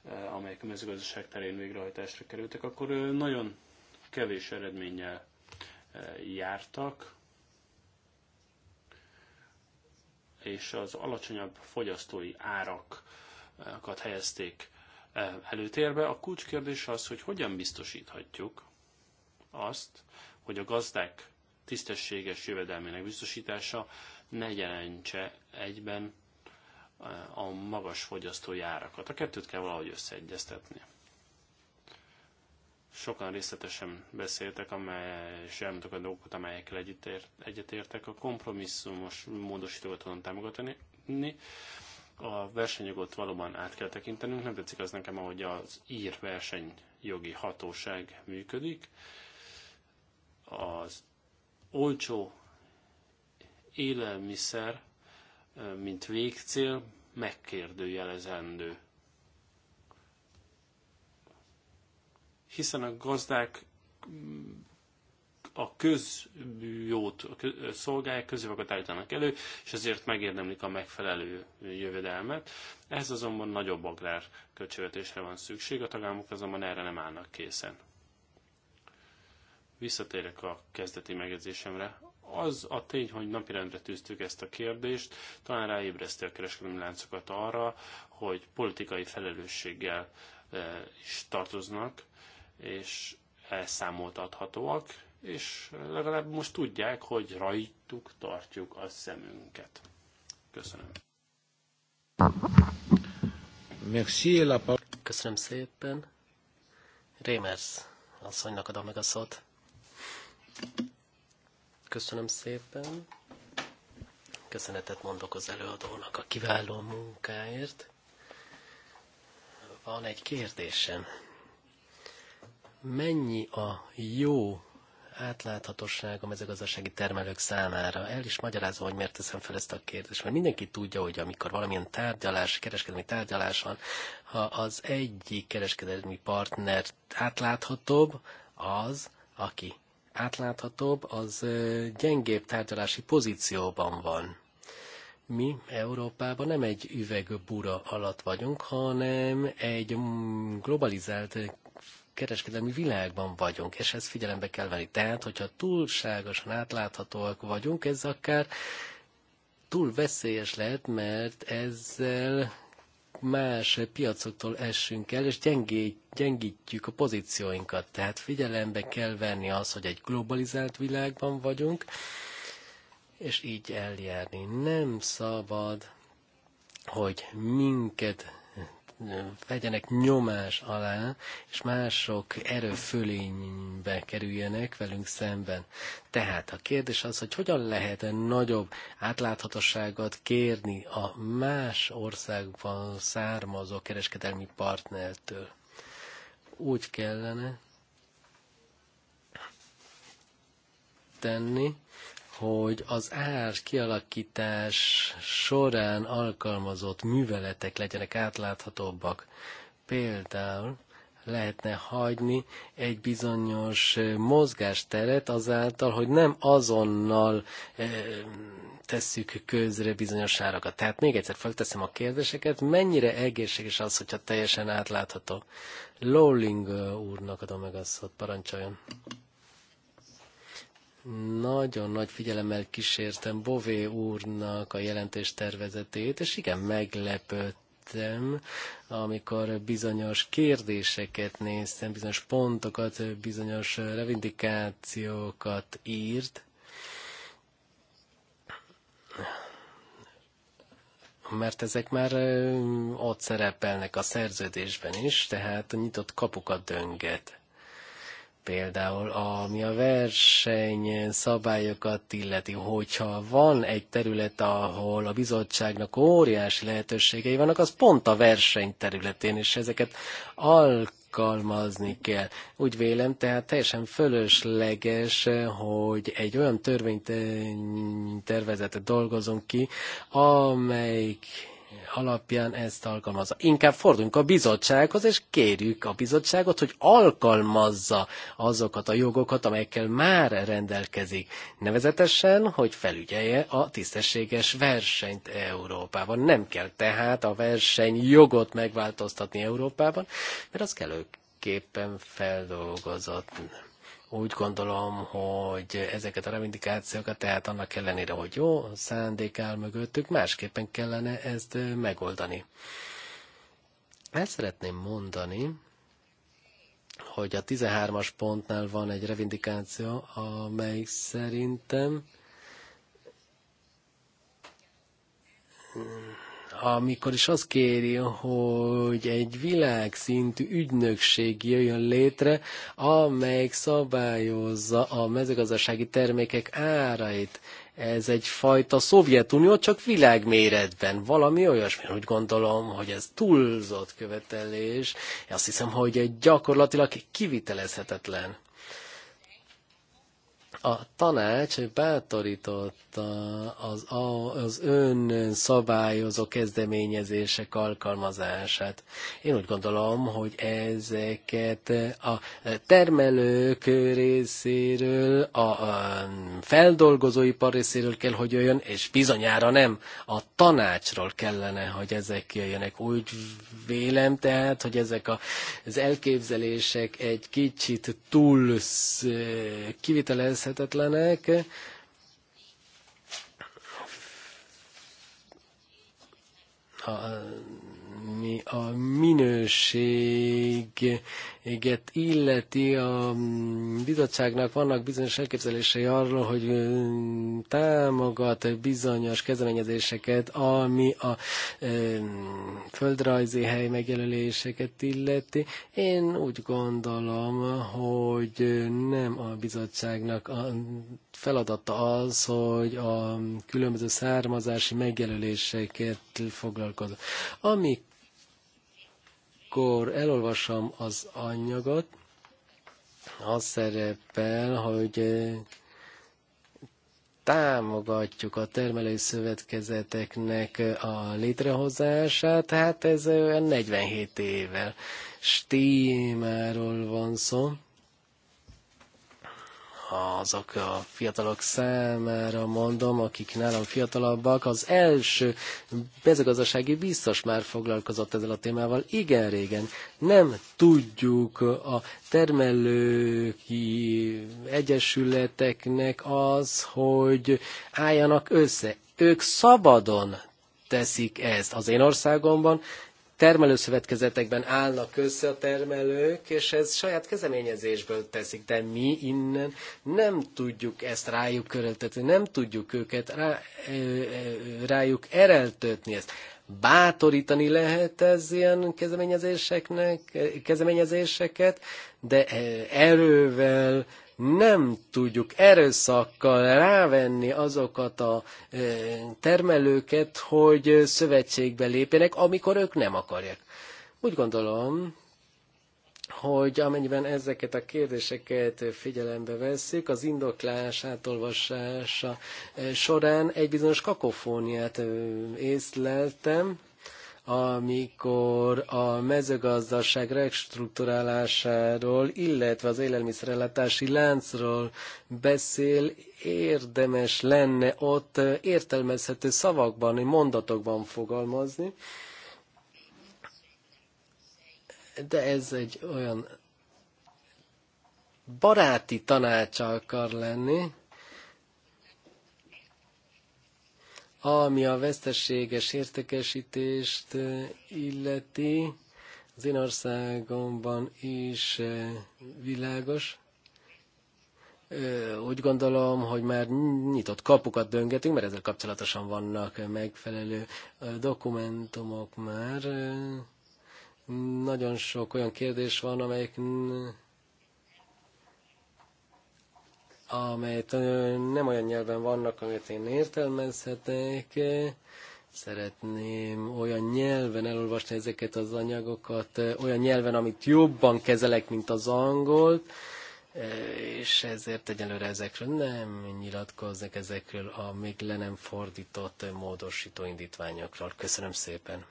eh, amelyek a mezőgazdaság terén végrehajtásra kerültek, akkor eh, nagyon kevés eredménnyel eh, jártak, és az alacsonyabb fogyasztói árak helyezték eh, előtérbe. A kulcskérdés az, hogy hogyan biztosíthatjuk azt, hogy a gazdák tisztességes jövedelmének biztosítása ne jelentse egyben eh, a magas fogyasztói árakat. A kettőt kell valahogy összeegyeztetni. Sokan részletesen beszéltek, amely, és elmondtak a dolgokat, amelyekkel egyetértek. A kompromisszumos módosítókat tudom támogatni a versenyjogot valóban át kell tekintenünk. Nem tetszik az nekem, ahogy az ír versenyjogi hatóság működik. Az olcsó élelmiszer, mint végcél, megkérdőjelezendő. Hiszen a gazdák a közjót szolgálják, közjavakat állítanak elő, és ezért megérdemlik a megfelelő jövedelmet. Ez azonban nagyobb agrár költségvetésre van szükség, a tagállamok azonban erre nem állnak készen. Visszatérek a kezdeti megjegyzésemre. Az a tény, hogy napirendre tűztük ezt a kérdést, talán ráébreszti a kereskedelmi láncokat arra, hogy politikai felelősséggel eh, is tartoznak, és elszámoltathatóak, és legalább most tudják, hogy rajtuk tartjuk a szemünket. Köszönöm. Merci, Köszönöm szépen. Rémers asszonynak adom meg a szót. Köszönöm szépen. Köszönetet mondok az előadónak a kiváló munkáért. Van egy kérdésem. Mennyi a jó átláthatóság a mezőgazdasági termelők számára. El is magyarázom, hogy miért teszem fel ezt a kérdést, mert mindenki tudja, hogy amikor valamilyen tárgyalás, kereskedelmi tárgyalás van, ha az egyik kereskedelmi partner átláthatóbb, az, aki átláthatóbb, az gyengébb tárgyalási pozícióban van. Mi Európában nem egy üvegbura alatt vagyunk, hanem egy globalizált kereskedelmi világban vagyunk, és ezt figyelembe kell venni. Tehát, hogyha túlságosan átláthatóak vagyunk, ez akár túl veszélyes lehet, mert ezzel más piacoktól essünk el, és gyengít, gyengítjük a pozícióinkat. Tehát figyelembe kell venni az, hogy egy globalizált világban vagyunk, és így eljárni. Nem szabad, hogy minket vegyenek nyomás alá, és mások erőfölénybe kerüljenek velünk szemben. Tehát a kérdés az, hogy hogyan lehet egy nagyobb átláthatóságot kérni a más országban származó kereskedelmi partnertől. Úgy kellene tenni, hogy az ár kialakítás során alkalmazott műveletek legyenek átláthatóbbak. Például lehetne hagyni egy bizonyos eh, mozgásteret azáltal, hogy nem azonnal e, tesszük közre bizonyos árakat. Tehát még egyszer felteszem a kérdéseket, mennyire egészséges az, hogyha teljesen átlátható. Lowling úrnak adom meg a szót, parancsoljon. Nagyon nagy figyelemmel kísértem Bové úrnak a jelentés tervezetét, és igen, meglepőtt amikor bizonyos kérdéseket néztem, bizonyos pontokat, bizonyos revindikációkat írt. Mert ezek már ott szerepelnek a szerződésben is, tehát a nyitott kapukat dönget. Például, ami a verseny szabályokat illeti, hogyha van egy terület, ahol a bizottságnak óriási lehetőségei vannak, az pont a verseny területén, és ezeket alkalmazni kell. Úgy vélem, tehát teljesen fölösleges, hogy egy olyan törvénytervezetet dolgozunk ki, amelyik alapján ezt alkalmazza. Inkább forduljunk a bizottsághoz, és kérjük a bizottságot, hogy alkalmazza azokat a jogokat, amelyekkel már rendelkezik. Nevezetesen, hogy felügyelje a tisztességes versenyt Európában. Nem kell tehát a verseny jogot megváltoztatni Európában, mert az kellőképpen feldolgozott úgy gondolom, hogy ezeket a reivindikációkat, tehát annak ellenére, hogy jó szándék áll mögöttük, másképpen kellene ezt megoldani. El szeretném mondani, hogy a 13-as pontnál van egy revindikáció, amely szerintem amikor is azt kéri, hogy egy világszintű ügynökség jöjjön létre, amelyik szabályozza a mezőgazdasági termékek árait. Ez egyfajta Szovjetunió, csak világméretben. Valami olyasmi, úgy gondolom, hogy ez túlzott követelés. Azt hiszem, hogy gyakorlatilag kivitelezhetetlen a tanács bátorította az, az ön szabályozó kezdeményezések alkalmazását. Én úgy gondolom, hogy ezeket a termelők részéről, a feldolgozóipar részéről kell, hogy jöjjön, és bizonyára nem. A tanácsról kellene, hogy ezek jöjjenek. Úgy vélem tehát, hogy ezek a, az elképzelések egy kicsit túl kivitelezhetőek, elkerülhetetlenek. A ami a minőséget illeti, a mm, bizottságnak vannak bizonyos elképzelései arról, hogy mm, támogat bizonyos kezdeményezéseket, ami a mm, földrajzi hely megjelöléseket illeti. Én úgy gondolom, hogy nem a bizottságnak a feladata az, hogy a különböző származási megjelöléseket foglalkozom. Ami amikor elolvasom az anyagot, az szerepel, hogy eh, támogatjuk a termelőszövetkezeteknek eh, a létrehozását, hát ez 47 eh, évvel stímáról van szó azok a fiatalok számára mondom, akik nálam fiatalabbak, az első mezőgazdasági biztos már foglalkozott ezzel a témával igen régen. Nem tudjuk a termelői egyesületeknek az, hogy álljanak össze. Ők szabadon teszik ezt. Az én országomban termelőszövetkezetekben állnak össze a termelők, és ez saját kezeményezésből teszik, de mi innen nem tudjuk ezt rájuk köröltetni, nem tudjuk őket rá, rájuk ereltetni ezt. Bátorítani lehet ez ilyen kezeményezéseknek, kezeményezéseket, de erővel, nem tudjuk erőszakkal rávenni azokat a eh, termelőket, hogy eh, szövetségbe lépjenek, amikor ők nem akarják. Úgy gondolom, hogy amennyiben ezeket a kérdéseket figyelembe veszik, az indoklás átolvasása eh, során egy bizonyos kakofóniát észleltem, amikor a mezőgazdaság restruktúrálásáról, illetve az élelmiszerellátási láncról beszél, érdemes lenne ott értelmezhető szavakban, mondatokban fogalmazni. De ez egy olyan baráti tanácsa akar lenni, Ami a veszteséges értékesítést eh, illeti, az én országomban is eh, világos. Eh, úgy gondolom, hogy már nyitott kapukat döngetünk, mert ezzel kapcsolatosan vannak megfelelő dokumentumok már. Nagyon sok olyan kérdés van, amelyek amelyet nem olyan nyelven vannak, amit én értelmezhetek. Szeretném olyan nyelven elolvasni ezeket az anyagokat, olyan nyelven, amit jobban kezelek, mint az angolt, és ezért egyelőre ezekről nem nyilatkoznak ezekről a még le nem fordított módosító indítványokról. Köszönöm szépen!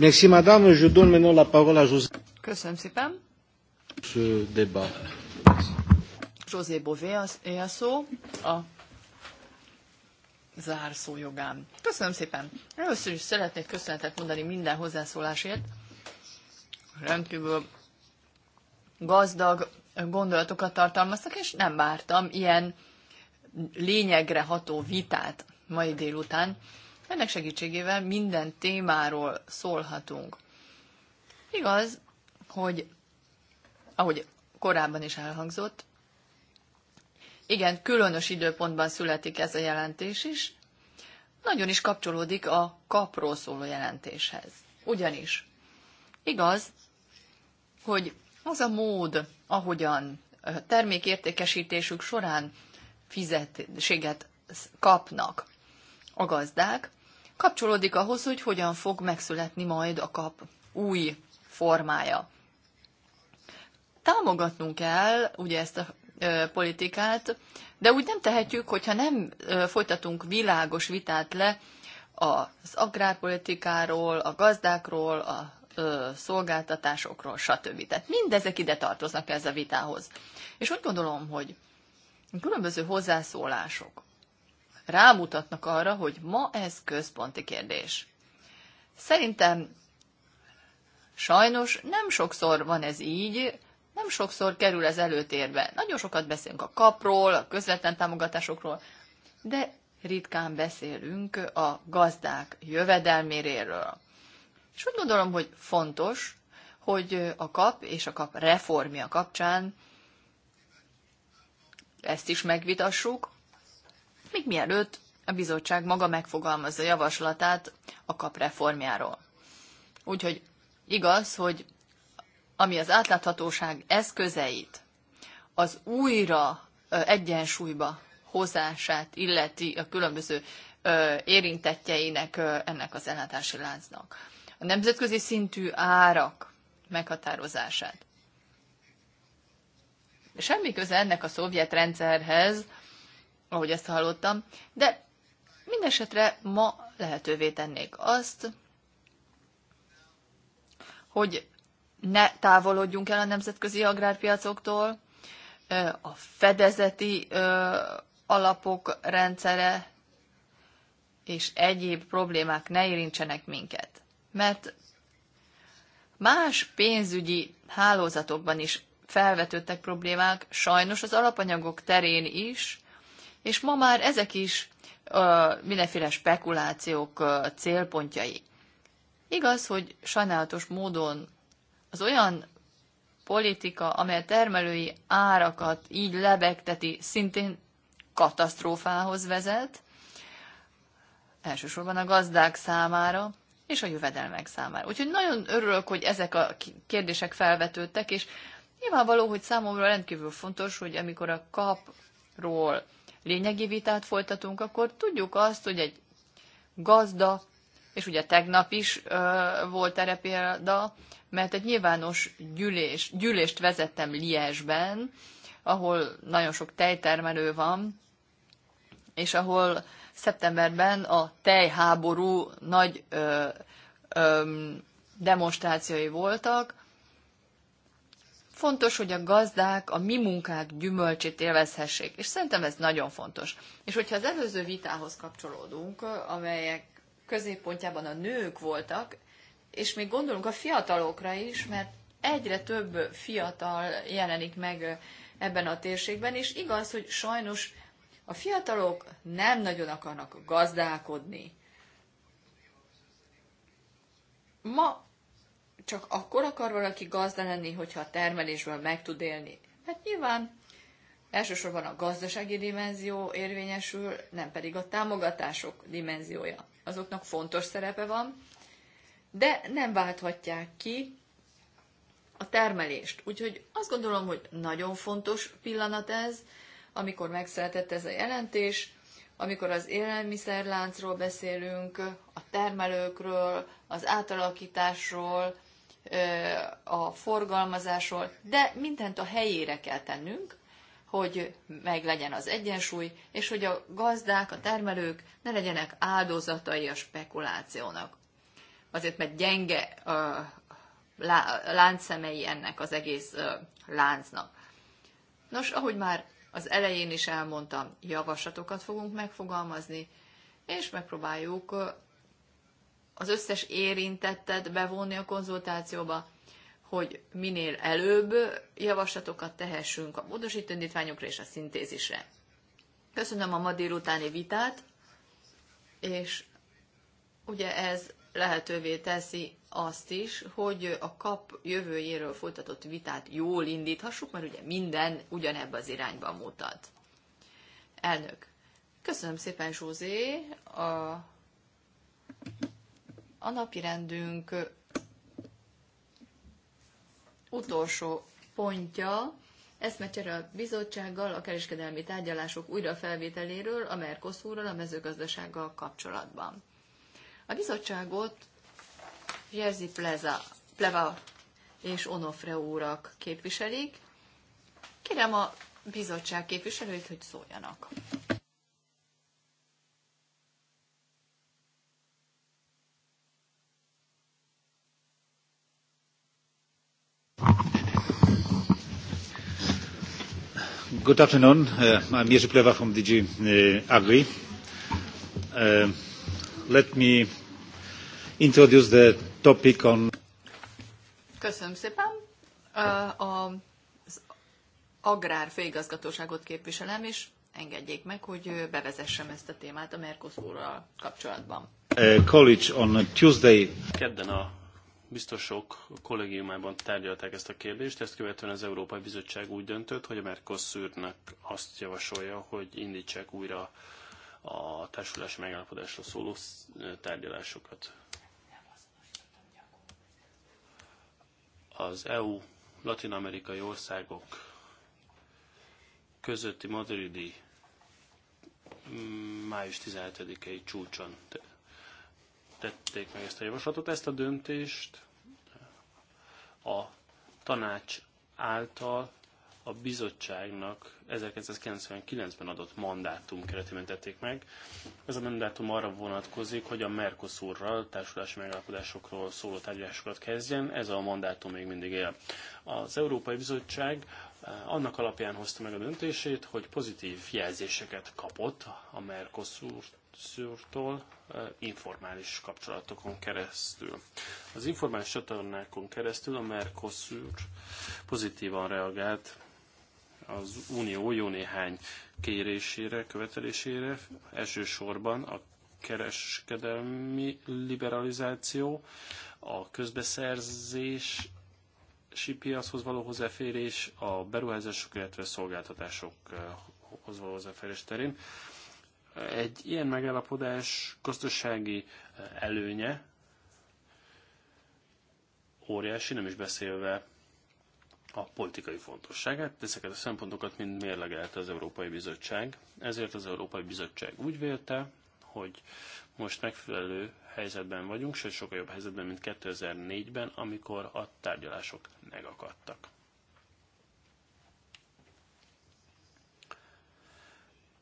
Merci, madame. Je donne maintenant la parole à José. Köszönöm szépen. Ce débat. José Bové a szó a zárszó jogán. Köszönöm szépen. Először is szeretnék köszönetet mondani minden hozzászólásért. Rendkívül gazdag gondolatokat tartalmaztak, és nem vártam ilyen lényegre ható vitát mai délután. Ennek segítségével minden témáról szólhatunk. Igaz, hogy ahogy korábban is elhangzott, igen, különös időpontban születik ez a jelentés is, nagyon is kapcsolódik a kapról szóló jelentéshez. Ugyanis igaz, hogy az a mód, ahogyan termékértékesítésük során fizetséget kapnak a gazdák, kapcsolódik ahhoz, hogy hogyan fog megszületni majd a kap új formája. Támogatnunk kell ugye ezt a ö, politikát, de úgy nem tehetjük, hogyha nem ö, folytatunk világos vitát le az agrárpolitikáról, a gazdákról, a ö, szolgáltatásokról, stb. Tehát mindezek ide tartoznak ez a vitához. És úgy gondolom, hogy különböző hozzászólások, rámutatnak arra, hogy ma ez központi kérdés. Szerintem sajnos nem sokszor van ez így, nem sokszor kerül ez előtérbe. Nagyon sokat beszélünk a kapról, a közvetlen támogatásokról, de ritkán beszélünk a gazdák jövedelméréről. És úgy gondolom, hogy fontos, hogy a kap és a kap reformja kapcsán ezt is megvitassuk, még mielőtt a bizottság maga megfogalmazza javaslatát a kap reformjáról. Úgyhogy igaz, hogy ami az átláthatóság eszközeit, az újra egyensúlyba hozását illeti a különböző érintettjeinek ennek az ellátási láncnak. A nemzetközi szintű árak meghatározását. Semmi köze ennek a szovjet rendszerhez, ahogy ezt hallottam, de mindesetre ma lehetővé tennék azt, hogy ne távolodjunk el a nemzetközi agrárpiacoktól, a fedezeti alapok rendszere és egyéb problémák ne érintsenek minket. Mert más pénzügyi hálózatokban is felvetődtek problémák, sajnos az alapanyagok terén is, és ma már ezek is mindenféle spekulációk célpontjai. Igaz, hogy sajnálatos módon az olyan politika, amely termelői árakat így lebegteti, szintén katasztrófához vezet, elsősorban a gazdák számára és a jövedelmek számára. Úgyhogy nagyon örülök, hogy ezek a kérdések felvetődtek, és nyilvánvaló, hogy számomra rendkívül fontos, hogy amikor a kapról lényegi vitát folytatunk, akkor tudjuk azt, hogy egy gazda, és ugye tegnap is ö, volt erre példa, mert egy nyilvános gyűlés, gyűlést vezettem Liesben, ahol nagyon sok tejtermelő van, és ahol szeptemberben a tejháború nagy ö, ö, demonstrációi voltak, Fontos, hogy a gazdák a mi munkák gyümölcsét élvezhessék, és szerintem ez nagyon fontos. És hogyha az előző vitához kapcsolódunk, amelyek középpontjában a nők voltak, és még gondolunk a fiatalokra is, mert egyre több fiatal jelenik meg ebben a térségben, és igaz, hogy sajnos a fiatalok nem nagyon akarnak gazdálkodni. Ma csak akkor akar valaki gazda lenni, hogyha a termelésből meg tud élni. Hát nyilván elsősorban a gazdasági dimenzió érvényesül, nem pedig a támogatások dimenziója. Azoknak fontos szerepe van, de nem válthatják ki a termelést. Úgyhogy azt gondolom, hogy nagyon fontos pillanat ez, amikor megszületett ez a jelentés, amikor az élelmiszerláncról beszélünk, a termelőkről, az átalakításról, a forgalmazásról, de mindent a helyére kell tennünk, hogy meglegyen az egyensúly, és hogy a gazdák, a termelők ne legyenek áldozatai a spekulációnak. Azért, mert gyenge láncszemei ennek az egész láncnak. Nos, ahogy már az elején is elmondtam, javaslatokat fogunk megfogalmazni, és megpróbáljuk az összes érintettet bevonni a konzultációba, hogy minél előbb javaslatokat tehessünk a módosító indítványokra és a szintézisre. Köszönöm a ma délutáni vitát, és ugye ez lehetővé teszi azt is, hogy a kap jövőjéről folytatott vitát jól indíthassuk, mert ugye minden ugyanebb az irányba mutat. Elnök, köszönöm szépen, Zsózé, a a napirendünk utolsó pontja eszmecsere a bizottsággal a kereskedelmi tárgyalások újrafelvételéről a Mercosurral a mezőgazdasággal kapcsolatban. A bizottságot Jerzy Pleza, Pleva és Onofre úrak képviselik. Kérem a bizottság képviselőit, hogy szóljanak. Good afternoon. Uh, I'm Jerzy Plewa from DG uh, Agri. Uh, let me introduce the topic on... Köszönöm szépen. Uh, az agrárfőigazgatóságot képviselem, és engedjék meg, hogy bevezessem ezt a témát a Mercosurral kapcsolatban. college on Tuesday. Kedden a biztosok kollégiumában tárgyalták ezt a kérdést, ezt követően az Európai Bizottság úgy döntött, hogy a Mercosurnak azt javasolja, hogy indítsák újra a társulási megállapodásra szóló tárgyalásokat. Az EU latin-amerikai országok közötti madridi mm, május 17-i csúcson tették meg ezt a javaslatot, ezt a döntést a tanács által a bizottságnak 1999-ben adott mandátum keretében tették meg. Ez a mandátum arra vonatkozik, hogy a Mercosurral társulási megállapodásokról szóló tárgyalásokat kezdjen. Ez a mandátum még mindig él. Az Európai Bizottság eh, annak alapján hozta meg a döntését, hogy pozitív jelzéseket kapott a Mercosur szőrtől eh, informális kapcsolatokon keresztül. Az informális csatornákon keresztül a Mercosur pozitívan reagált az Unió jó néhány kérésére, követelésére, elsősorban a kereskedelmi liberalizáció, a közbeszerzés si piachoz való hozzáférés, a beruházások, illetve szolgáltatásokhoz való hozzáférés terén. Egy ilyen megállapodás gazdasági eh, előnye óriási, nem is beszélve a politikai fontosságát. Ezeket a szempontokat mind mérlegelte az Európai Bizottság. Ezért az Európai Bizottság úgy vélte, hogy most megfelelő helyzetben vagyunk, sőt sokkal jobb helyzetben, mint 2004-ben, amikor a tárgyalások megakadtak.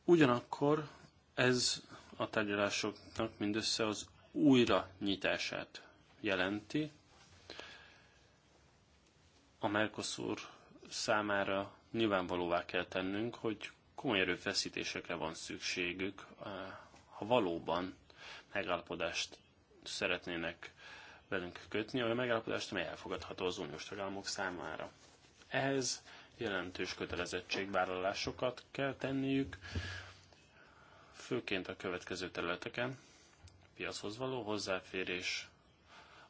Ugyanakkor ez a tárgyalásoknak mindössze az újra nyitását jelenti. A Mercosur számára nyilvánvalóvá kell tennünk, hogy komoly erőfeszítésekre van szükségük, eh, ha valóban megállapodást szeretnének velünk kötni, olyan megállapodást, amely elfogadható az uniós tagállamok számára. Ehhez jelentős kötelezettségvállalásokat kell tenniük, főként a következő területeken. Piachoz való hozzáférés,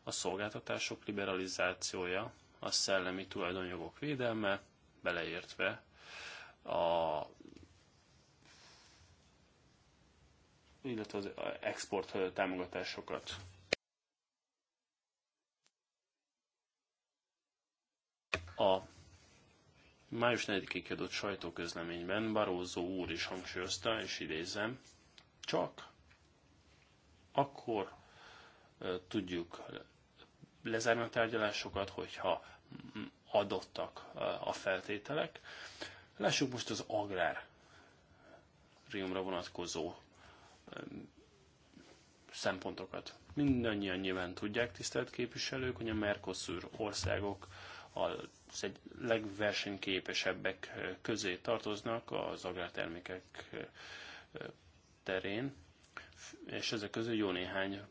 a szolgáltatások liberalizációja, a szellemi tulajdonjogok védelme, beleértve a illetve az export támogatásokat. A Május 4-ig kiadott sajtóközleményben Barózó úr is hangsúlyozta, és idézem, csak akkor tudjuk lezárni a tárgyalásokat, hogyha adottak a feltételek. Lássuk most az agrár riumra vonatkozó szempontokat. Mindannyian nyilván tudják, tisztelt képviselők, hogy a Mercosur országok a az egy legversenyképesebbek közé tartoznak az agrártermékek terén, és ezek közül jó néhány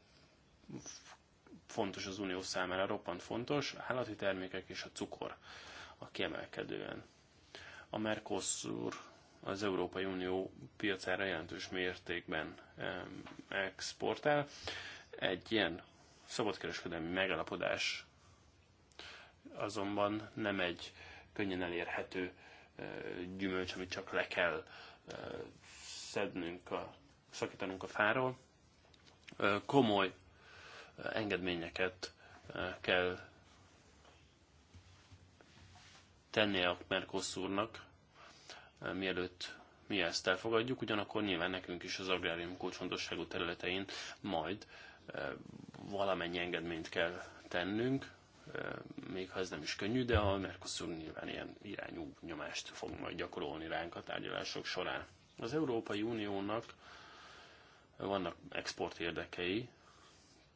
fontos az unió számára, roppant fontos, állati termékek és a cukor a kiemelkedően. A Mercosur az Európai Unió piacára jelentős mértékben exportál. Egy ilyen szabadkereskedelmi megalapodás azonban nem egy könnyen elérhető gyümölcs, amit csak le kell szednünk, a, szakítanunk a fáról. Komoly engedményeket kell tennie a Mercosurnak, mielőtt mi ezt elfogadjuk, ugyanakkor nyilván nekünk is az agrárium kulcsfontosságú területein majd valamennyi engedményt kell tennünk, még ha ez nem is könnyű, de a Mercosur nyilván ilyen irányú nyomást fog majd gyakorolni ránk a tárgyalások során. Az Európai Uniónak vannak export érdekei,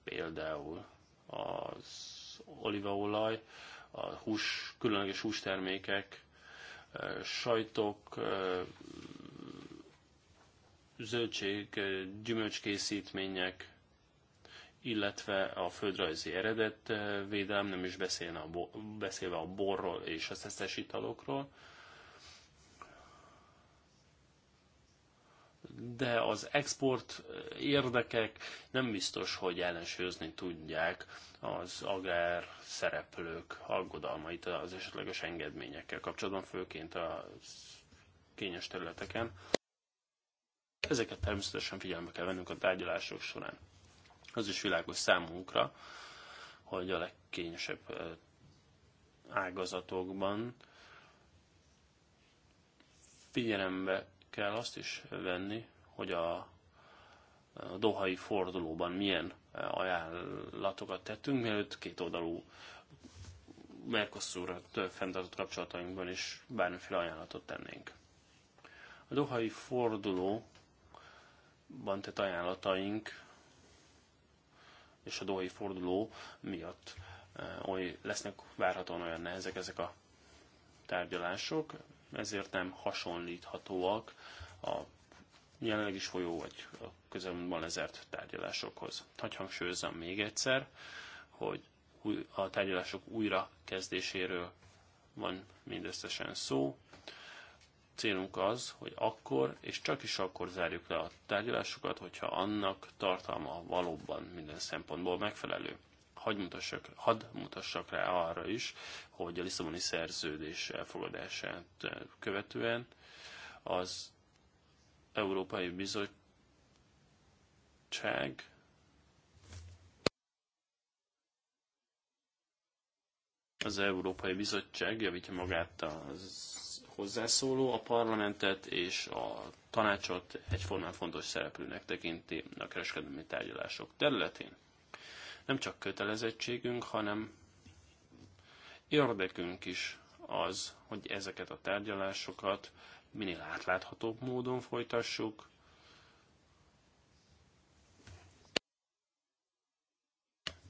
például az olívaolaj, a hús, különleges hústermékek, sajtok, zöldség, gyümölcskészítmények, illetve a földrajzi eredetvédelem, eh, nem is beszélne a bo- beszélve a borról és az eszes italokról. De az export eh, érdekek nem biztos, hogy ellensőzni tudják az agár szereplők aggodalmait az esetleges engedményekkel kapcsolatban, főként a kényes területeken. Ezeket természetesen figyelme kell vennünk a tárgyalások során. Az is világos számunkra, hogy a legkényesebb ágazatokban figyelembe kell azt is venni, hogy a dohai fordulóban milyen ajánlatokat tettünk, mielőtt két oldalú Mercosurra fenntartott kapcsolatainkban is bármiféle ajánlatot tennénk. A dohai fordulóban tett ajánlataink és a dohai forduló miatt eh, oly, lesznek várhatóan olyan nehezek ezek a tárgyalások, ezért nem hasonlíthatóak a jelenleg is folyó vagy a közelmúltban lezárt tárgyalásokhoz. Hagy hangsúlyozzam még egyszer, hogy a tárgyalások újra kezdéséről van mindösszesen szó, Célunk az, hogy akkor és csak is akkor zárjuk le a tárgyalásokat, hogyha annak tartalma valóban minden szempontból megfelelő. Hadd mutassak, hadd mutassak rá arra is, hogy a Lisszaboni szerződés elfogadását követően az Európai Bizottság az Európai Bizottság javítja magát az hozzászóló a parlamentet és a tanácsot egyformán fontos szereplőnek tekinti a kereskedelmi tárgyalások területén. Nem csak kötelezettségünk, hanem érdekünk is az, hogy ezeket a tárgyalásokat minél átláthatóbb módon folytassuk,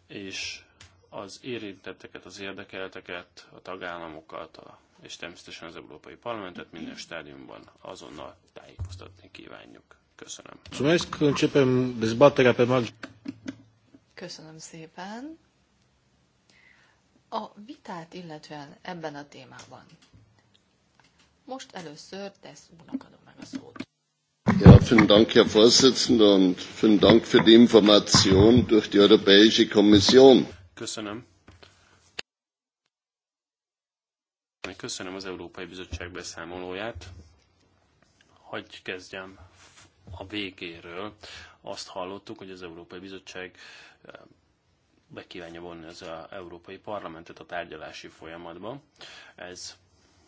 és az érintetteket, az érdekelteket, a tagállamokat, a és természetesen az Európai Parlamentet minden stádiumban azonnal tájékoztatni kívánjuk. Köszönöm. Köszönöm szépen. A vitát illetően ebben a témában. Most először tesz úrnak adom meg a szót. Ja, vielen Dank, Herr Vorsitzender, und vielen Dank für die Information durch die Europäische Kommission. Köszönöm. köszönöm az Európai Bizottság beszámolóját. Hagy kezdjem a végéről. Azt hallottuk, hogy az Európai Bizottság eh, be kívánja vonni az eh, Európai Parlamentet a tárgyalási folyamatba. Ez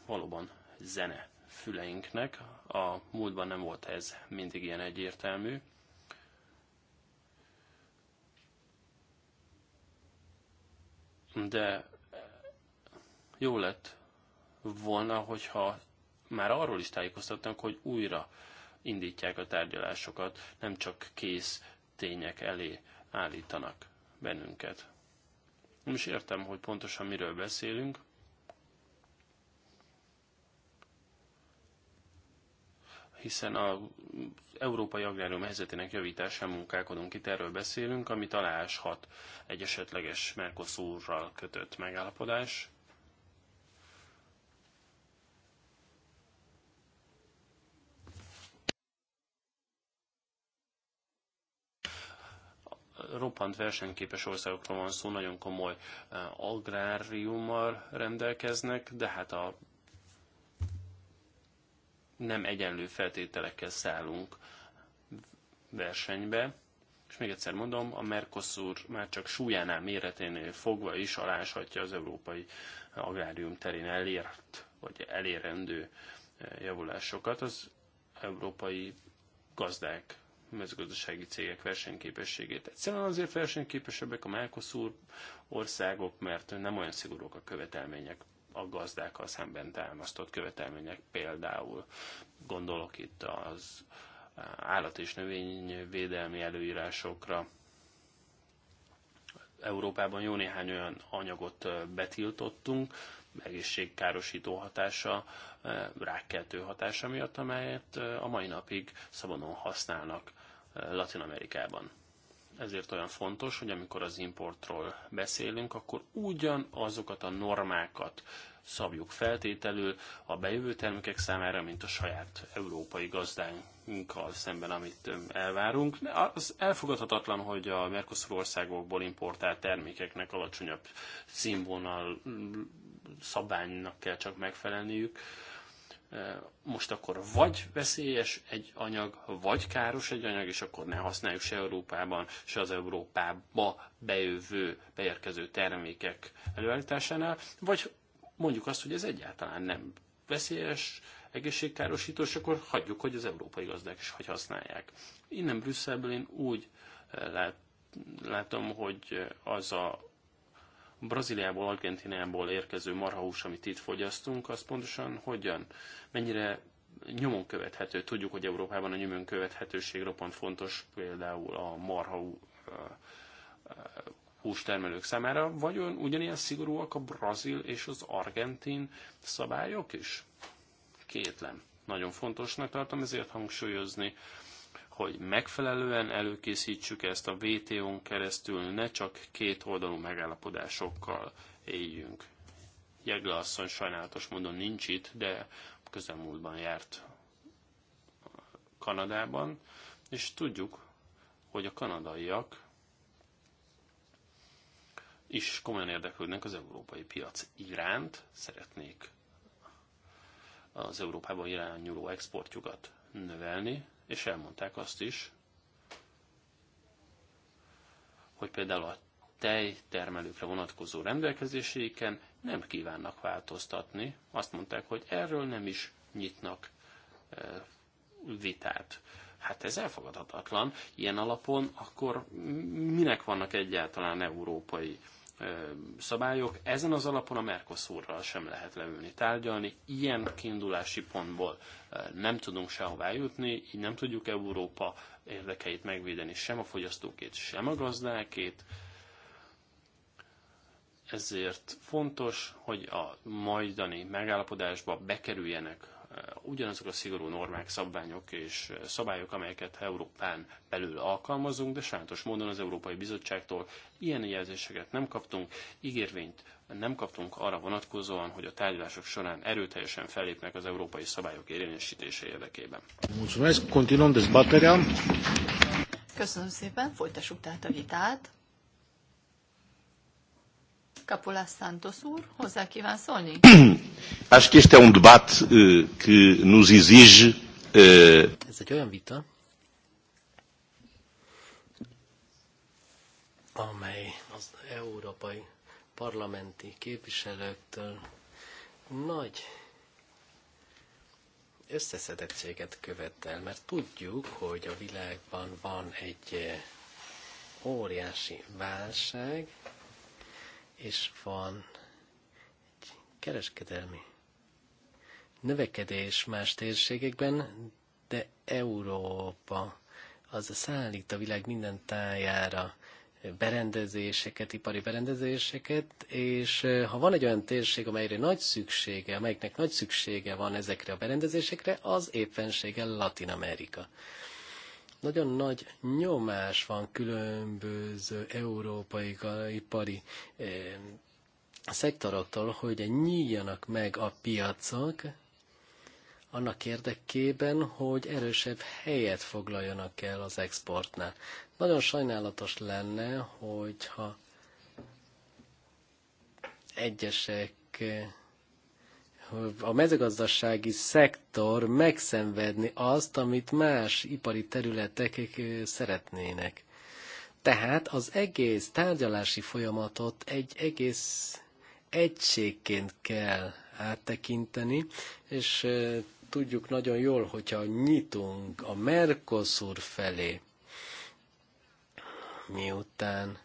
valóban zene füleinknek. A múltban nem volt ez mindig ilyen egyértelmű. De jó lett, volna, hogyha már arról is tájékoztatnak, hogy újra indítják a tárgyalásokat, nem csak kész tények elé állítanak bennünket. Nem is értem, hogy pontosan miről beszélünk. hiszen az európai agrárium helyzetének javításán munkálkodunk, itt erről beszélünk, amit aláshat egy esetleges Mercosurral kötött megállapodás. roppant versenyképes országokról van szó, nagyon komoly e, agráriummal rendelkeznek, de hát a nem egyenlő feltételekkel szállunk versenybe. És még egyszer mondom, a Mercosur már csak súlyánál, méreténél fogva is aláshatja az európai agrárium terén elért, vagy elérendő e, javulásokat. Az európai gazdák mezőgazdasági cégek versenyképességét. Egyszerűen azért versenyképesebbek a Mercosur országok, mert nem olyan szigorúak a követelmények a gazdákkal szemben támasztott követelmények. Például gondolok itt az eh, állat- és növényvédelmi előírásokra. Európában jó néhány olyan anyagot eh, betiltottunk, egészségkárosító hatása, eh, rákkeltő hatása miatt, amelyet a mai napig szabadon használnak Latin Amerikában. Ezért olyan fontos, hogy amikor az importról beszélünk, akkor ugyanazokat a normákat szabjuk feltételül a bejövő termékek számára, mint a saját európai gazdáinkkal szemben, amit elvárunk. Az elfogadhatatlan, hogy a Mercosur országokból importált termékeknek alacsonyabb színvonal szabánynak kell csak megfelelniük most akkor vagy veszélyes egy anyag, vagy káros egy anyag, és akkor ne használjuk se Európában, se az Európába bejövő, beérkező termékek előállításánál, vagy mondjuk azt, hogy ez egyáltalán nem veszélyes, egészségkárosító, és akkor hagyjuk, hogy az európai gazdák is hogy használják. Innen Brüsszelből én úgy lát, látom, hogy az a Brazíliából, Argentinából érkező marhahús, amit itt fogyasztunk, az pontosan hogyan, mennyire nyomon követhető. Tudjuk, hogy Európában a nyomon követhetőség roppant fontos, például a marha hústermelők számára. Vagy ugyanilyen szigorúak a brazil és az argentin szabályok is? Kétlem. Nagyon fontosnak tartom ezért hangsúlyozni hogy megfelelően előkészítsük ezt a VTO-n keresztül, ne csak két oldalú megállapodásokkal éljünk. Jegle asszony sajnálatos módon nincs itt, de közelmúltban járt Kanadában, és tudjuk, hogy a kanadaiak is komolyan érdeklődnek az európai piac iránt, szeretnék az Európában irányuló exportjukat növelni, és elmondták azt is, hogy például a tejtermelőkre vonatkozó rendelkezéseiken nem kívánnak változtatni. Azt mondták, hogy erről nem is nyitnak e, vitát. Hát ez elfogadhatatlan. Ilyen alapon akkor minek vannak egyáltalán európai szabályok. Ezen az alapon a Mercosurral sem lehet leülni tárgyalni. Ilyen kiindulási pontból nem tudunk sehová jutni, így nem tudjuk Európa érdekeit megvédeni sem a fogyasztókét, sem a gazdákét. Ezért fontos, hogy a majdani megállapodásba bekerüljenek Eh, ugyanazok a szigorú normák, szabványok és eh, szabályok, amelyeket Európán belül alkalmazunk, de sajátos módon az Európai Bizottságtól ilyen jelzéseket nem kaptunk, ígérvényt nem kaptunk arra vonatkozóan, hogy a tárgyalások során erőteljesen fellépnek az európai szabályok érvényesítése érdekében. Köszönöm szépen, folytassuk tehát a vitát. Kapula Santos úr, hozzá kíván szólni? Acho que este é um debate eh, que nos exige... Eh, Ez egy olyan vita, amely az európai parlamenti képviselőktől nagy összeszedettséget követel, mert tudjuk, hogy a világban van egy óriási válság, és van egy kereskedelmi növekedés más térségekben, de Európa az szállít a világ minden tájára berendezéseket, ipari berendezéseket, és ha van egy olyan térség, amelyre nagy szüksége, amelyiknek nagy szüksége van ezekre a berendezésekre, az éppenséggel Latin Amerika. Nagyon nagy nyomás van különböző európai ipari eh, szektoroktól, hogy nyíljanak meg a piacok, annak érdekében, hogy erősebb helyet foglaljanak el az exportnál. Nagyon sajnálatos lenne, hogyha egyesek eh, a mezőgazdasági szektor megszenvedni azt, amit más ipari területek eh, szeretnének. Tehát az egész tárgyalási folyamatot egy egész egységként kell áttekinteni, és eh, tudjuk nagyon jól, hogyha nyitunk a Mercosur felé, miután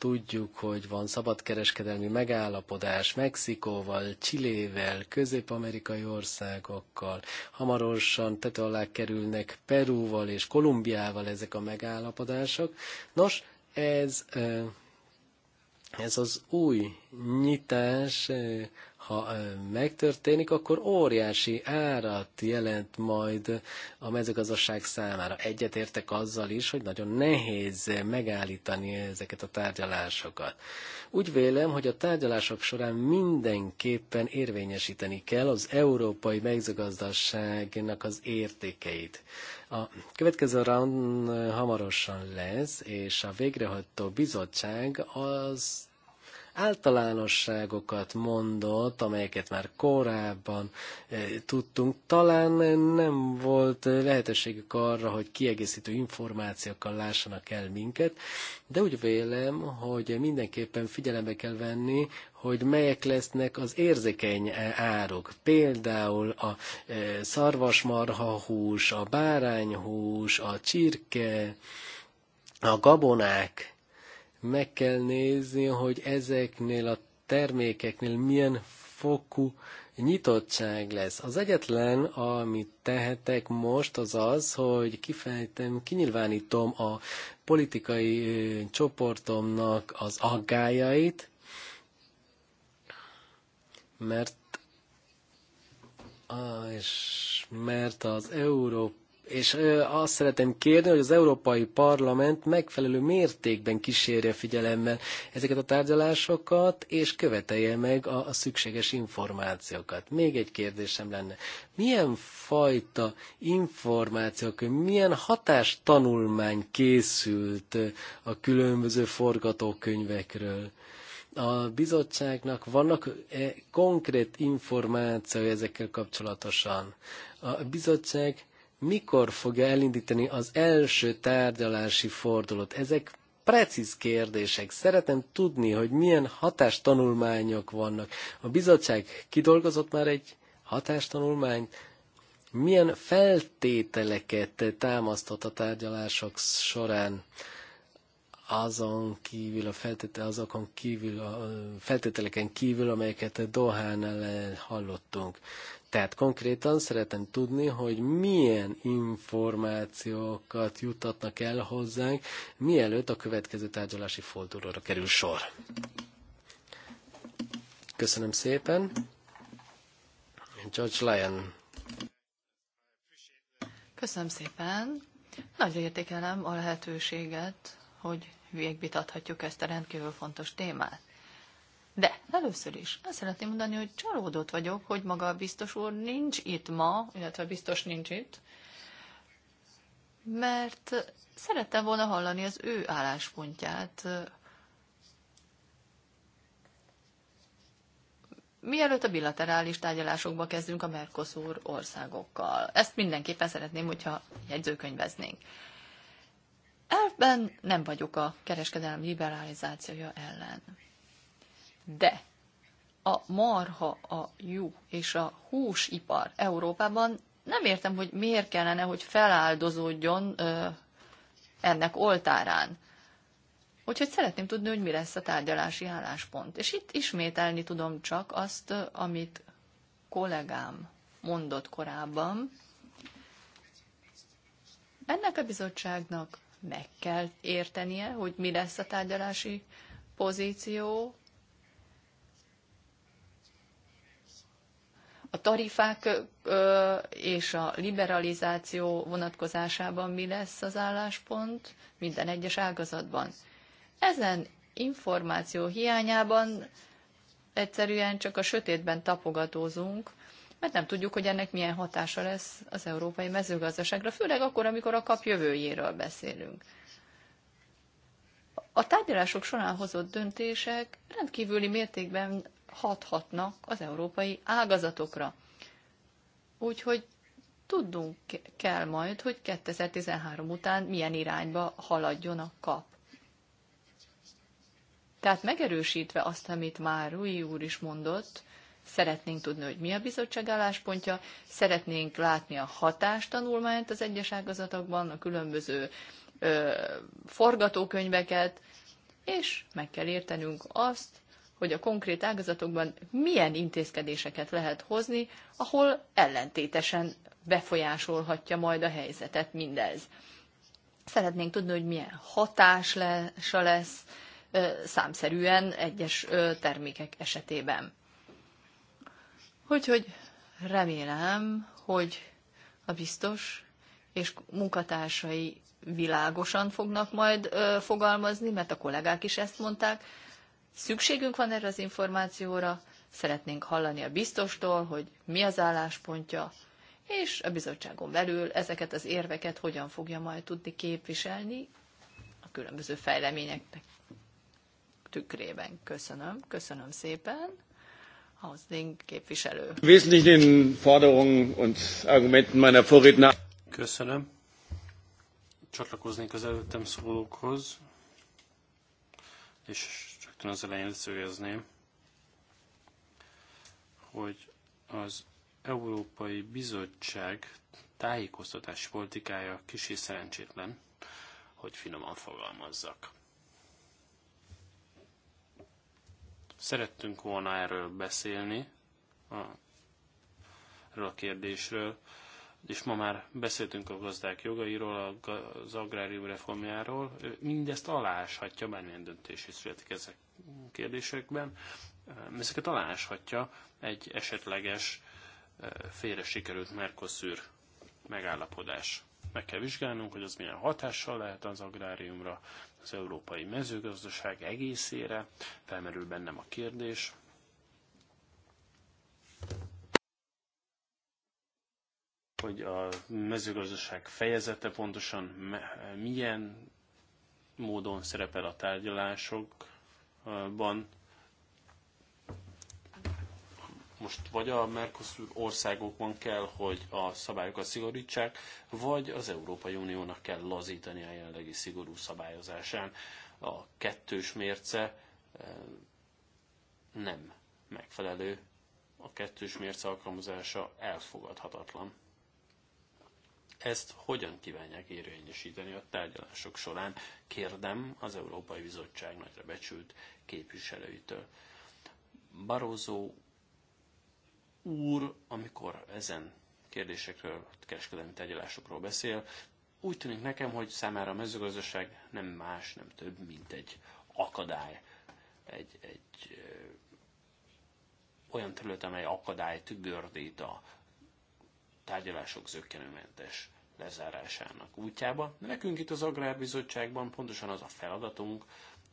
Tudjuk, hogy van szabadkereskedelmi megállapodás Mexikóval, Csillével, közép-amerikai országokkal, hamarosan tető alá kerülnek Perúval és Kolumbiával ezek a megállapodások. Nos, ez, ez az új nyitás ha megtörténik, akkor óriási árat jelent majd a mezőgazdaság számára. Egyetértek azzal is, hogy nagyon nehéz megállítani ezeket a tárgyalásokat. Úgy vélem, hogy a tárgyalások során mindenképpen érvényesíteni kell az európai mezőgazdaságnak az értékeit. A következő round hamarosan lesz, és a végrehajtó bizottság az általánosságokat mondott, amelyeket már korábban eh, tudtunk. Talán nem volt eh, lehetőségük arra, hogy kiegészítő információkkal lássanak el minket, de úgy vélem, hogy mindenképpen figyelembe kell venni, hogy melyek lesznek az érzékeny eh, áruk. Például a szarvasmarha hús, a bárányhús, a csirke, a gabonák, meg kell nézni, hogy ezeknél a termékeknél milyen fokú nyitottság lesz. Az egyetlen, amit tehetek most, az az, hogy kifejtem, kinyilvánítom a politikai csoportomnak az aggájait, mert és mert az Európa és azt szeretem kérni, hogy az Európai Parlament megfelelő mértékben kísérje figyelemmel ezeket a tárgyalásokat, és követelje meg a, szükséges információkat. Még egy kérdésem lenne. Milyen fajta információk, milyen hatástanulmány készült a különböző forgatókönyvekről? a bizottságnak vannak -e konkrét információi ezekkel kapcsolatosan? A bizottság mikor fogja elindítani az első tárgyalási fordulót. Ezek precíz kérdések. Szeretem tudni, hogy milyen hatástanulmányok vannak. A bizottság kidolgozott már egy hatástanulmányt, milyen feltételeket támasztott a tárgyalások során azon kívül, a feltétele, azokon kívül, a feltételeken kívül, amelyeket Dohán hallottunk. Tehát konkrétan szeretem tudni, hogy milyen információkat jutatnak el hozzánk, mielőtt a következő tárgyalási fordulóra kerül sor. Köszönöm szépen. George Lyon. Köszönöm szépen. Nagyra értékelem a lehetőséget, hogy végbitathatjuk ezt a rendkívül fontos témát. De először is azt szeretném mondani, hogy csalódott vagyok, hogy maga a biztos úr nincs itt ma, illetve biztos nincs itt, mert szerettem volna hallani az ő álláspontját. Mielőtt a bilaterális tárgyalásokba kezdünk a Mercosur országokkal. Ezt mindenképpen szeretném, hogyha jegyzőkönyveznénk. Elvben nem vagyok a kereskedelem liberalizációja ellen de a marha, a jó és a húsipar Európában nem értem, hogy miért kellene, hogy feláldozódjon ö, ennek oltárán. Úgyhogy szeretném tudni, hogy mi lesz a tárgyalási álláspont. És itt ismételni tudom csak azt, amit kollégám mondott korábban. Ennek a bizottságnak meg kell értenie, hogy mi lesz a tárgyalási pozíció, A tarifák és a liberalizáció vonatkozásában mi lesz az álláspont minden egyes ágazatban. Ezen információ hiányában egyszerűen csak a sötétben tapogatózunk, mert nem tudjuk, hogy ennek milyen hatása lesz az európai mezőgazdaságra, főleg akkor, amikor a kap jövőjéről beszélünk. A tárgyalások során hozott döntések rendkívüli mértékben hathatnak az európai ágazatokra. Úgyhogy tudnunk kell majd, hogy 2013 után milyen irányba haladjon a kap. Tehát megerősítve azt, amit már Rui úr is mondott, szeretnénk tudni, hogy mi a bizottság álláspontja, szeretnénk látni a hatástanulmányt az egyes ágazatokban, a különböző ö, forgatókönyveket, és meg kell értenünk azt, hogy a konkrét ágazatokban milyen intézkedéseket lehet hozni, ahol ellentétesen befolyásolhatja majd a helyzetet mindez. Szeretnénk tudni, hogy milyen hatása lesz számszerűen egyes termékek esetében. Úgyhogy remélem, hogy a biztos és munkatársai világosan fognak majd fogalmazni, mert a kollégák is ezt mondták, Szükségünk van erre az információra, szeretnénk hallani a biztostól, hogy mi az álláspontja, és a bizottságon belül ezeket az érveket hogyan fogja majd tudni képviselni a különböző fejleményeknek tükrében. Köszönöm, köszönöm szépen. Hausling képviselő. Wesentlichen Forderungen und Argumenten meiner Vorredner. Köszönöm. Csatlakoznék az előttem szólókhoz, és rögtön az elején szögezném, hogy az Európai Bizottság tájékoztatás politikája és szerencsétlen, hogy finoman fogalmazzak. Szerettünk volna erről beszélni, a, erről a kérdésről, és ma már beszéltünk a gazdák jogairól, az agrárium reformjáról, mindezt aláshatja bármilyen döntés is születik ezek kérdésekben, ezeket aláshatja egy esetleges félre sikerült Mercosur megállapodás. Meg kell vizsgálnunk, hogy az milyen hatással lehet az agráriumra, az európai mezőgazdaság egészére, felmerül bennem a kérdés, hogy a mezőgazdaság fejezete pontosan milyen módon szerepel a tárgyalások ban most vagy a Mercosur országokban kell, hogy a szabályokat szigorítsák, vagy az Európai Uniónak kell lazítani a jelenlegi szigorú szabályozásán. A kettős mérce eh, nem megfelelő, a kettős mérce alkalmazása elfogadhatatlan. Ezt hogyan kívánják érvényesíteni a tárgyalások során? Kérdem az Európai Bizottság nagyra becsült képviselőitől. Barózó úr, amikor ezen kérdésekről, kereskedelmi tárgyalásokról beszél, úgy tűnik nekem, hogy számára a mezőgazdaság nem más, nem több, mint egy akadály. Egy, egy ö, olyan terület, amely akadályt gördít a tárgyalások zöggenőmentes lezárásának útjába. De nekünk itt az Agrárbizottságban pontosan az a feladatunk,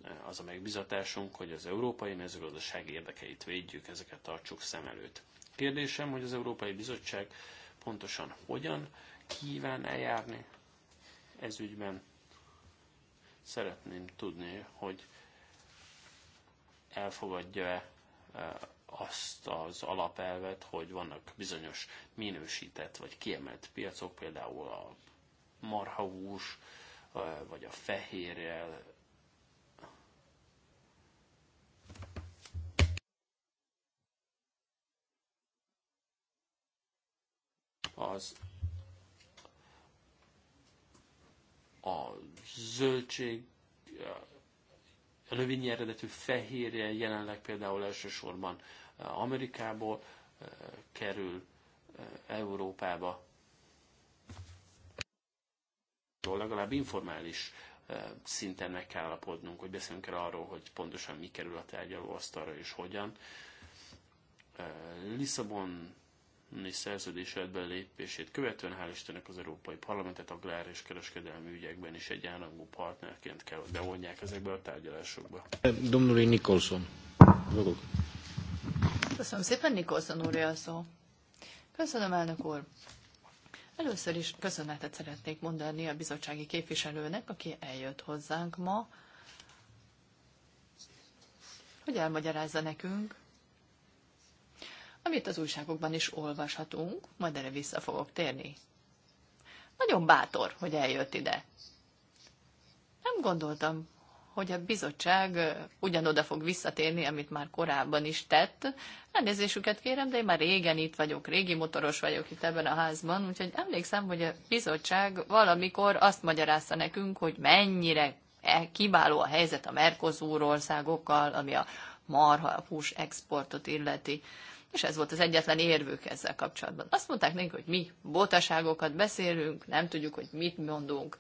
eh, az a megbizatásunk, hogy az európai mezőgazdaság érdekeit védjük, ezeket tartsuk szem előtt. Kérdésem, hogy az Európai Bizottság pontosan hogyan kíván eljárni ez ügyben. Szeretném tudni, hogy elfogadja-e eh, azt az alapelvet, hogy vannak bizonyos minősített vagy kiemelt piacok, például a marhahús, vagy a fehérjel, az a zöldség, a növényi eredetű fehérje jelenleg például elsősorban eh, Amerikából eh, kerül eh, Európába. Legalább informális szinten meg kell állapodnunk, hogy beszélünk el arról, hogy pontosan mi kerül a tárgyalóasztalra és hogyan. Lisszabon szerződésedbe lépését követően, hál' Istennek az Európai Parlamentet agrár és kereskedelmi ügyekben is egy állandó partnerként kell, hogy bevonják ezekbe a tárgyalásokba. Domnuli Nicholson. Köszönöm szépen, Nicholson úr, a szó. Köszönöm, elnök úr. Először is köszönetet szeretnék mondani a bizottsági képviselőnek, aki eljött hozzánk ma, hogy elmagyarázza nekünk, amit az újságokban is olvashatunk, majd erre vissza fogok térni. Nagyon bátor, hogy eljött ide. Nem gondoltam, hogy a bizottság ugyanoda fog visszatérni, amit már korábban is tett. Elnézésüket kérem, de én már régen itt vagyok, régi motoros vagyok itt ebben a házban, úgyhogy emlékszem, hogy a bizottság valamikor azt magyarázta nekünk, hogy mennyire e- kiváló a helyzet a Mercosur országokkal, ami a marha a hús exportot illeti és ez volt az egyetlen érvük ezzel kapcsolatban. Azt mondták nekik, hogy mi botaságokat beszélünk, nem tudjuk, hogy mit mondunk.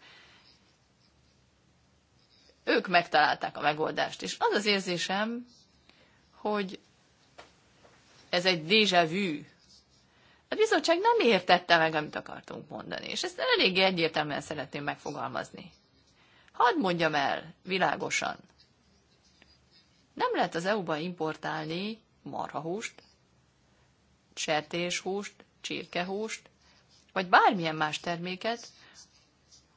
Ők megtalálták a megoldást, és az az érzésem, hogy ez egy déjà vu. A bizottság nem értette meg, amit akartunk mondani, és ezt eléggé egyértelműen szeretném megfogalmazni. Hadd mondjam el világosan. Nem lehet az EU-ba importálni marhahúst, sertéshúst, csirkehúst, vagy bármilyen más terméket,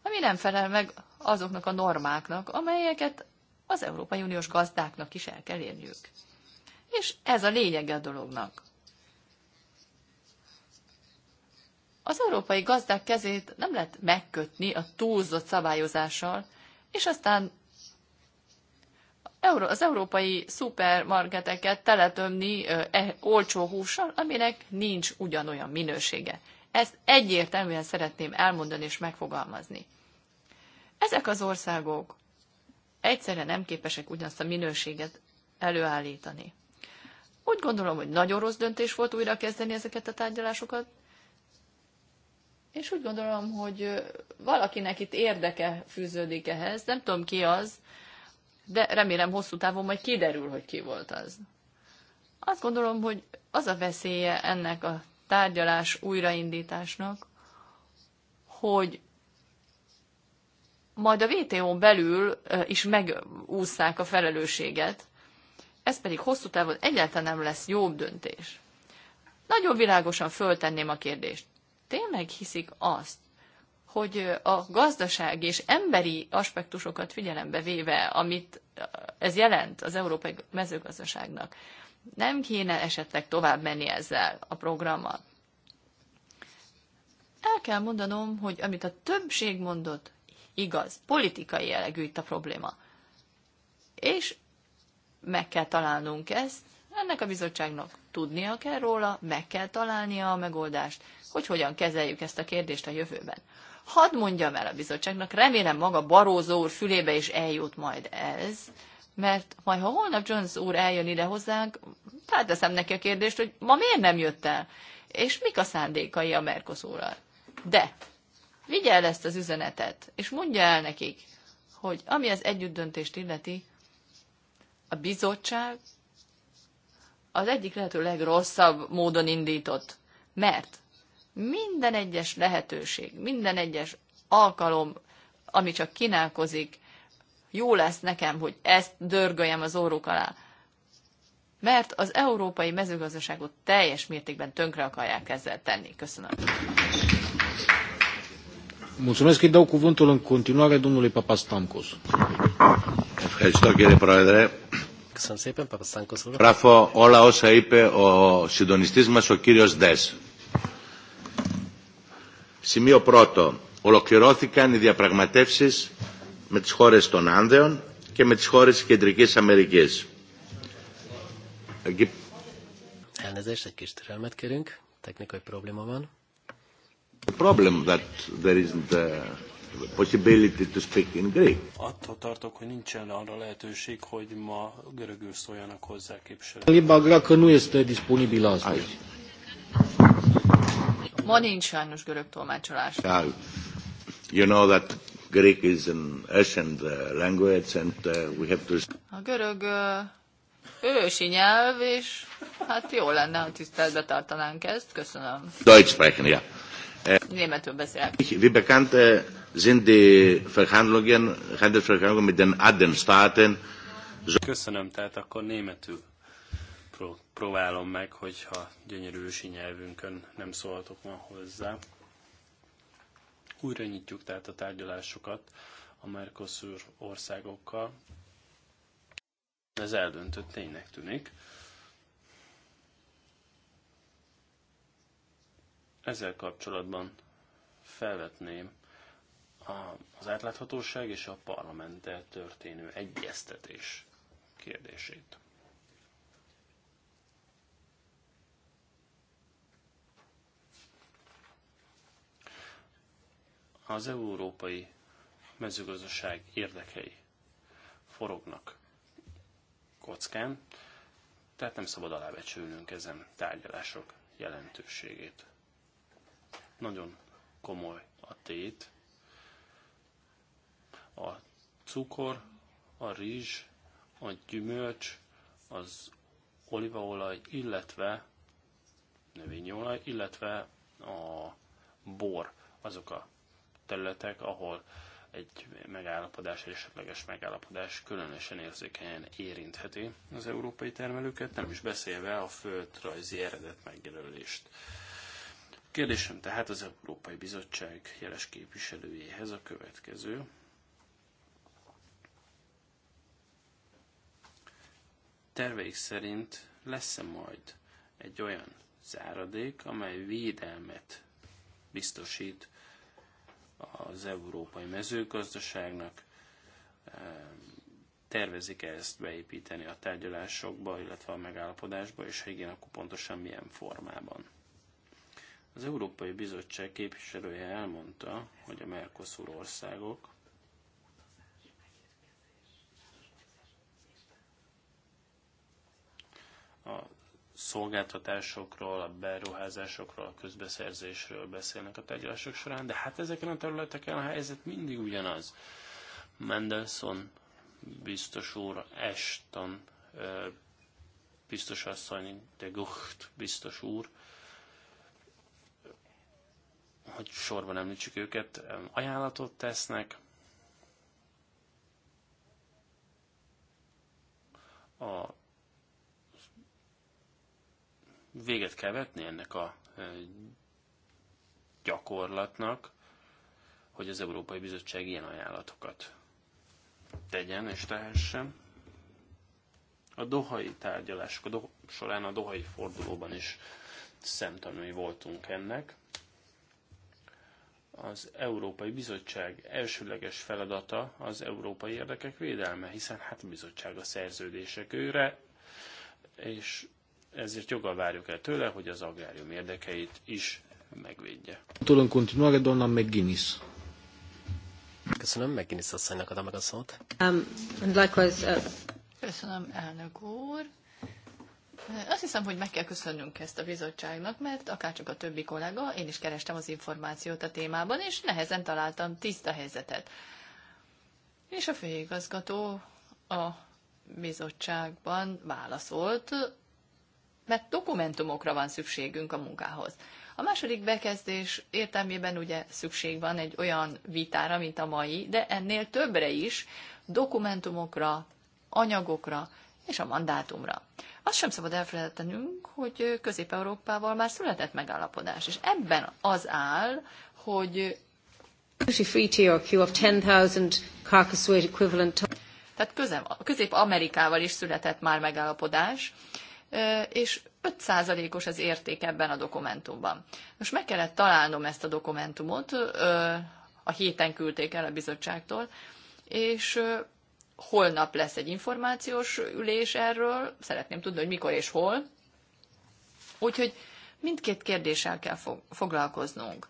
ami nem felel meg azoknak a normáknak, amelyeket az Európai Uniós gazdáknak is el kell érniük. És ez a lényege a dolognak. Az európai gazdák kezét nem lehet megkötni a túlzott szabályozással, és aztán az európai szupermarketeket teletömni e olcsó hússal, aminek nincs ugyanolyan minősége. Ezt egyértelműen szeretném elmondani és megfogalmazni. Ezek az országok egyszerre nem képesek ugyanazt a minőséget előállítani. Úgy gondolom, hogy nagyon rossz döntés volt újra kezdeni ezeket a tárgyalásokat, és úgy gondolom, hogy valakinek itt érdeke fűződik ehhez, nem tudom ki az, de remélem hosszú távon majd kiderül, hogy ki volt az. Azt gondolom, hogy az a veszélye ennek a tárgyalás újraindításnak, hogy majd a VTO-n belül is megúszák a felelősséget, ez pedig hosszú távon egyáltalán nem lesz jobb döntés. Nagyon világosan föltenném a kérdést. Tényleg hiszik azt, hogy a gazdasági és emberi aspektusokat figyelembe véve, amit ez jelent az európai mezőgazdaságnak, nem kéne esetleg tovább menni ezzel a programmal. El kell mondanom, hogy amit a többség mondott, igaz, politikai jellegű itt a probléma. És meg kell találnunk ezt, ennek a bizottságnak tudnia kell róla, meg kell találnia a megoldást, hogy hogyan kezeljük ezt a kérdést a jövőben. Hadd mondjam el a bizottságnak, remélem maga Barózó úr fülébe is eljut majd ez, mert majd ha holnap Jones úr eljön ide hozzánk, felteszem neki a kérdést, hogy ma miért nem jött el, és mik a szándékai a Mercosurral. De vigye el ezt az üzenetet, és mondja el nekik, hogy ami az együttdöntést illeti, a bizottság az egyik lehető legrosszabb módon indított. Mert minden egyes lehetőség, minden egyes alkalom, ami csak kínálkozik, jó lesz nekem, hogy ezt dörgöljem az orruk alá. Mert az európai mezőgazdaságot teljes mértékben tönkre akarják ezzel tenni. Köszönöm. Mulțumesc, îi dau cuvântul în continuare domnului Papastamcos. Ευχαριστώ κύριε Πρόεδρε. Γράφω όλα όσα είπε ο o μας ο kirios des. Σημείο πρώτο. Ολοκληρώθηκαν οι διαπραγματεύσεις με τις χώρες των Άνδεων και με τις χώρες της Κεντρικής Αμερικής. Elnézést, kis Technikai problem that there isn't the possibility to speak in Greek. Attól tartok, hogy nincsen arra lehetőség, hogy ma görögül szóljanak hozzá képviselők. Limba greacă nu este disponibilă astăzi. Ma nincs sajnos görög tolmácsolás. You know that Greek is an ancient uh, language and uh, we have to... A görög uh, ősi nyelv, és hát jó lenne, ha tiszteletbe tartanánk ezt. Köszönöm. Deutsch sprechen, ja. Németül beszélek. Wie bekannt äh, sind die Verhandlungen, Handelsverhandlungen mit den Adenstaaten. Köszönöm, tehát akkor németül próbálom meg, hogyha gyönyörű ősi nyelvünkön nem szólhatok ma hozzá. Újra nyitjuk tehát a tárgyalásokat a Mercosur országokkal. Ez eldöntött ténynek tűnik. Ezzel kapcsolatban felvetném a, az átláthatóság és a parlamenttel történő egyeztetés kérdését. az európai mezőgazdaság érdekei forognak kockán, tehát nem szabad alábecsülnünk ezen tárgyalások jelentőségét. Nagyon komoly a tét. A cukor, a rizs, a gyümölcs, az olívaolaj, illetve növényolaj, illetve a bor, azok a területek, ahol egy megállapodás, egy esetleges megállapodás különösen érzékenyen érintheti az európai termelőket, nem is beszélve a földrajzi eredet megjelölést. Kérdésem tehát az Európai Bizottság jeles képviselőjéhez a következő. Terveik szerint lesz-e majd egy olyan záradék, amely védelmet biztosít az európai mezőgazdaságnak. Eh, Tervezik -e ezt beépíteni a tárgyalásokba, illetve a megállapodásba, és ha igen, akkor pontosan milyen formában? Az Európai Bizottság képviselője elmondta, hogy a Mercosur országok szolgáltatásokról, a beruházásokról, a közbeszerzésről beszélnek a tárgyalások során, de hát ezeken a területeken a helyzet mindig ugyanaz. Mendelssohn biztos úr, Eston biztos asszony, de Gucht biztos úr, hogy sorban említsük őket, ajánlatot tesznek, a Véget kell vetni ennek a e, gyakorlatnak, hogy az Európai Bizottság ilyen ajánlatokat tegyen és tehessen. A dohai tárgyalások a do- során a dohai fordulóban is szemtanúi voltunk ennek. Az Európai Bizottság elsőleges feladata az európai érdekek védelme, hiszen hát a bizottság a szerződések őre, és ezért joggal várjuk el tőle, hogy az agrárium érdekeit is megvédje. Tudom continuare, donna McGuinness. Köszönöm, McGuinness asszonynak adom meg a szót. Um, likewise, uh... Köszönöm, elnök úr. Azt hiszem, hogy meg kell köszönnünk ezt a bizottságnak, mert akárcsak a többi kollega, én is kerestem az információt a témában, és nehezen találtam tiszta helyzetet. És a főigazgató a bizottságban válaszolt mert dokumentumokra van szükségünk a munkához. A második bekezdés értelmében ugye szükség van egy olyan vitára, mint a mai, de ennél többre is, dokumentumokra, anyagokra és a mandátumra. Azt sem szabad elfelejtenünk, hogy Közép-Európával már született megállapodás, és ebben az áll, hogy equivalent. Tehát Közép-Amerikával is született már megállapodás, és 5%-os az érték ebben a dokumentumban. Most meg kellett találnom ezt a dokumentumot, a héten küldték el a bizottságtól, és holnap lesz egy információs ülés erről, szeretném tudni, hogy mikor és hol. Úgyhogy mindkét kérdéssel kell foglalkoznunk.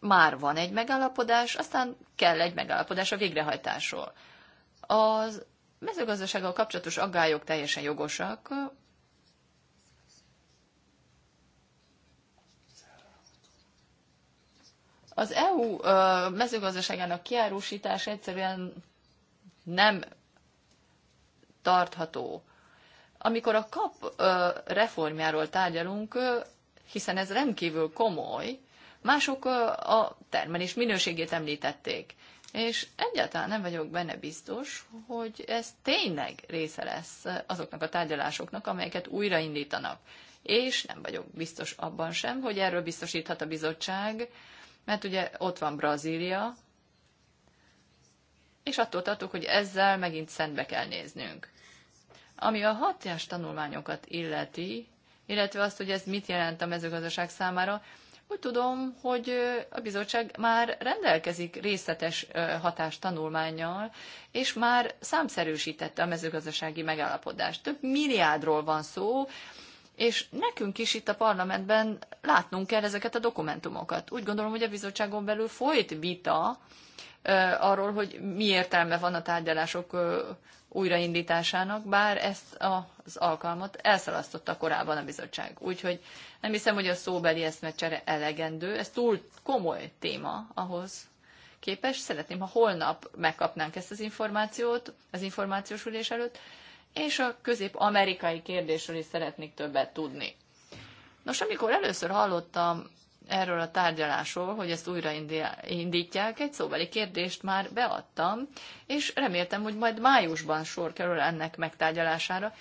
Már van egy megállapodás, aztán kell egy megállapodás a végrehajtásról. Az mezőgazdasággal kapcsolatos aggályok teljesen jogosak. Az EU mezőgazdaságának kiárusítása egyszerűen nem tartható. Amikor a kap reformjáról tárgyalunk, hiszen ez rendkívül komoly, mások a termelés minőségét említették és egyáltalán nem vagyok benne biztos, hogy ez tényleg része lesz azoknak a tárgyalásoknak, amelyeket újraindítanak. És nem vagyok biztos abban sem, hogy erről biztosíthat a bizottság, mert ugye ott van Brazília, és attól tartok, hogy ezzel megint szentbe kell néznünk. Ami a hatjás tanulmányokat illeti, illetve azt, hogy ez mit jelent a mezőgazdaság számára, úgy tudom, hogy a bizottság már rendelkezik részletes hatástanulmányjal, és már számszerűsítette a mezőgazdasági megállapodást. Több milliárdról van szó, és nekünk is itt a parlamentben látnunk kell ezeket a dokumentumokat. Úgy gondolom, hogy a bizottságon belül folyt vita arról, hogy mi értelme van a tárgyalások újraindításának, bár ezt az alkalmat elszalasztotta korábban a bizottság. Úgyhogy nem hiszem, hogy a szóbeli eszmecsere elegendő, ez túl komoly téma ahhoz képes. Szeretném, ha holnap megkapnánk ezt az információt az információs ülés előtt, és a közép-amerikai kérdésről is szeretnék többet tudni. Nos, amikor először hallottam erről a tárgyalásról, hogy ezt újra indítják, egy szóbeli kérdést már beadtam, és reméltem, hogy majd májusban sor kerül ennek megtárgyalására,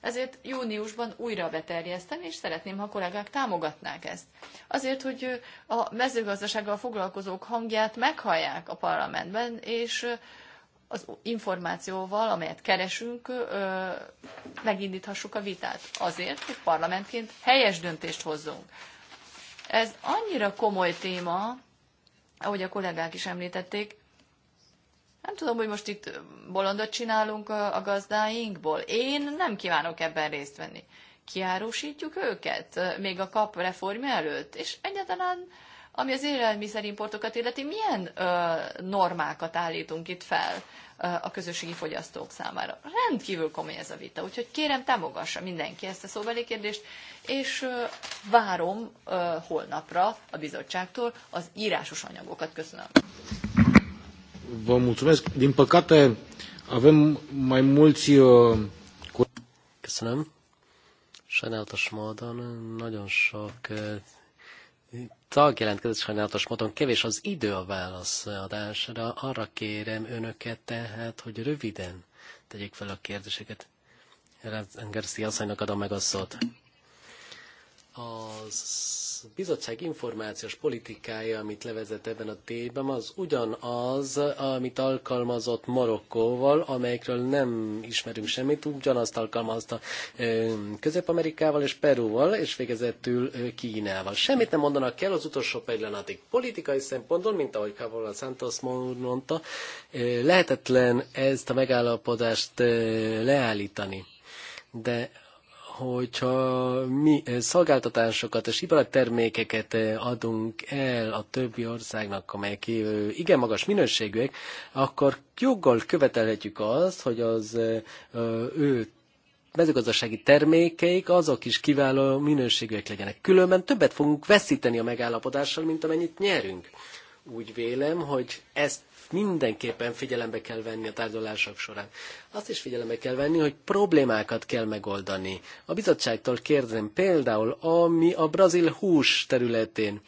ezért júniusban újra beterjesztem, és szeretném, ha kollégák támogatnák ezt. Azért, hogy a mezőgazdasággal foglalkozók hangját meghallják a parlamentben, és az információval, amelyet keresünk, megindíthassuk a vitát. Azért, hogy parlamentként helyes döntést hozzunk. Ez annyira komoly téma, ahogy a kollégák is említették, nem tudom, hogy most itt bolondot csinálunk a gazdáinkból. Én nem kívánok ebben részt venni. Kiárusítjuk őket, még a kap reformja előtt, és egyáltalán ami az élelmiszerimportokat illeti, milyen ö, normákat állítunk itt fel ö, a közösségi fogyasztók számára? Rendkívül komoly ez a vita, úgyhogy kérem támogassa mindenki ezt a szóbeli kérdést, és ö, várom ö, holnapra a bizottságtól az írásos anyagokat. Köszönöm. Vă mulțumesc. Din păcate, avem mai mulți... Uh... Köszönöm. Sajnálatos módon nagyon sok tag jelentkezett sajnálatos módon, kevés az idő a válaszadásra. Arra kérem önöket tehát, hogy röviden tegyék fel a kérdéseket. Garcia asszonynak adom meg a szót az bizottság információs politikája, amit levezet ebben a témában, az ugyanaz, amit alkalmazott Marokkóval, amelyekről nem ismerünk semmit, ugyanazt alkalmazta Közép-Amerikával és Perúval, és végezetül Kínával. Semmit nem mondanak el az utolsó pillanatig. Politikai szempontból, mint ahogy Cavola Santos mondta, lehetetlen ezt a megállapodást leállítani. De hogyha mi eh, szolgáltatásokat és termékeket eh, adunk el a többi országnak, amelyek eh, igen magas minőségűek, akkor joggal követelhetjük azt, hogy az ő mezőgazdasági termékeik azok is kiváló minőségűek legyenek. Különben többet fogunk veszíteni a megállapodással, mint amennyit nyerünk. Úgy vélem, hogy ezt mindenképpen figyelembe kell venni a tárgyalások során. Azt is figyelembe kell venni, hogy problémákat kell megoldani. A bizottságtól kérdezem például, ami a brazil hús területén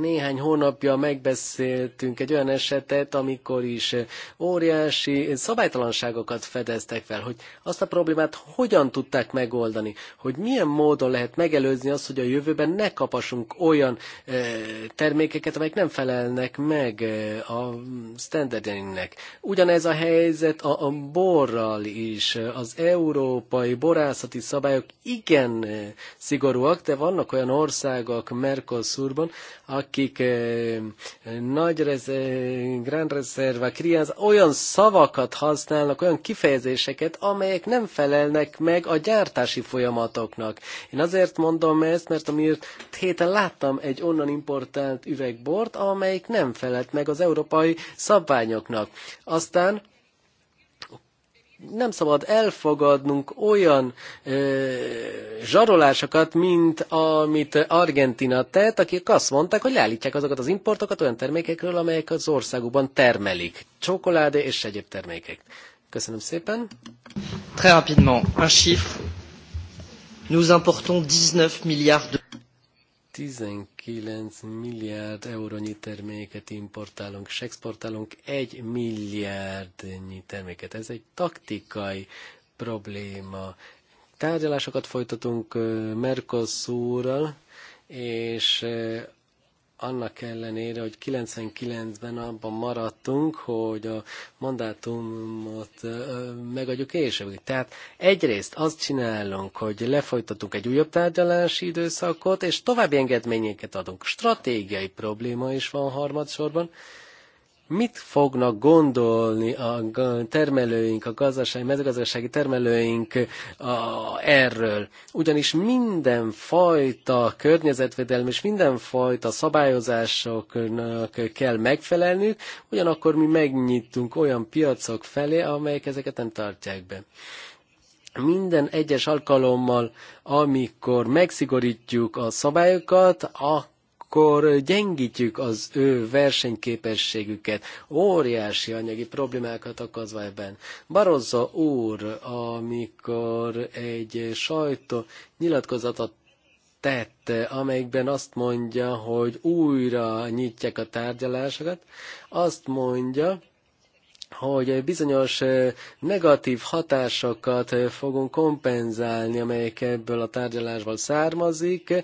néhány hónapja megbeszéltünk egy olyan esetet, amikor is óriási szabálytalanságokat fedeztek fel, hogy azt a problémát hogyan tudták megoldani, hogy milyen módon lehet megelőzni azt, hogy a jövőben ne kapassunk olyan e, termékeket, amelyek nem felelnek meg e, a standardingnek. Ugyanez a helyzet a, a borral is. Az európai borászati szabályok igen e, szigorúak, de vannak olyan országok Mercosurban, akik eh, nagy rez, eh, Grand Reserva olyan szavakat használnak, olyan kifejezéseket, amelyek nem felelnek meg a gyártási folyamatoknak. Én azért mondom ezt, mert amiért héten láttam egy onnan importált üvegbort, amelyik nem felelt meg az európai szabványoknak. Aztán nem szabad elfogadnunk olyan ö, zsarolásokat, mint amit Argentina tett, akik azt mondták, hogy leállítják azokat az importokat olyan termékekről, amelyek az országukban termelik. Csokoládé és egyéb termékek. Köszönöm szépen. Très rapidement, un chiffre. Nous importons 19 milliards de... 19 kilenc milliárd eurónyi terméket importálunk, és exportálunk 1 milliárdnyi terméket. Ez egy taktikai probléma. Tárgyalásokat folytatunk Mercosurral, és annak ellenére, hogy 99-ben abban maradtunk, hogy a mandátumot megadjuk később. Tehát egyrészt azt csinálunk, hogy lefolytatunk egy újabb tárgyalási időszakot, és további engedményeket adunk. Stratégiai probléma is van harmadsorban. sorban mit fognak gondolni a termelőink, a gazdasági, mezőgazdasági termelőink a, erről. Ugyanis mindenfajta környezetvédelmi és mindenfajta szabályozásoknak kell megfelelnünk, ugyanakkor mi megnyitunk olyan piacok felé, amelyek ezeket nem tartják be minden egyes alkalommal, amikor megszigorítjuk a szabályokat, a akkor gyengítjük az ő versenyképességüket. Óriási anyagi problémákat okozva ebben. Barozza úr, amikor egy sajtó nyilatkozatot tett, amelyikben azt mondja, hogy újra nyitják a tárgyalásokat, azt mondja, hogy bizonyos eh, negatív hatásokat eh, fogunk kompenzálni, amelyek ebből a tárgyalásból származik. Eh,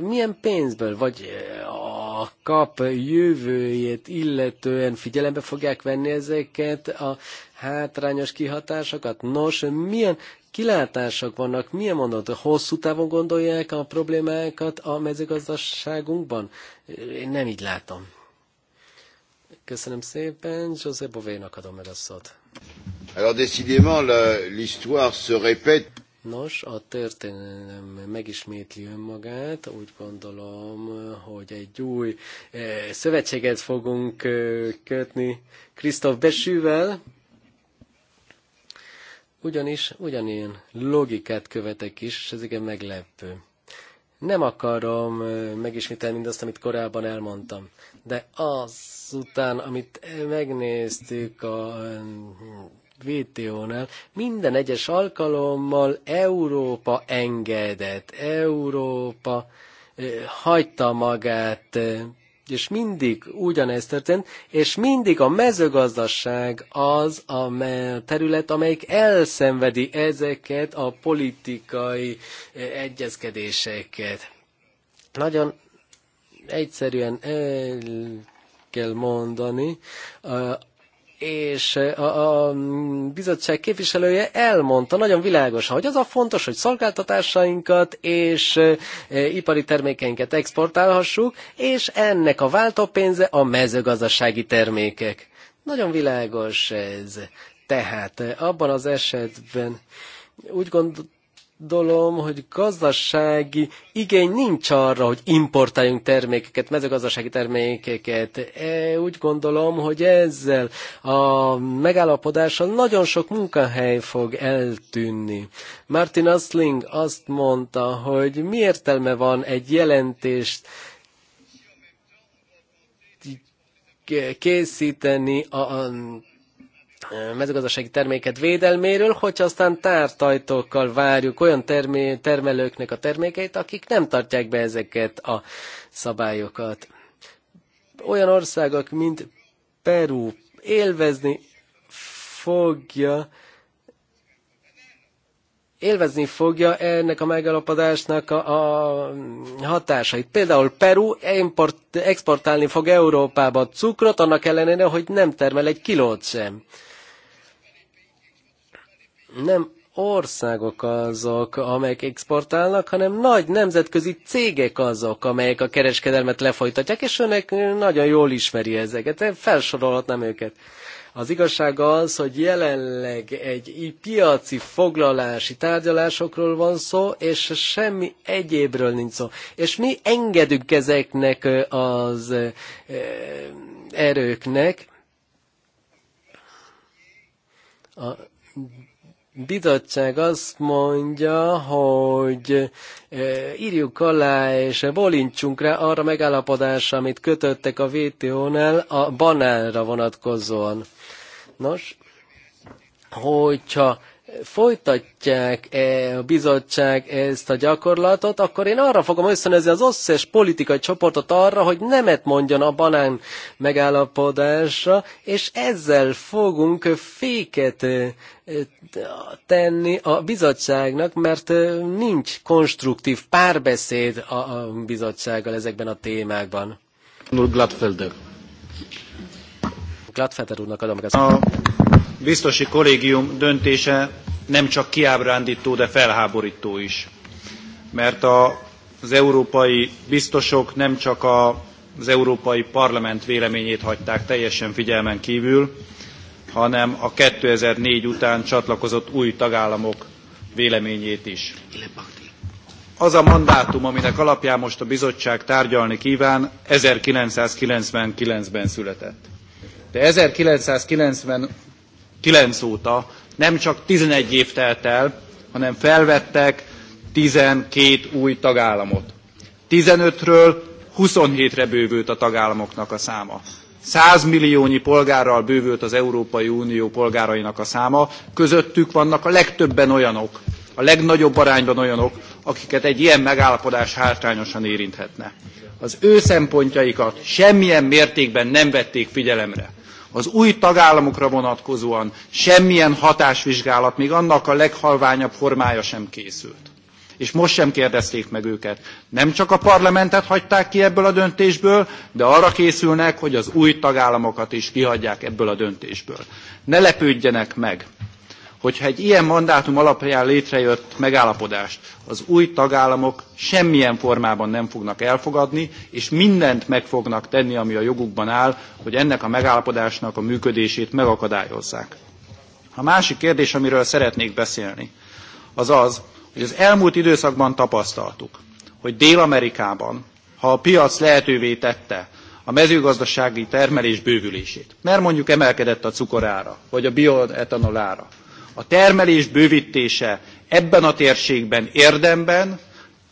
milyen pénzből, vagy a kap jövőjét illetően figyelembe fogják venni ezeket a hátrányos kihatásokat? Nos, milyen kilátások vannak, milyen mondod, hosszú távon gondolják a problémákat a mezőgazdaságunkban? Én nem így látom. Köszönöm szépen, José Bovénak adom meg a szót. Alors décidément l'histoire se répète. Nos, a történelem megismétli önmagát, úgy gondolom, hogy egy új eh, szövetséget fogunk eh, kötni Krisztof Besűvel, ugyanis ugyanilyen logikát követek is, és ez igen meglepő. Nem akarom eh, megismételni mindazt, amit korábban elmondtam de azután, amit megnéztük a VTO-nál, minden egyes alkalommal Európa engedett, Európa eh, hagyta magát, eh, és mindig ugyanezt történt, és mindig a mezőgazdaság az a terület, amelyik elszenvedi ezeket a politikai eh, egyezkedéseket. Nagyon egyszerűen el kell mondani, és a, a bizottság képviselője elmondta nagyon világosan, hogy az a fontos, hogy szolgáltatásainkat és e, ipari termékeinket exportálhassuk, és ennek a váltópénze a mezőgazdasági termékek. Nagyon világos ez. Tehát abban az esetben úgy gondolom, gondolom, hogy gazdasági igény nincs arra, hogy importáljunk termékeket, mezőgazdasági termékeket. E, úgy gondolom, hogy ezzel a megállapodással nagyon sok munkahely fog eltűnni. Martin Asling azt mondta, hogy mi értelme van egy jelentést készíteni a, a mezőgazdasági terméket védelméről, hogy aztán tártajtókkal várjuk olyan termé- termelőknek a termékeit, akik nem tartják be ezeket a szabályokat. Olyan országok, mint Peru élvezni fogja élvezni fogja ennek a megalapodásnak a, a hatásait. Például Peru import, exportálni fog Európába cukrot, annak ellenére, hogy nem termel egy kilót sem nem országok azok, amelyek exportálnak, hanem nagy nemzetközi cégek azok, amelyek a kereskedelmet lefolytatják, és önök nagyon jól ismeri ezeket, Én felsorolhatnám őket. Az igazság az, hogy jelenleg egy piaci foglalási tárgyalásokról van szó, és semmi egyébről nincs szó. És mi engedünk ezeknek az erőknek, a bizottság azt mondja, hogy eh, írjuk alá és bolincsunk rá arra megállapodásra, amit kötöttek a WTO-nál a banánra vonatkozóan. Nos, hogyha folytatják-e a bizottság ezt a gyakorlatot, akkor én arra fogom összönözni az összes politikai csoportot arra, hogy nemet mondjon a banán megállapodásra, és ezzel fogunk féket e, tenni a bizottságnak, mert e, nincs konstruktív párbeszéd a bizottsággal ezekben a témákban. Gladfelder. Gladfelder úrnak adom a biztosi kollégium döntése nem csak kiábrándító, de felháborító is. Mert a, az európai biztosok nem csak a, az európai parlament véleményét hagyták teljesen figyelmen kívül, hanem a 2004 után csatlakozott új tagállamok véleményét is. Az a mandátum, aminek alapján most a bizottság tárgyalni kíván, 1999-ben született. De 1990 2009 óta nem csak 11 év telt el, hanem felvettek 12 új tagállamot. 15-ről 27-re bővült a tagállamoknak a száma. 100 milliónyi polgárral bővült az Európai Unió polgárainak a száma, közöttük vannak a legtöbben olyanok, a legnagyobb arányban olyanok, akiket egy ilyen megállapodás hátrányosan érinthetne. Az ő szempontjaikat semmilyen mértékben nem vették figyelemre az új tagállamokra vonatkozóan semmilyen hatásvizsgálat, még annak a leghalványabb formája sem készült. És most sem kérdezték meg őket. Nem csak a parlamentet hagyták ki ebből a döntésből, de arra készülnek, hogy az új tagállamokat is kihagyják ebből a döntésből. Ne lepődjenek meg! hogyha egy ilyen mandátum alapján létrejött megállapodást az új tagállamok semmilyen formában nem fognak elfogadni, és mindent meg fognak tenni, ami a jogukban áll, hogy ennek a megállapodásnak a működését megakadályozzák. A másik kérdés, amiről szeretnék beszélni, az az, hogy az elmúlt időszakban tapasztaltuk, hogy Dél-Amerikában, ha a piac lehetővé tette a mezőgazdasági termelés bővülését, mert mondjuk emelkedett a cukorára, vagy a bioetanolára, a termelés bővítése ebben a térségben érdemben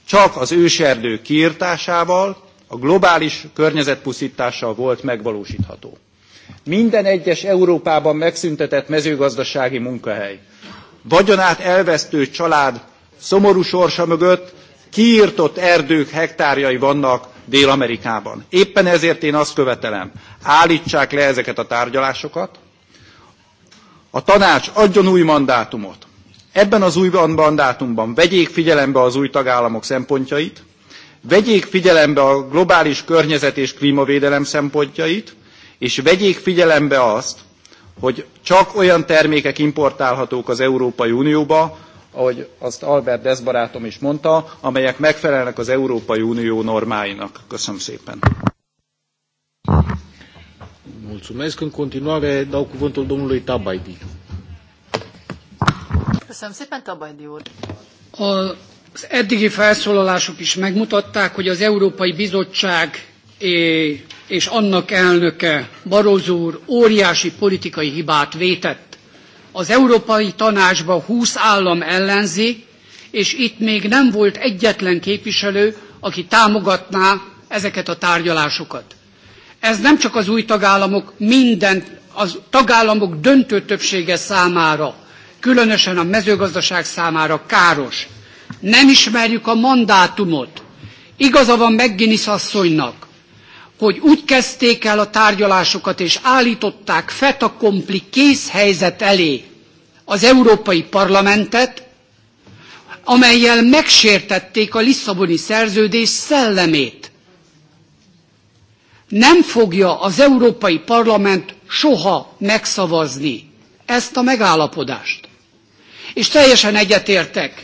csak az őserdő kiirtásával, a globális környezetpusztítással volt megvalósítható. Minden egyes Európában megszüntetett mezőgazdasági munkahely, vagyonát elvesztő család szomorú sorsa mögött kiirtott erdők hektárjai vannak Dél-Amerikában. Éppen ezért én azt követelem, állítsák le ezeket a tárgyalásokat, a tanács adjon új mandátumot. Ebben az új mandátumban vegyék figyelembe az új tagállamok szempontjait, vegyék figyelembe a globális környezet és klímavédelem szempontjait, és vegyék figyelembe azt, hogy csak olyan termékek importálhatók az Európai Unióba, ahogy azt Albert Desz barátom is mondta, amelyek megfelelnek az Európai Unió normáinak. Köszönöm szépen. Mulțumesc. În continuare dau cuvântul domnului Tabaidi. Köszönöm szépen, Tabaidi úr. Az eddigi felszólalások is megmutatták, hogy az Európai Bizottság és annak elnöke Barroso úr óriási politikai hibát vétett. Az Európai Tanácsban 20 állam ellenzi, és itt még nem volt egyetlen képviselő, aki támogatná ezeket a tárgyalásokat. Ez nem csak az új tagállamok minden, az tagállamok döntő többsége számára, különösen a mezőgazdaság számára káros. Nem ismerjük a mandátumot. Igaza van McGuinness asszonynak, hogy úgy kezdték el a tárgyalásokat, és állították fetakompli helyzet elé az Európai Parlamentet, amelyel megsértették a Lisszaboni szerződés szellemét nem fogja az Európai Parlament soha megszavazni ezt a megállapodást. És teljesen egyetértek,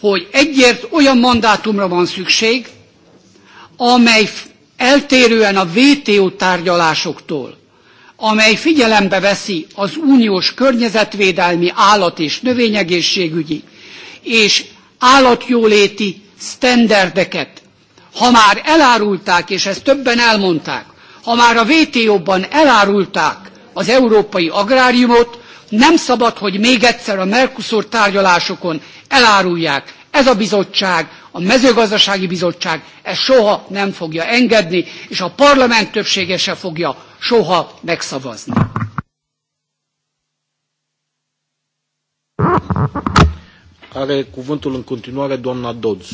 hogy egyért olyan mandátumra van szükség, amely eltérően a WTO tárgyalásoktól, amely figyelembe veszi az uniós környezetvédelmi állat- és növényegészségügyi és állatjóléti sztenderdeket, ha már elárulták, és ezt többen elmondták, ha már a WTO-ban elárulták az európai agráriumot, nem szabad, hogy még egyszer a Mercosur tárgyalásokon elárulják. Ez a bizottság, a mezőgazdasági bizottság ezt soha nem fogja engedni, és a parlament többsége se fogja soha megszavazni. Are cuvântul în continuare doamna Dodds.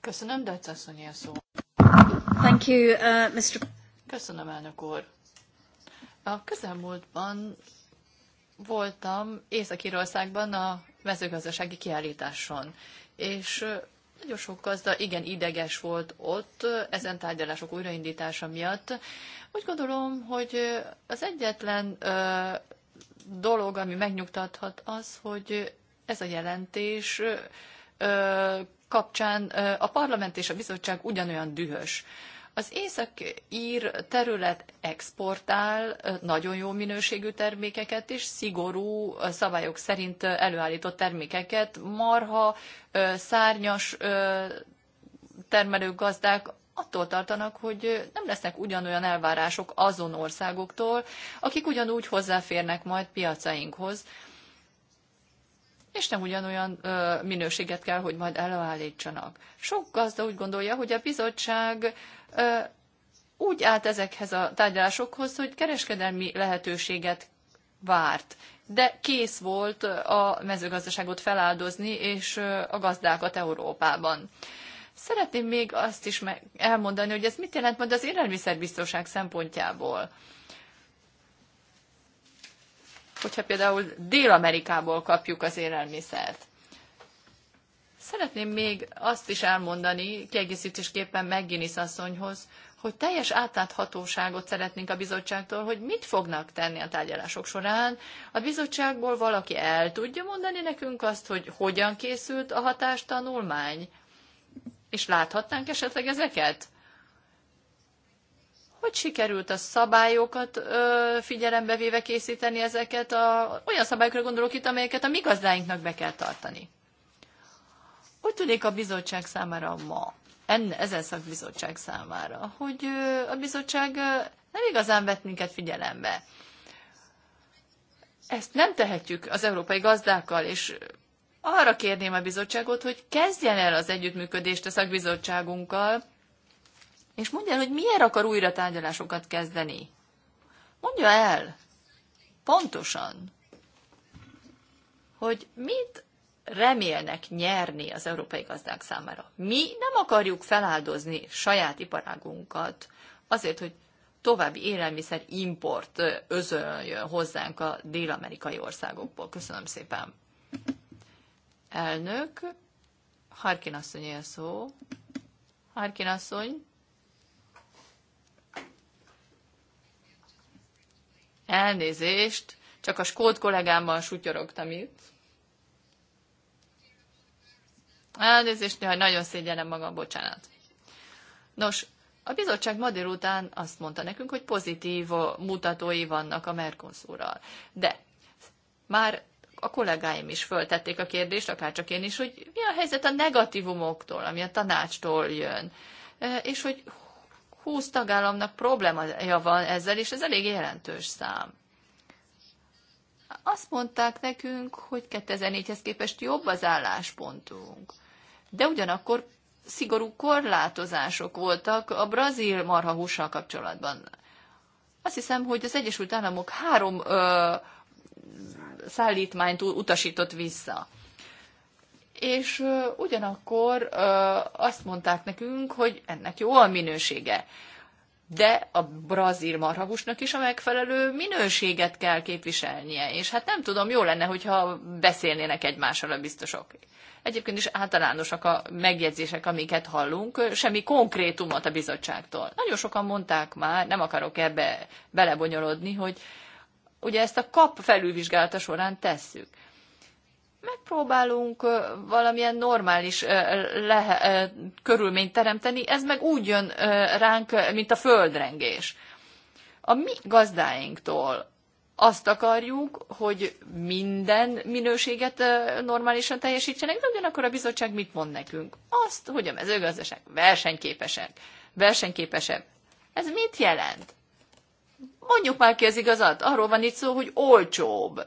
Köszönöm, Dajc a szó. Thank you, uh, Mr. Köszönöm, elnök úr. A közelmúltban voltam Észak-Írországban a mezőgazdasági kiállításon, és nagyon sok gazda igen ideges volt ott ezen tárgyalások újraindítása miatt. Úgy gondolom, hogy az egyetlen ö, dolog, ami megnyugtathat az, hogy ez a jelentés ö, kapcsán a parlament és a bizottság ugyanolyan dühös. Az észak-ír terület exportál nagyon jó minőségű termékeket és szigorú szabályok szerint előállított termékeket. Marha, szárnyas termelőgazdák attól tartanak, hogy nem lesznek ugyanolyan elvárások azon országoktól, akik ugyanúgy hozzáférnek majd piacainkhoz és nem ugyanolyan ö, minőséget kell, hogy majd előállítsanak. Sok gazda úgy gondolja, hogy a bizottság ö, úgy állt ezekhez a tárgyalásokhoz, hogy kereskedelmi lehetőséget várt, de kész volt a mezőgazdaságot feláldozni, és a gazdákat Európában. Szeretném még azt is elmondani, hogy ez mit jelent majd az élelmiszerbiztonság szempontjából hogyha például Dél-Amerikából kapjuk az élelmiszert. Szeretném még azt is elmondani, kiegészítésképpen McGuinness asszonyhoz, hogy teljes átláthatóságot szeretnénk a bizottságtól, hogy mit fognak tenni a tárgyalások során. A bizottságból valaki el tudja mondani nekünk azt, hogy hogyan készült a hatástanulmány, és láthatnánk esetleg ezeket? hogy sikerült a szabályokat ö, figyelembe véve készíteni ezeket a, olyan szabályokra gondolok itt, amelyeket a mi gazdáinknak be kell tartani. Úgy tűnik a bizottság számára ma, enne, ezen szakbizottság számára, hogy a bizottság nem igazán vett minket figyelembe. Ezt nem tehetjük az európai gazdákkal, és arra kérném a bizottságot, hogy kezdjen el az együttműködést a szakbizottságunkkal, és mondja el, hogy miért akar újra tárgyalásokat kezdeni. Mondja el, pontosan, hogy mit remélnek nyerni az európai gazdák számára. Mi nem akarjuk feláldozni saját iparágunkat azért, hogy további élelmiszer import özöljön hozzánk a dél-amerikai országokból. Köszönöm szépen. Elnök, Harkin asszony a szó. Harkin asszony. Elnézést, csak a skót kollégámmal sutyorogtam itt. Elnézést, néha nagyon szégyenem magam, bocsánat. Nos, a bizottság ma délután azt mondta nekünk, hogy pozitív mutatói vannak a Merkonszúrral. De már a kollégáim is föltették a kérdést, akár csak én is, hogy mi a helyzet a negatívumoktól, ami a tanácstól jön, e, és hogy 20 tagállamnak problémája van ezzel, és ez elég jelentős szám. Azt mondták nekünk, hogy 2004-hez képest jobb az álláspontunk, de ugyanakkor szigorú korlátozások voltak a brazil marhahússal kapcsolatban. Azt hiszem, hogy az Egyesült Államok három ö, szállítmányt utasított vissza és ugyanakkor azt mondták nekünk, hogy ennek jó a minősége. De a brazil marhavusnak is a megfelelő minőséget kell képviselnie, és hát nem tudom, jó lenne, hogyha beszélnének egymással a biztosok. Egyébként is általánosak a megjegyzések, amiket hallunk, semmi konkrétumot a bizottságtól. Nagyon sokan mondták már, nem akarok ebbe belebonyolodni, hogy ugye ezt a kap felülvizsgálata során tesszük megpróbálunk valamilyen normális lehe, körülményt teremteni, ez meg úgy jön ránk, mint a földrengés. A mi gazdáinktól azt akarjuk, hogy minden minőséget normálisan teljesítsenek, de ugyanakkor a bizottság mit mond nekünk? Azt, hogy a mezőgazdaság versenyképesek, versenyképesebb. Ez mit jelent? Mondjuk már ki az igazat, arról van itt szó, hogy olcsóbb.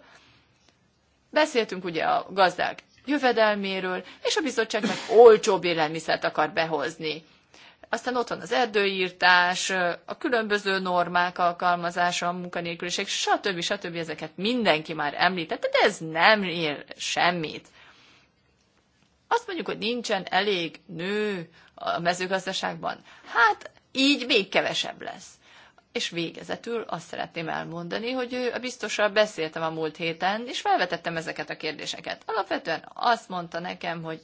Beszéltünk ugye a gazdák jövedelméről, és a bizottság meg olcsóbb élelmiszert akar behozni. Aztán ott van az erdőírtás, a különböző normák alkalmazása, a munkanélküliség, stb. stb. Ezeket mindenki már említette, de ez nem ér semmit. Azt mondjuk, hogy nincsen elég nő a mezőgazdaságban. Hát így még kevesebb lesz. És végezetül azt szeretném elmondani, hogy a biztossal beszéltem a múlt héten, és felvetettem ezeket a kérdéseket. Alapvetően azt mondta nekem, hogy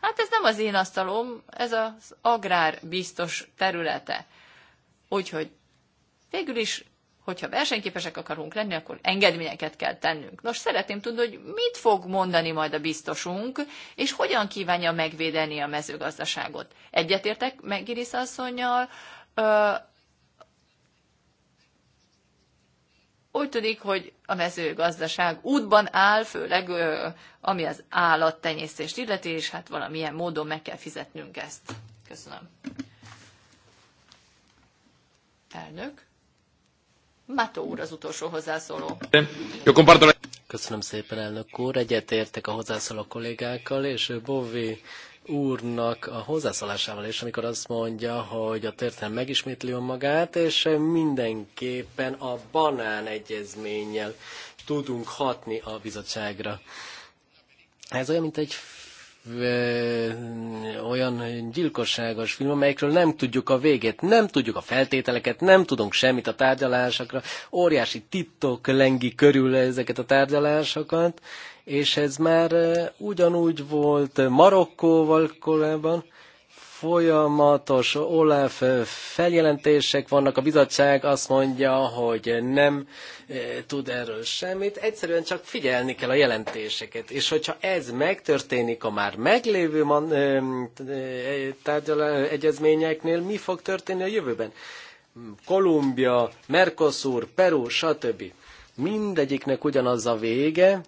hát ez nem az én asztalom, ez az agrár biztos területe. Úgyhogy végül is, hogyha versenyképesek akarunk lenni, akkor engedményeket kell tennünk. Nos, szeretném tudni, hogy mit fog mondani majd a biztosunk, és hogyan kívánja megvédeni a mezőgazdaságot. Egyetértek Megiris asszonynal, úgy tűnik, hogy a mezőgazdaság útban áll, főleg ami az állattenyésztést illeti, és hát valamilyen módon meg kell fizetnünk ezt. Köszönöm. Elnök. Mató úr az utolsó hozzászóló. Köszönöm szépen, elnök úr. Egyetértek a hozzászóló kollégákkal, és Bovi úrnak a hozzászólásával is, amikor azt mondja, hogy a történet megismétli magát, és mindenképpen a banán egyezménnyel tudunk hatni a bizottságra. Ez olyan, mint egy olyan gyilkosságos film, amelyikről nem tudjuk a végét, nem tudjuk a feltételeket, nem tudunk semmit a tárgyalásokra, óriási titok lengi körül ezeket a tárgyalásokat, és ez már ugyanúgy volt Marokkóval korábban, folyamatos Olaf feljelentések vannak, a bizottság azt mondja, hogy nem tud erről semmit, egyszerűen csak figyelni kell a jelentéseket, és hogyha ez megtörténik a már meglévő man, egyezményeknél, mi fog történni a jövőben? Kolumbia, Mercosur, Peru, stb. Mindegyiknek ugyanaz a vége,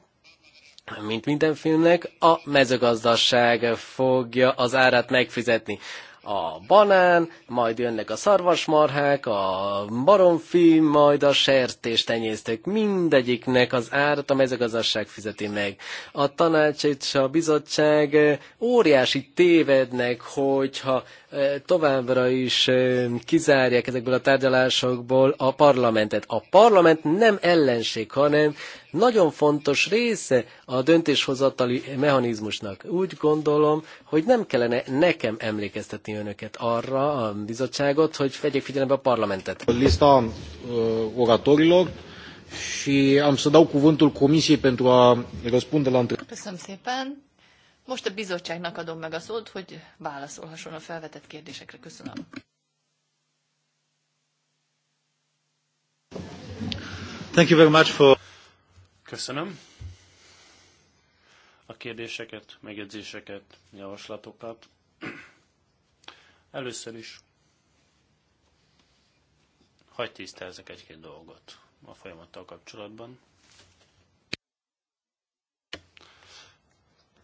mint minden filmnek, a mezőgazdaság fogja az árat megfizetni. A banán, majd jönnek a szarvasmarhák, a baromfi, majd a sertés tenyésztők. Mindegyiknek az árat a mezőgazdaság fizeti meg. A tanács és a bizottság óriási tévednek, hogyha továbbra is kizárják ezekből a tárgyalásokból a parlamentet. A parlament nem ellenség, hanem nagyon fontos része a döntéshozatali mechanizmusnak. Úgy gondolom, hogy nem kellene nekem emlékeztetni önöket arra, a bizottságot, hogy vegyék figyelembe a parlamentet. Lista oratorilor și am să dau cuvântul Comisiei pentru a răspunde la întrebări. Köszönöm szépen. Most a bizottságnak adom meg a szót, hogy válaszolhasson a felvetett kérdésekre. Köszönöm. Thank you very much for Köszönöm a kérdéseket, megjegyzéseket, javaslatokat. Először is hagyj tisztázzak egy-két dolgot a folyamattal kapcsolatban.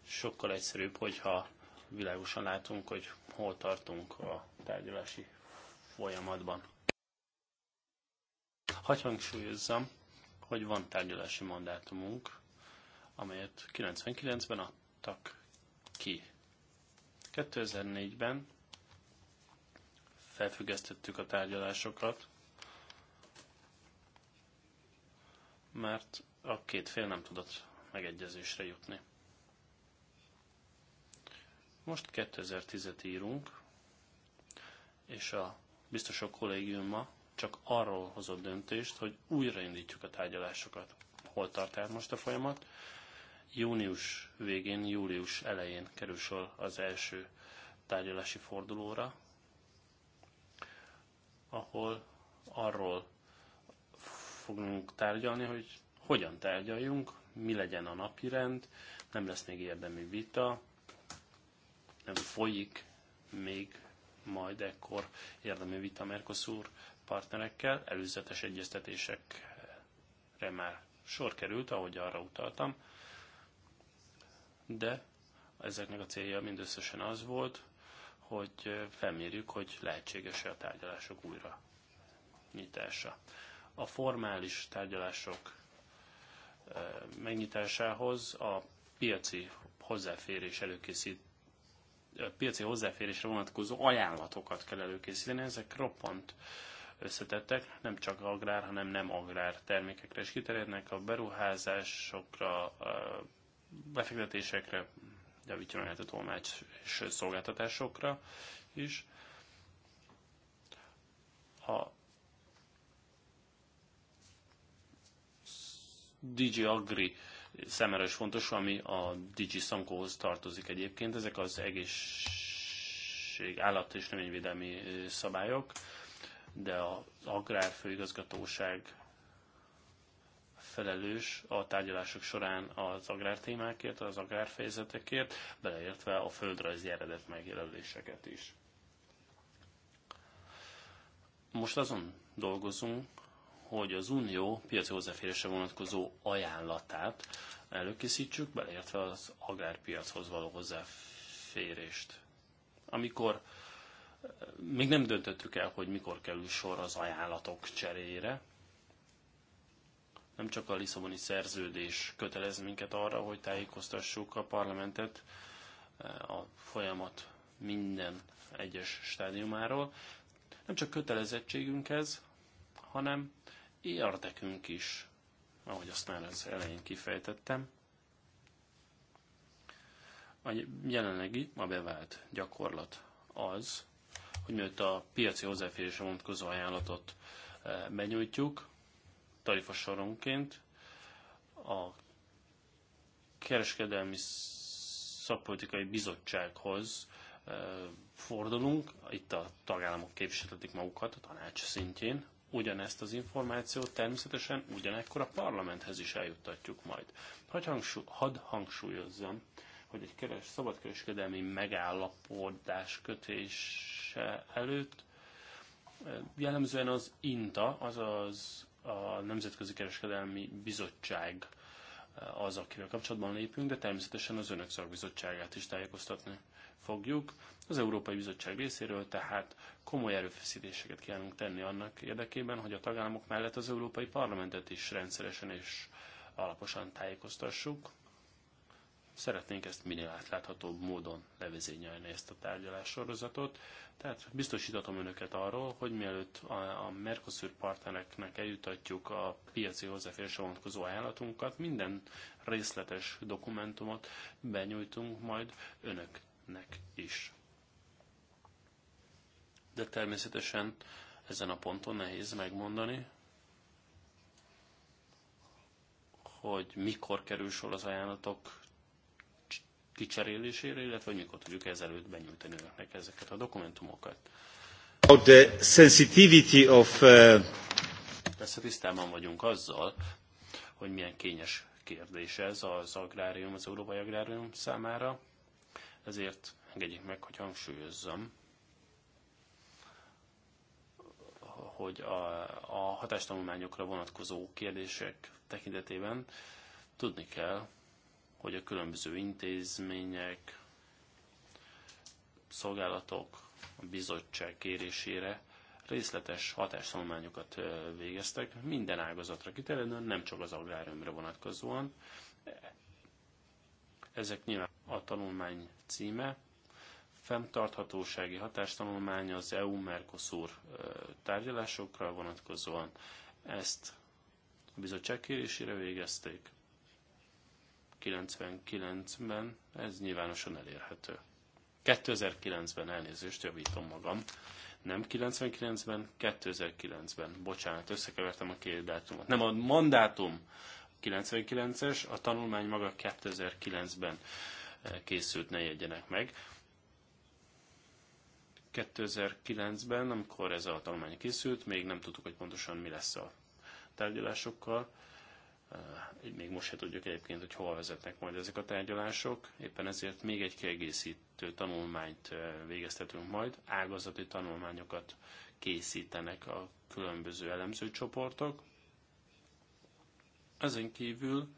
Sokkal egyszerűbb, hogyha világosan látunk, hogy hol tartunk a tárgyalási folyamatban. Hagy hangsúlyozzam, hogy van tárgyalási mandátumunk, amelyet 99-ben adtak ki. 2004-ben felfüggesztettük a tárgyalásokat, mert a két fél nem tudott megegyezésre jutni. Most 2010-et írunk, és a biztosok kollégiuma csak arról hozott döntést, hogy újraindítjuk a tárgyalásokat. Hol tart el most a folyamat? Június végén, július elején kerül sor az első tárgyalási fordulóra, ahol arról fogunk tárgyalni, hogy hogyan tárgyaljunk, mi legyen a napi rend, nem lesz még érdemi vita, nem folyik még majd ekkor érdemi vita Mercosur partnerekkel, előzetes egyeztetésekre már sor került, ahogy arra utaltam, de ezeknek a célja mindösszesen az volt, hogy felmérjük, hogy lehetséges-e a tárgyalások újra nyitása. A formális tárgyalások megnyitásához a piaci hozzáférés előkészít piaci hozzáférésre vonatkozó ajánlatokat kell előkészíteni, ezek roppant összetettek, nem csak agrár, hanem nem agrár termékekre is kiterjednek, a beruházásokra, a befektetésekre, javítja meg a tolmács és szolgáltatásokra is. A DG Agri számára is fontos, ami a DG Szankóhoz tartozik egyébként. Ezek az egészség, állat és növényvédelmi szabályok de az agrárfőigazgatóság felelős a tárgyalások során az agrártémákért, az agrárfejezetekért, beleértve a földrajzi eredet megjelöléseket is. Most azon dolgozunk, hogy az Unió piaci hozzáférésre vonatkozó ajánlatát előkészítsük, beleértve az agrárpiachoz való hozzáférést. Amikor még nem döntöttük el, hogy mikor kerül sor az ajánlatok cseréjére. Nem csak a Lisszaboni szerződés kötelez minket arra, hogy tájékoztassuk a parlamentet eh, a folyamat minden egyes stádiumáról. Nem csak kötelezettségünk ez, hanem érdekünk is, ahogy azt már az elején kifejtettem. A jelenlegi, a bevált gyakorlat az, hogy mielőtt a piaci hozzáférésre vonatkozó ajánlatot eh, benyújtjuk, tarifa soronként a kereskedelmi szakpolitikai bizottsághoz eh, fordulunk, itt a tagállamok képviseltetik magukat a tanács szintjén, ugyanezt az információt természetesen ugyanekkor a parlamenthez is eljuttatjuk majd. Hagy hangsú, hadd hangsúlyozzam, hogy egy keres, szabadkereskedelmi megállapodás kötése előtt jellemzően az INTA, azaz a Nemzetközi Kereskedelmi Bizottság az, akivel kapcsolatban lépünk, de természetesen az Önök Szakbizottságát is tájékoztatni fogjuk. Az Európai Bizottság részéről tehát komoly erőfeszítéseket kellünk tenni annak érdekében, hogy a tagállamok mellett az Európai Parlamentet is rendszeresen és alaposan tájékoztassuk. Szeretnénk ezt minél átláthatóbb módon levezényelni ezt a tárgyalássorozatot, tehát biztosítatom önöket arról, hogy mielőtt a, a Mercosur partnereknek eljutatjuk a piaci hozzáférésre vonatkozó ajánlatunkat, minden részletes dokumentumot benyújtunk majd önöknek is. De természetesen ezen a ponton nehéz megmondani, hogy mikor kerül sor az ajánlatok kicserélésére, illetve hogy mikor tudjuk ezelőtt benyújtani önöknek ezeket a dokumentumokat. About the sensitivity of... Uh... Persze tisztában vagyunk azzal, hogy milyen kényes kérdés ez az agrárium, az európai agrárium számára, ezért engedjék meg, hogy hangsúlyozzam, hogy a, a hatástanulmányokra vonatkozó kérdések tekintetében tudni kell, hogy a különböző intézmények, szolgálatok a bizottság kérésére részletes hatástanulmányokat végeztek, minden ágazatra kiterjedően, nem csak az agrárömre vonatkozóan. Ezek nyilván a tanulmány címe, fenntarthatósági hatástanulmány az EU-Mercosur tárgyalásokra vonatkozóan. Ezt a bizottság kérésére végezték. 99-ben ez nyilvánosan elérhető. 2009-ben elnézést, javítom magam. Nem 99-ben, 2009-ben. Bocsánat, összekevertem a két dátumot. Nem a mandátum 99-es, a tanulmány maga 2009-ben eh, készült, ne jegyenek meg. 2009-ben, amikor ez a tanulmány készült, még nem tudtuk, hogy pontosan mi lesz a tárgyalásokkal még most se tudjuk egyébként, hogy hova vezetnek majd ezek a tárgyalások. Éppen ezért még egy kiegészítő tanulmányt végeztetünk majd. Ágazati tanulmányokat készítenek a különböző elemző csoportok. Ezen kívül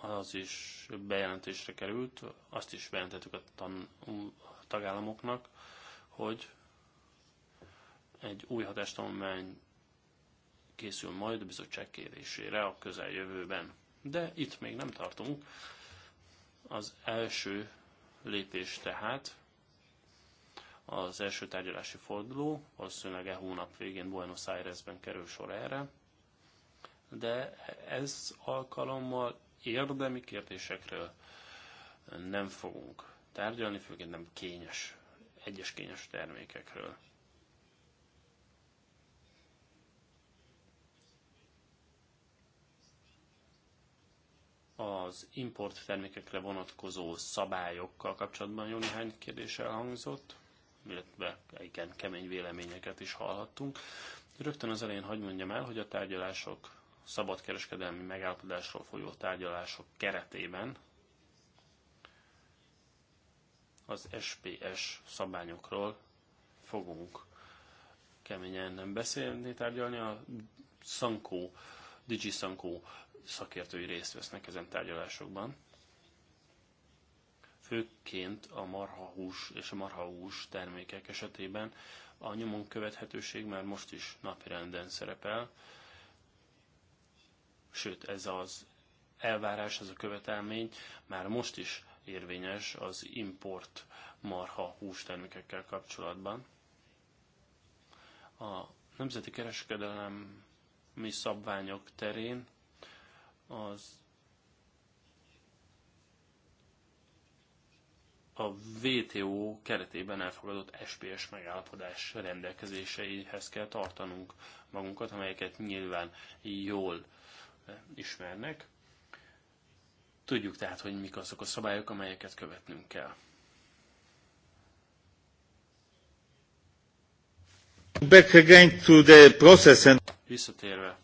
az is bejelentésre került, azt is bejelentettük a, tan- a tagállamoknak, hogy egy új hatástanulmány készül majd a bizottság kérésére a közeljövőben. De itt még nem tartunk. Az első lépés tehát az első tárgyalási forduló, valószínűleg e hónap végén Buenos Airesben kerül sor erre, de ez alkalommal érdemi kérdésekről nem fogunk tárgyalni, főként nem kényes, egyes kényes termékekről. az import termékekre vonatkozó szabályokkal kapcsolatban jó néhány kérdés elhangzott, illetve igen, kemény véleményeket is hallhattunk. Rögtön az elején hagyd mondjam el, hogy a tárgyalások szabadkereskedelmi megállapodásról folyó tárgyalások keretében az SPS szabályokról fogunk keményen nem beszélni, tárgyalni. A Szankó, Digi Szankó szakértői részt vesznek ezen tárgyalásokban. Főként a marhahús és a marhahús termékek esetében a nyomon követhetőség már most is napirenden szerepel, sőt ez az elvárás, ez a követelmény már most is érvényes az import marha termékekkel kapcsolatban. A nemzeti kereskedelem mi szabványok terén az a WTO keretében elfogadott SPS megállapodás rendelkezéseihez kell tartanunk magunkat, amelyeket nyilván jól ismernek. Tudjuk tehát, hogy mik azok a szabályok, amelyeket követnünk kell. Back again to the process and... Visszatérve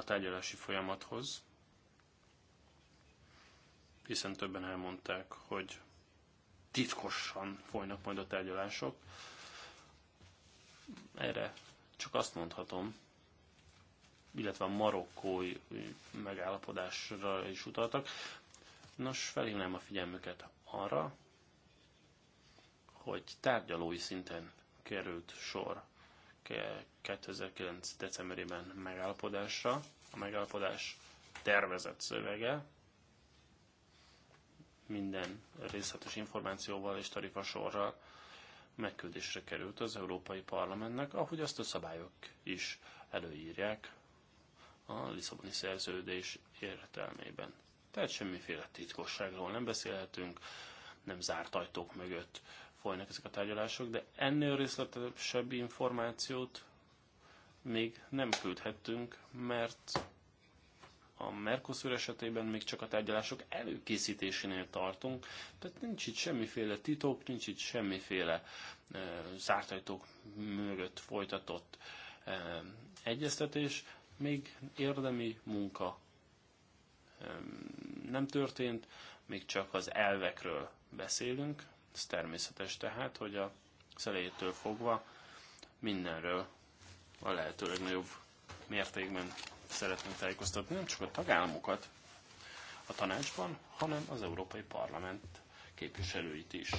a tárgyalási folyamathoz, hiszen többen elmondták, hogy titkosan folynak majd a tárgyalások. Erre csak azt mondhatom, illetve a marokkói megállapodásra is utaltak. Nos, felhívnám a figyelmüket arra, hogy tárgyalói szinten került sor 2009. decemberében megállapodásra. A megállapodás tervezett szövege minden részletes információval és tarifasorral megküldésre került az Európai Parlamentnek, ahogy azt a szabályok is előírják a Lisszaboni szerződés értelmében. Tehát semmiféle titkosságról nem beszélhetünk, nem zárt ajtók mögött folynak ezek a tárgyalások, de ennél részletesebb információt még nem küldhettünk, mert a Mercosur esetében még csak a tárgyalások előkészítésénél tartunk, tehát nincs itt semmiféle titok, nincs itt semmiféle e, zárt ajtók mögött folytatott e, egyeztetés, még érdemi munka e, nem történt, még csak az elvekről beszélünk, ez természetes tehát, hogy a szelejétől fogva mindenről a lehető legnagyobb mértékben szeretnénk tájékoztatni nem csak a tagállamokat a tanácsban, hanem az Európai Parlament képviselőit is.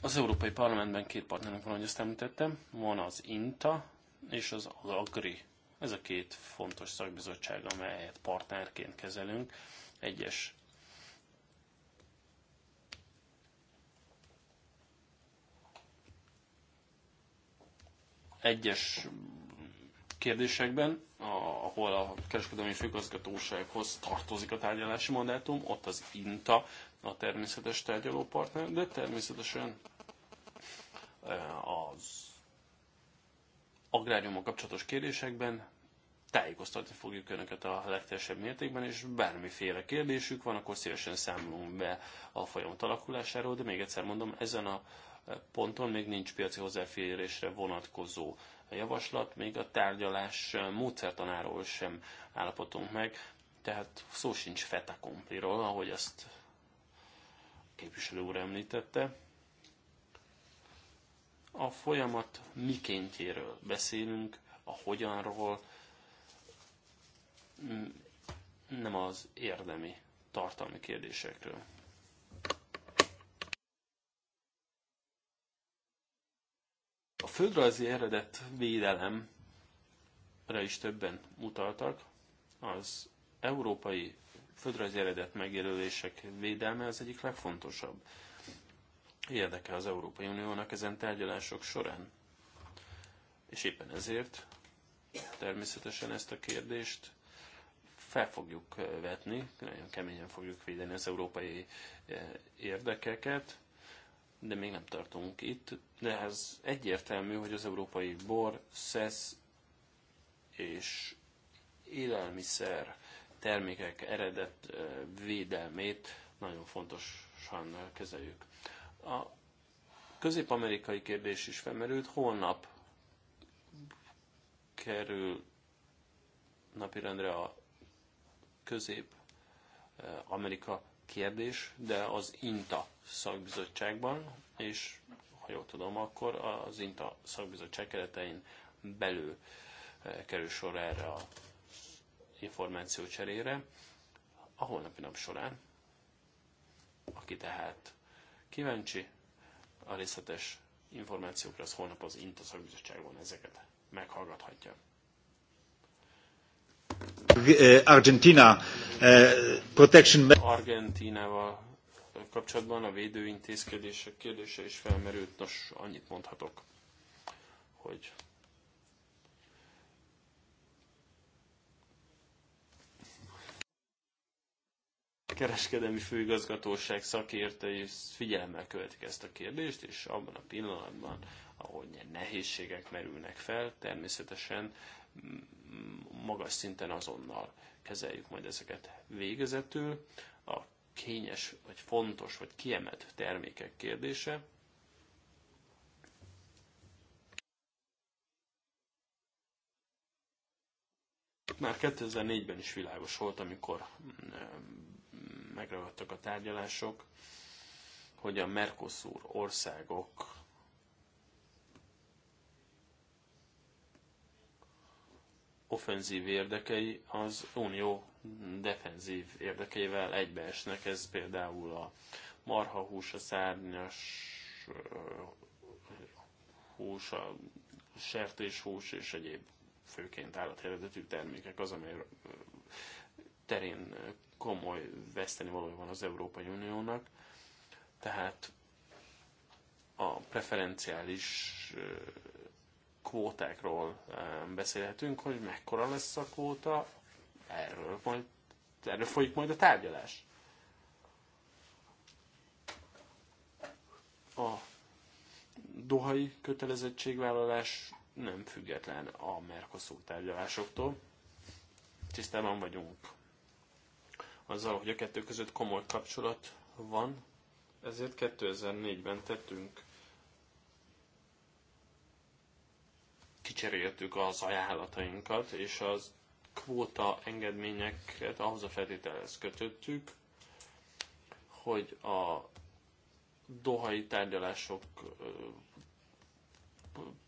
Az Európai Parlamentben két partnerünk van, ahogy azt említettem, van az INTA és az AGRI. Ez a két fontos szakbizottság, amelyet partnerként kezelünk. Egyes egyes kérdésekben, ahol a kereskedelmi főgazgatósághoz tartozik a tárgyalási mandátum, ott az INTA a természetes tárgyalópartner, de természetesen e, az agráriummal kapcsolatos kérdésekben tájékoztatni fogjuk Önöket a legteljesebb mértékben, és bármiféle kérdésük van, akkor szívesen számolunk be a folyamat alakulásáról, de még egyszer mondom, ezen a ponton még nincs piaci hozzáférésre vonatkozó javaslat, még a tárgyalás módszertanáról sem állapotunk meg, tehát szó sincs fetakompliról, ahogy azt a képviselő úr említette. A folyamat mikéntjéről beszélünk, a hogyanról, nem az érdemi tartalmi kérdésekről. A földrajzi eredet védelemre is többen utaltak. Az európai földrajzi eredet megjelölések védelme az egyik legfontosabb érdeke az Európai Uniónak ezen tárgyalások során. És éppen ezért természetesen ezt a kérdést fel fogjuk vetni, nagyon keményen fogjuk védeni az európai eh, érdekeket de még nem tartunk itt. De ez egyértelmű, hogy az európai bor, szesz és élelmiszer termékek eredet védelmét nagyon fontosan kezeljük. A közép-amerikai kérdés is felmerült, holnap kerül napirendre a közép-amerika kérdés, de az INTA szakbizottságban, és ha jól tudom, akkor az INTA szakbizottság keretein belül eh, kerül sor erre a cserére a holnapi nap során. Aki tehát kíváncsi, a részletes információkra az holnap az INTA szakbizottságban ezeket meghallgathatja. E, Argentina e, protection... Argentinával kapcsolatban a védőintézkedések kérdése is felmerült. Nos, annyit mondhatok, hogy kereskedelmi főigazgatóság szakértői figyelemmel követik ezt a kérdést, és abban a pillanatban, ahogy nehézségek merülnek fel, természetesen mm, magas szinten azonnal kezeljük majd ezeket végezetül. A kényes, vagy fontos, vagy kiemelt termékek kérdése. Már 2004-ben is világos volt, amikor mm, megragadtak a tárgyalások, hogy a Mercosur országok offenzív érdekei az unió defenzív érdekeivel egybeesnek. Ez például a marhahús, a szárnyas hús, a sertéshús és egyéb főként állatjelentetű termékek az, amely terén komoly veszteni van az Európai Uniónak. Tehát a preferenciális kvótákról eh, beszélhetünk, hogy mekkora lesz a kvóta, erről, majd, erről folyik majd a tárgyalás. A dohai kötelezettségvállalás nem független a Mercosur tárgyalásoktól. Tisztában vagyunk azzal, hogy a kettő között komoly kapcsolat van, ezért 2004-ben tettünk kicseréltük az ajánlatainkat, és az kvóta engedményeket ahhoz a feltételhez kötöttük, hogy a dohai tárgyalások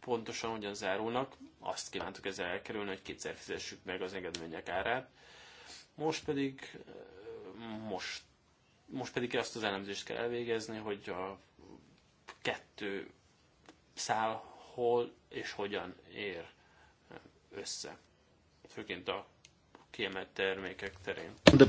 pontosan hogyan zárulnak. Azt kívántuk ezzel elkerülni, hogy kétszer fizessük meg az engedmények árát. Most pedig most, most pedig azt az elemzést kell elvégezni, hogy a kettő szál hol és hogyan ér össze, főként a kiemelt termékek terén.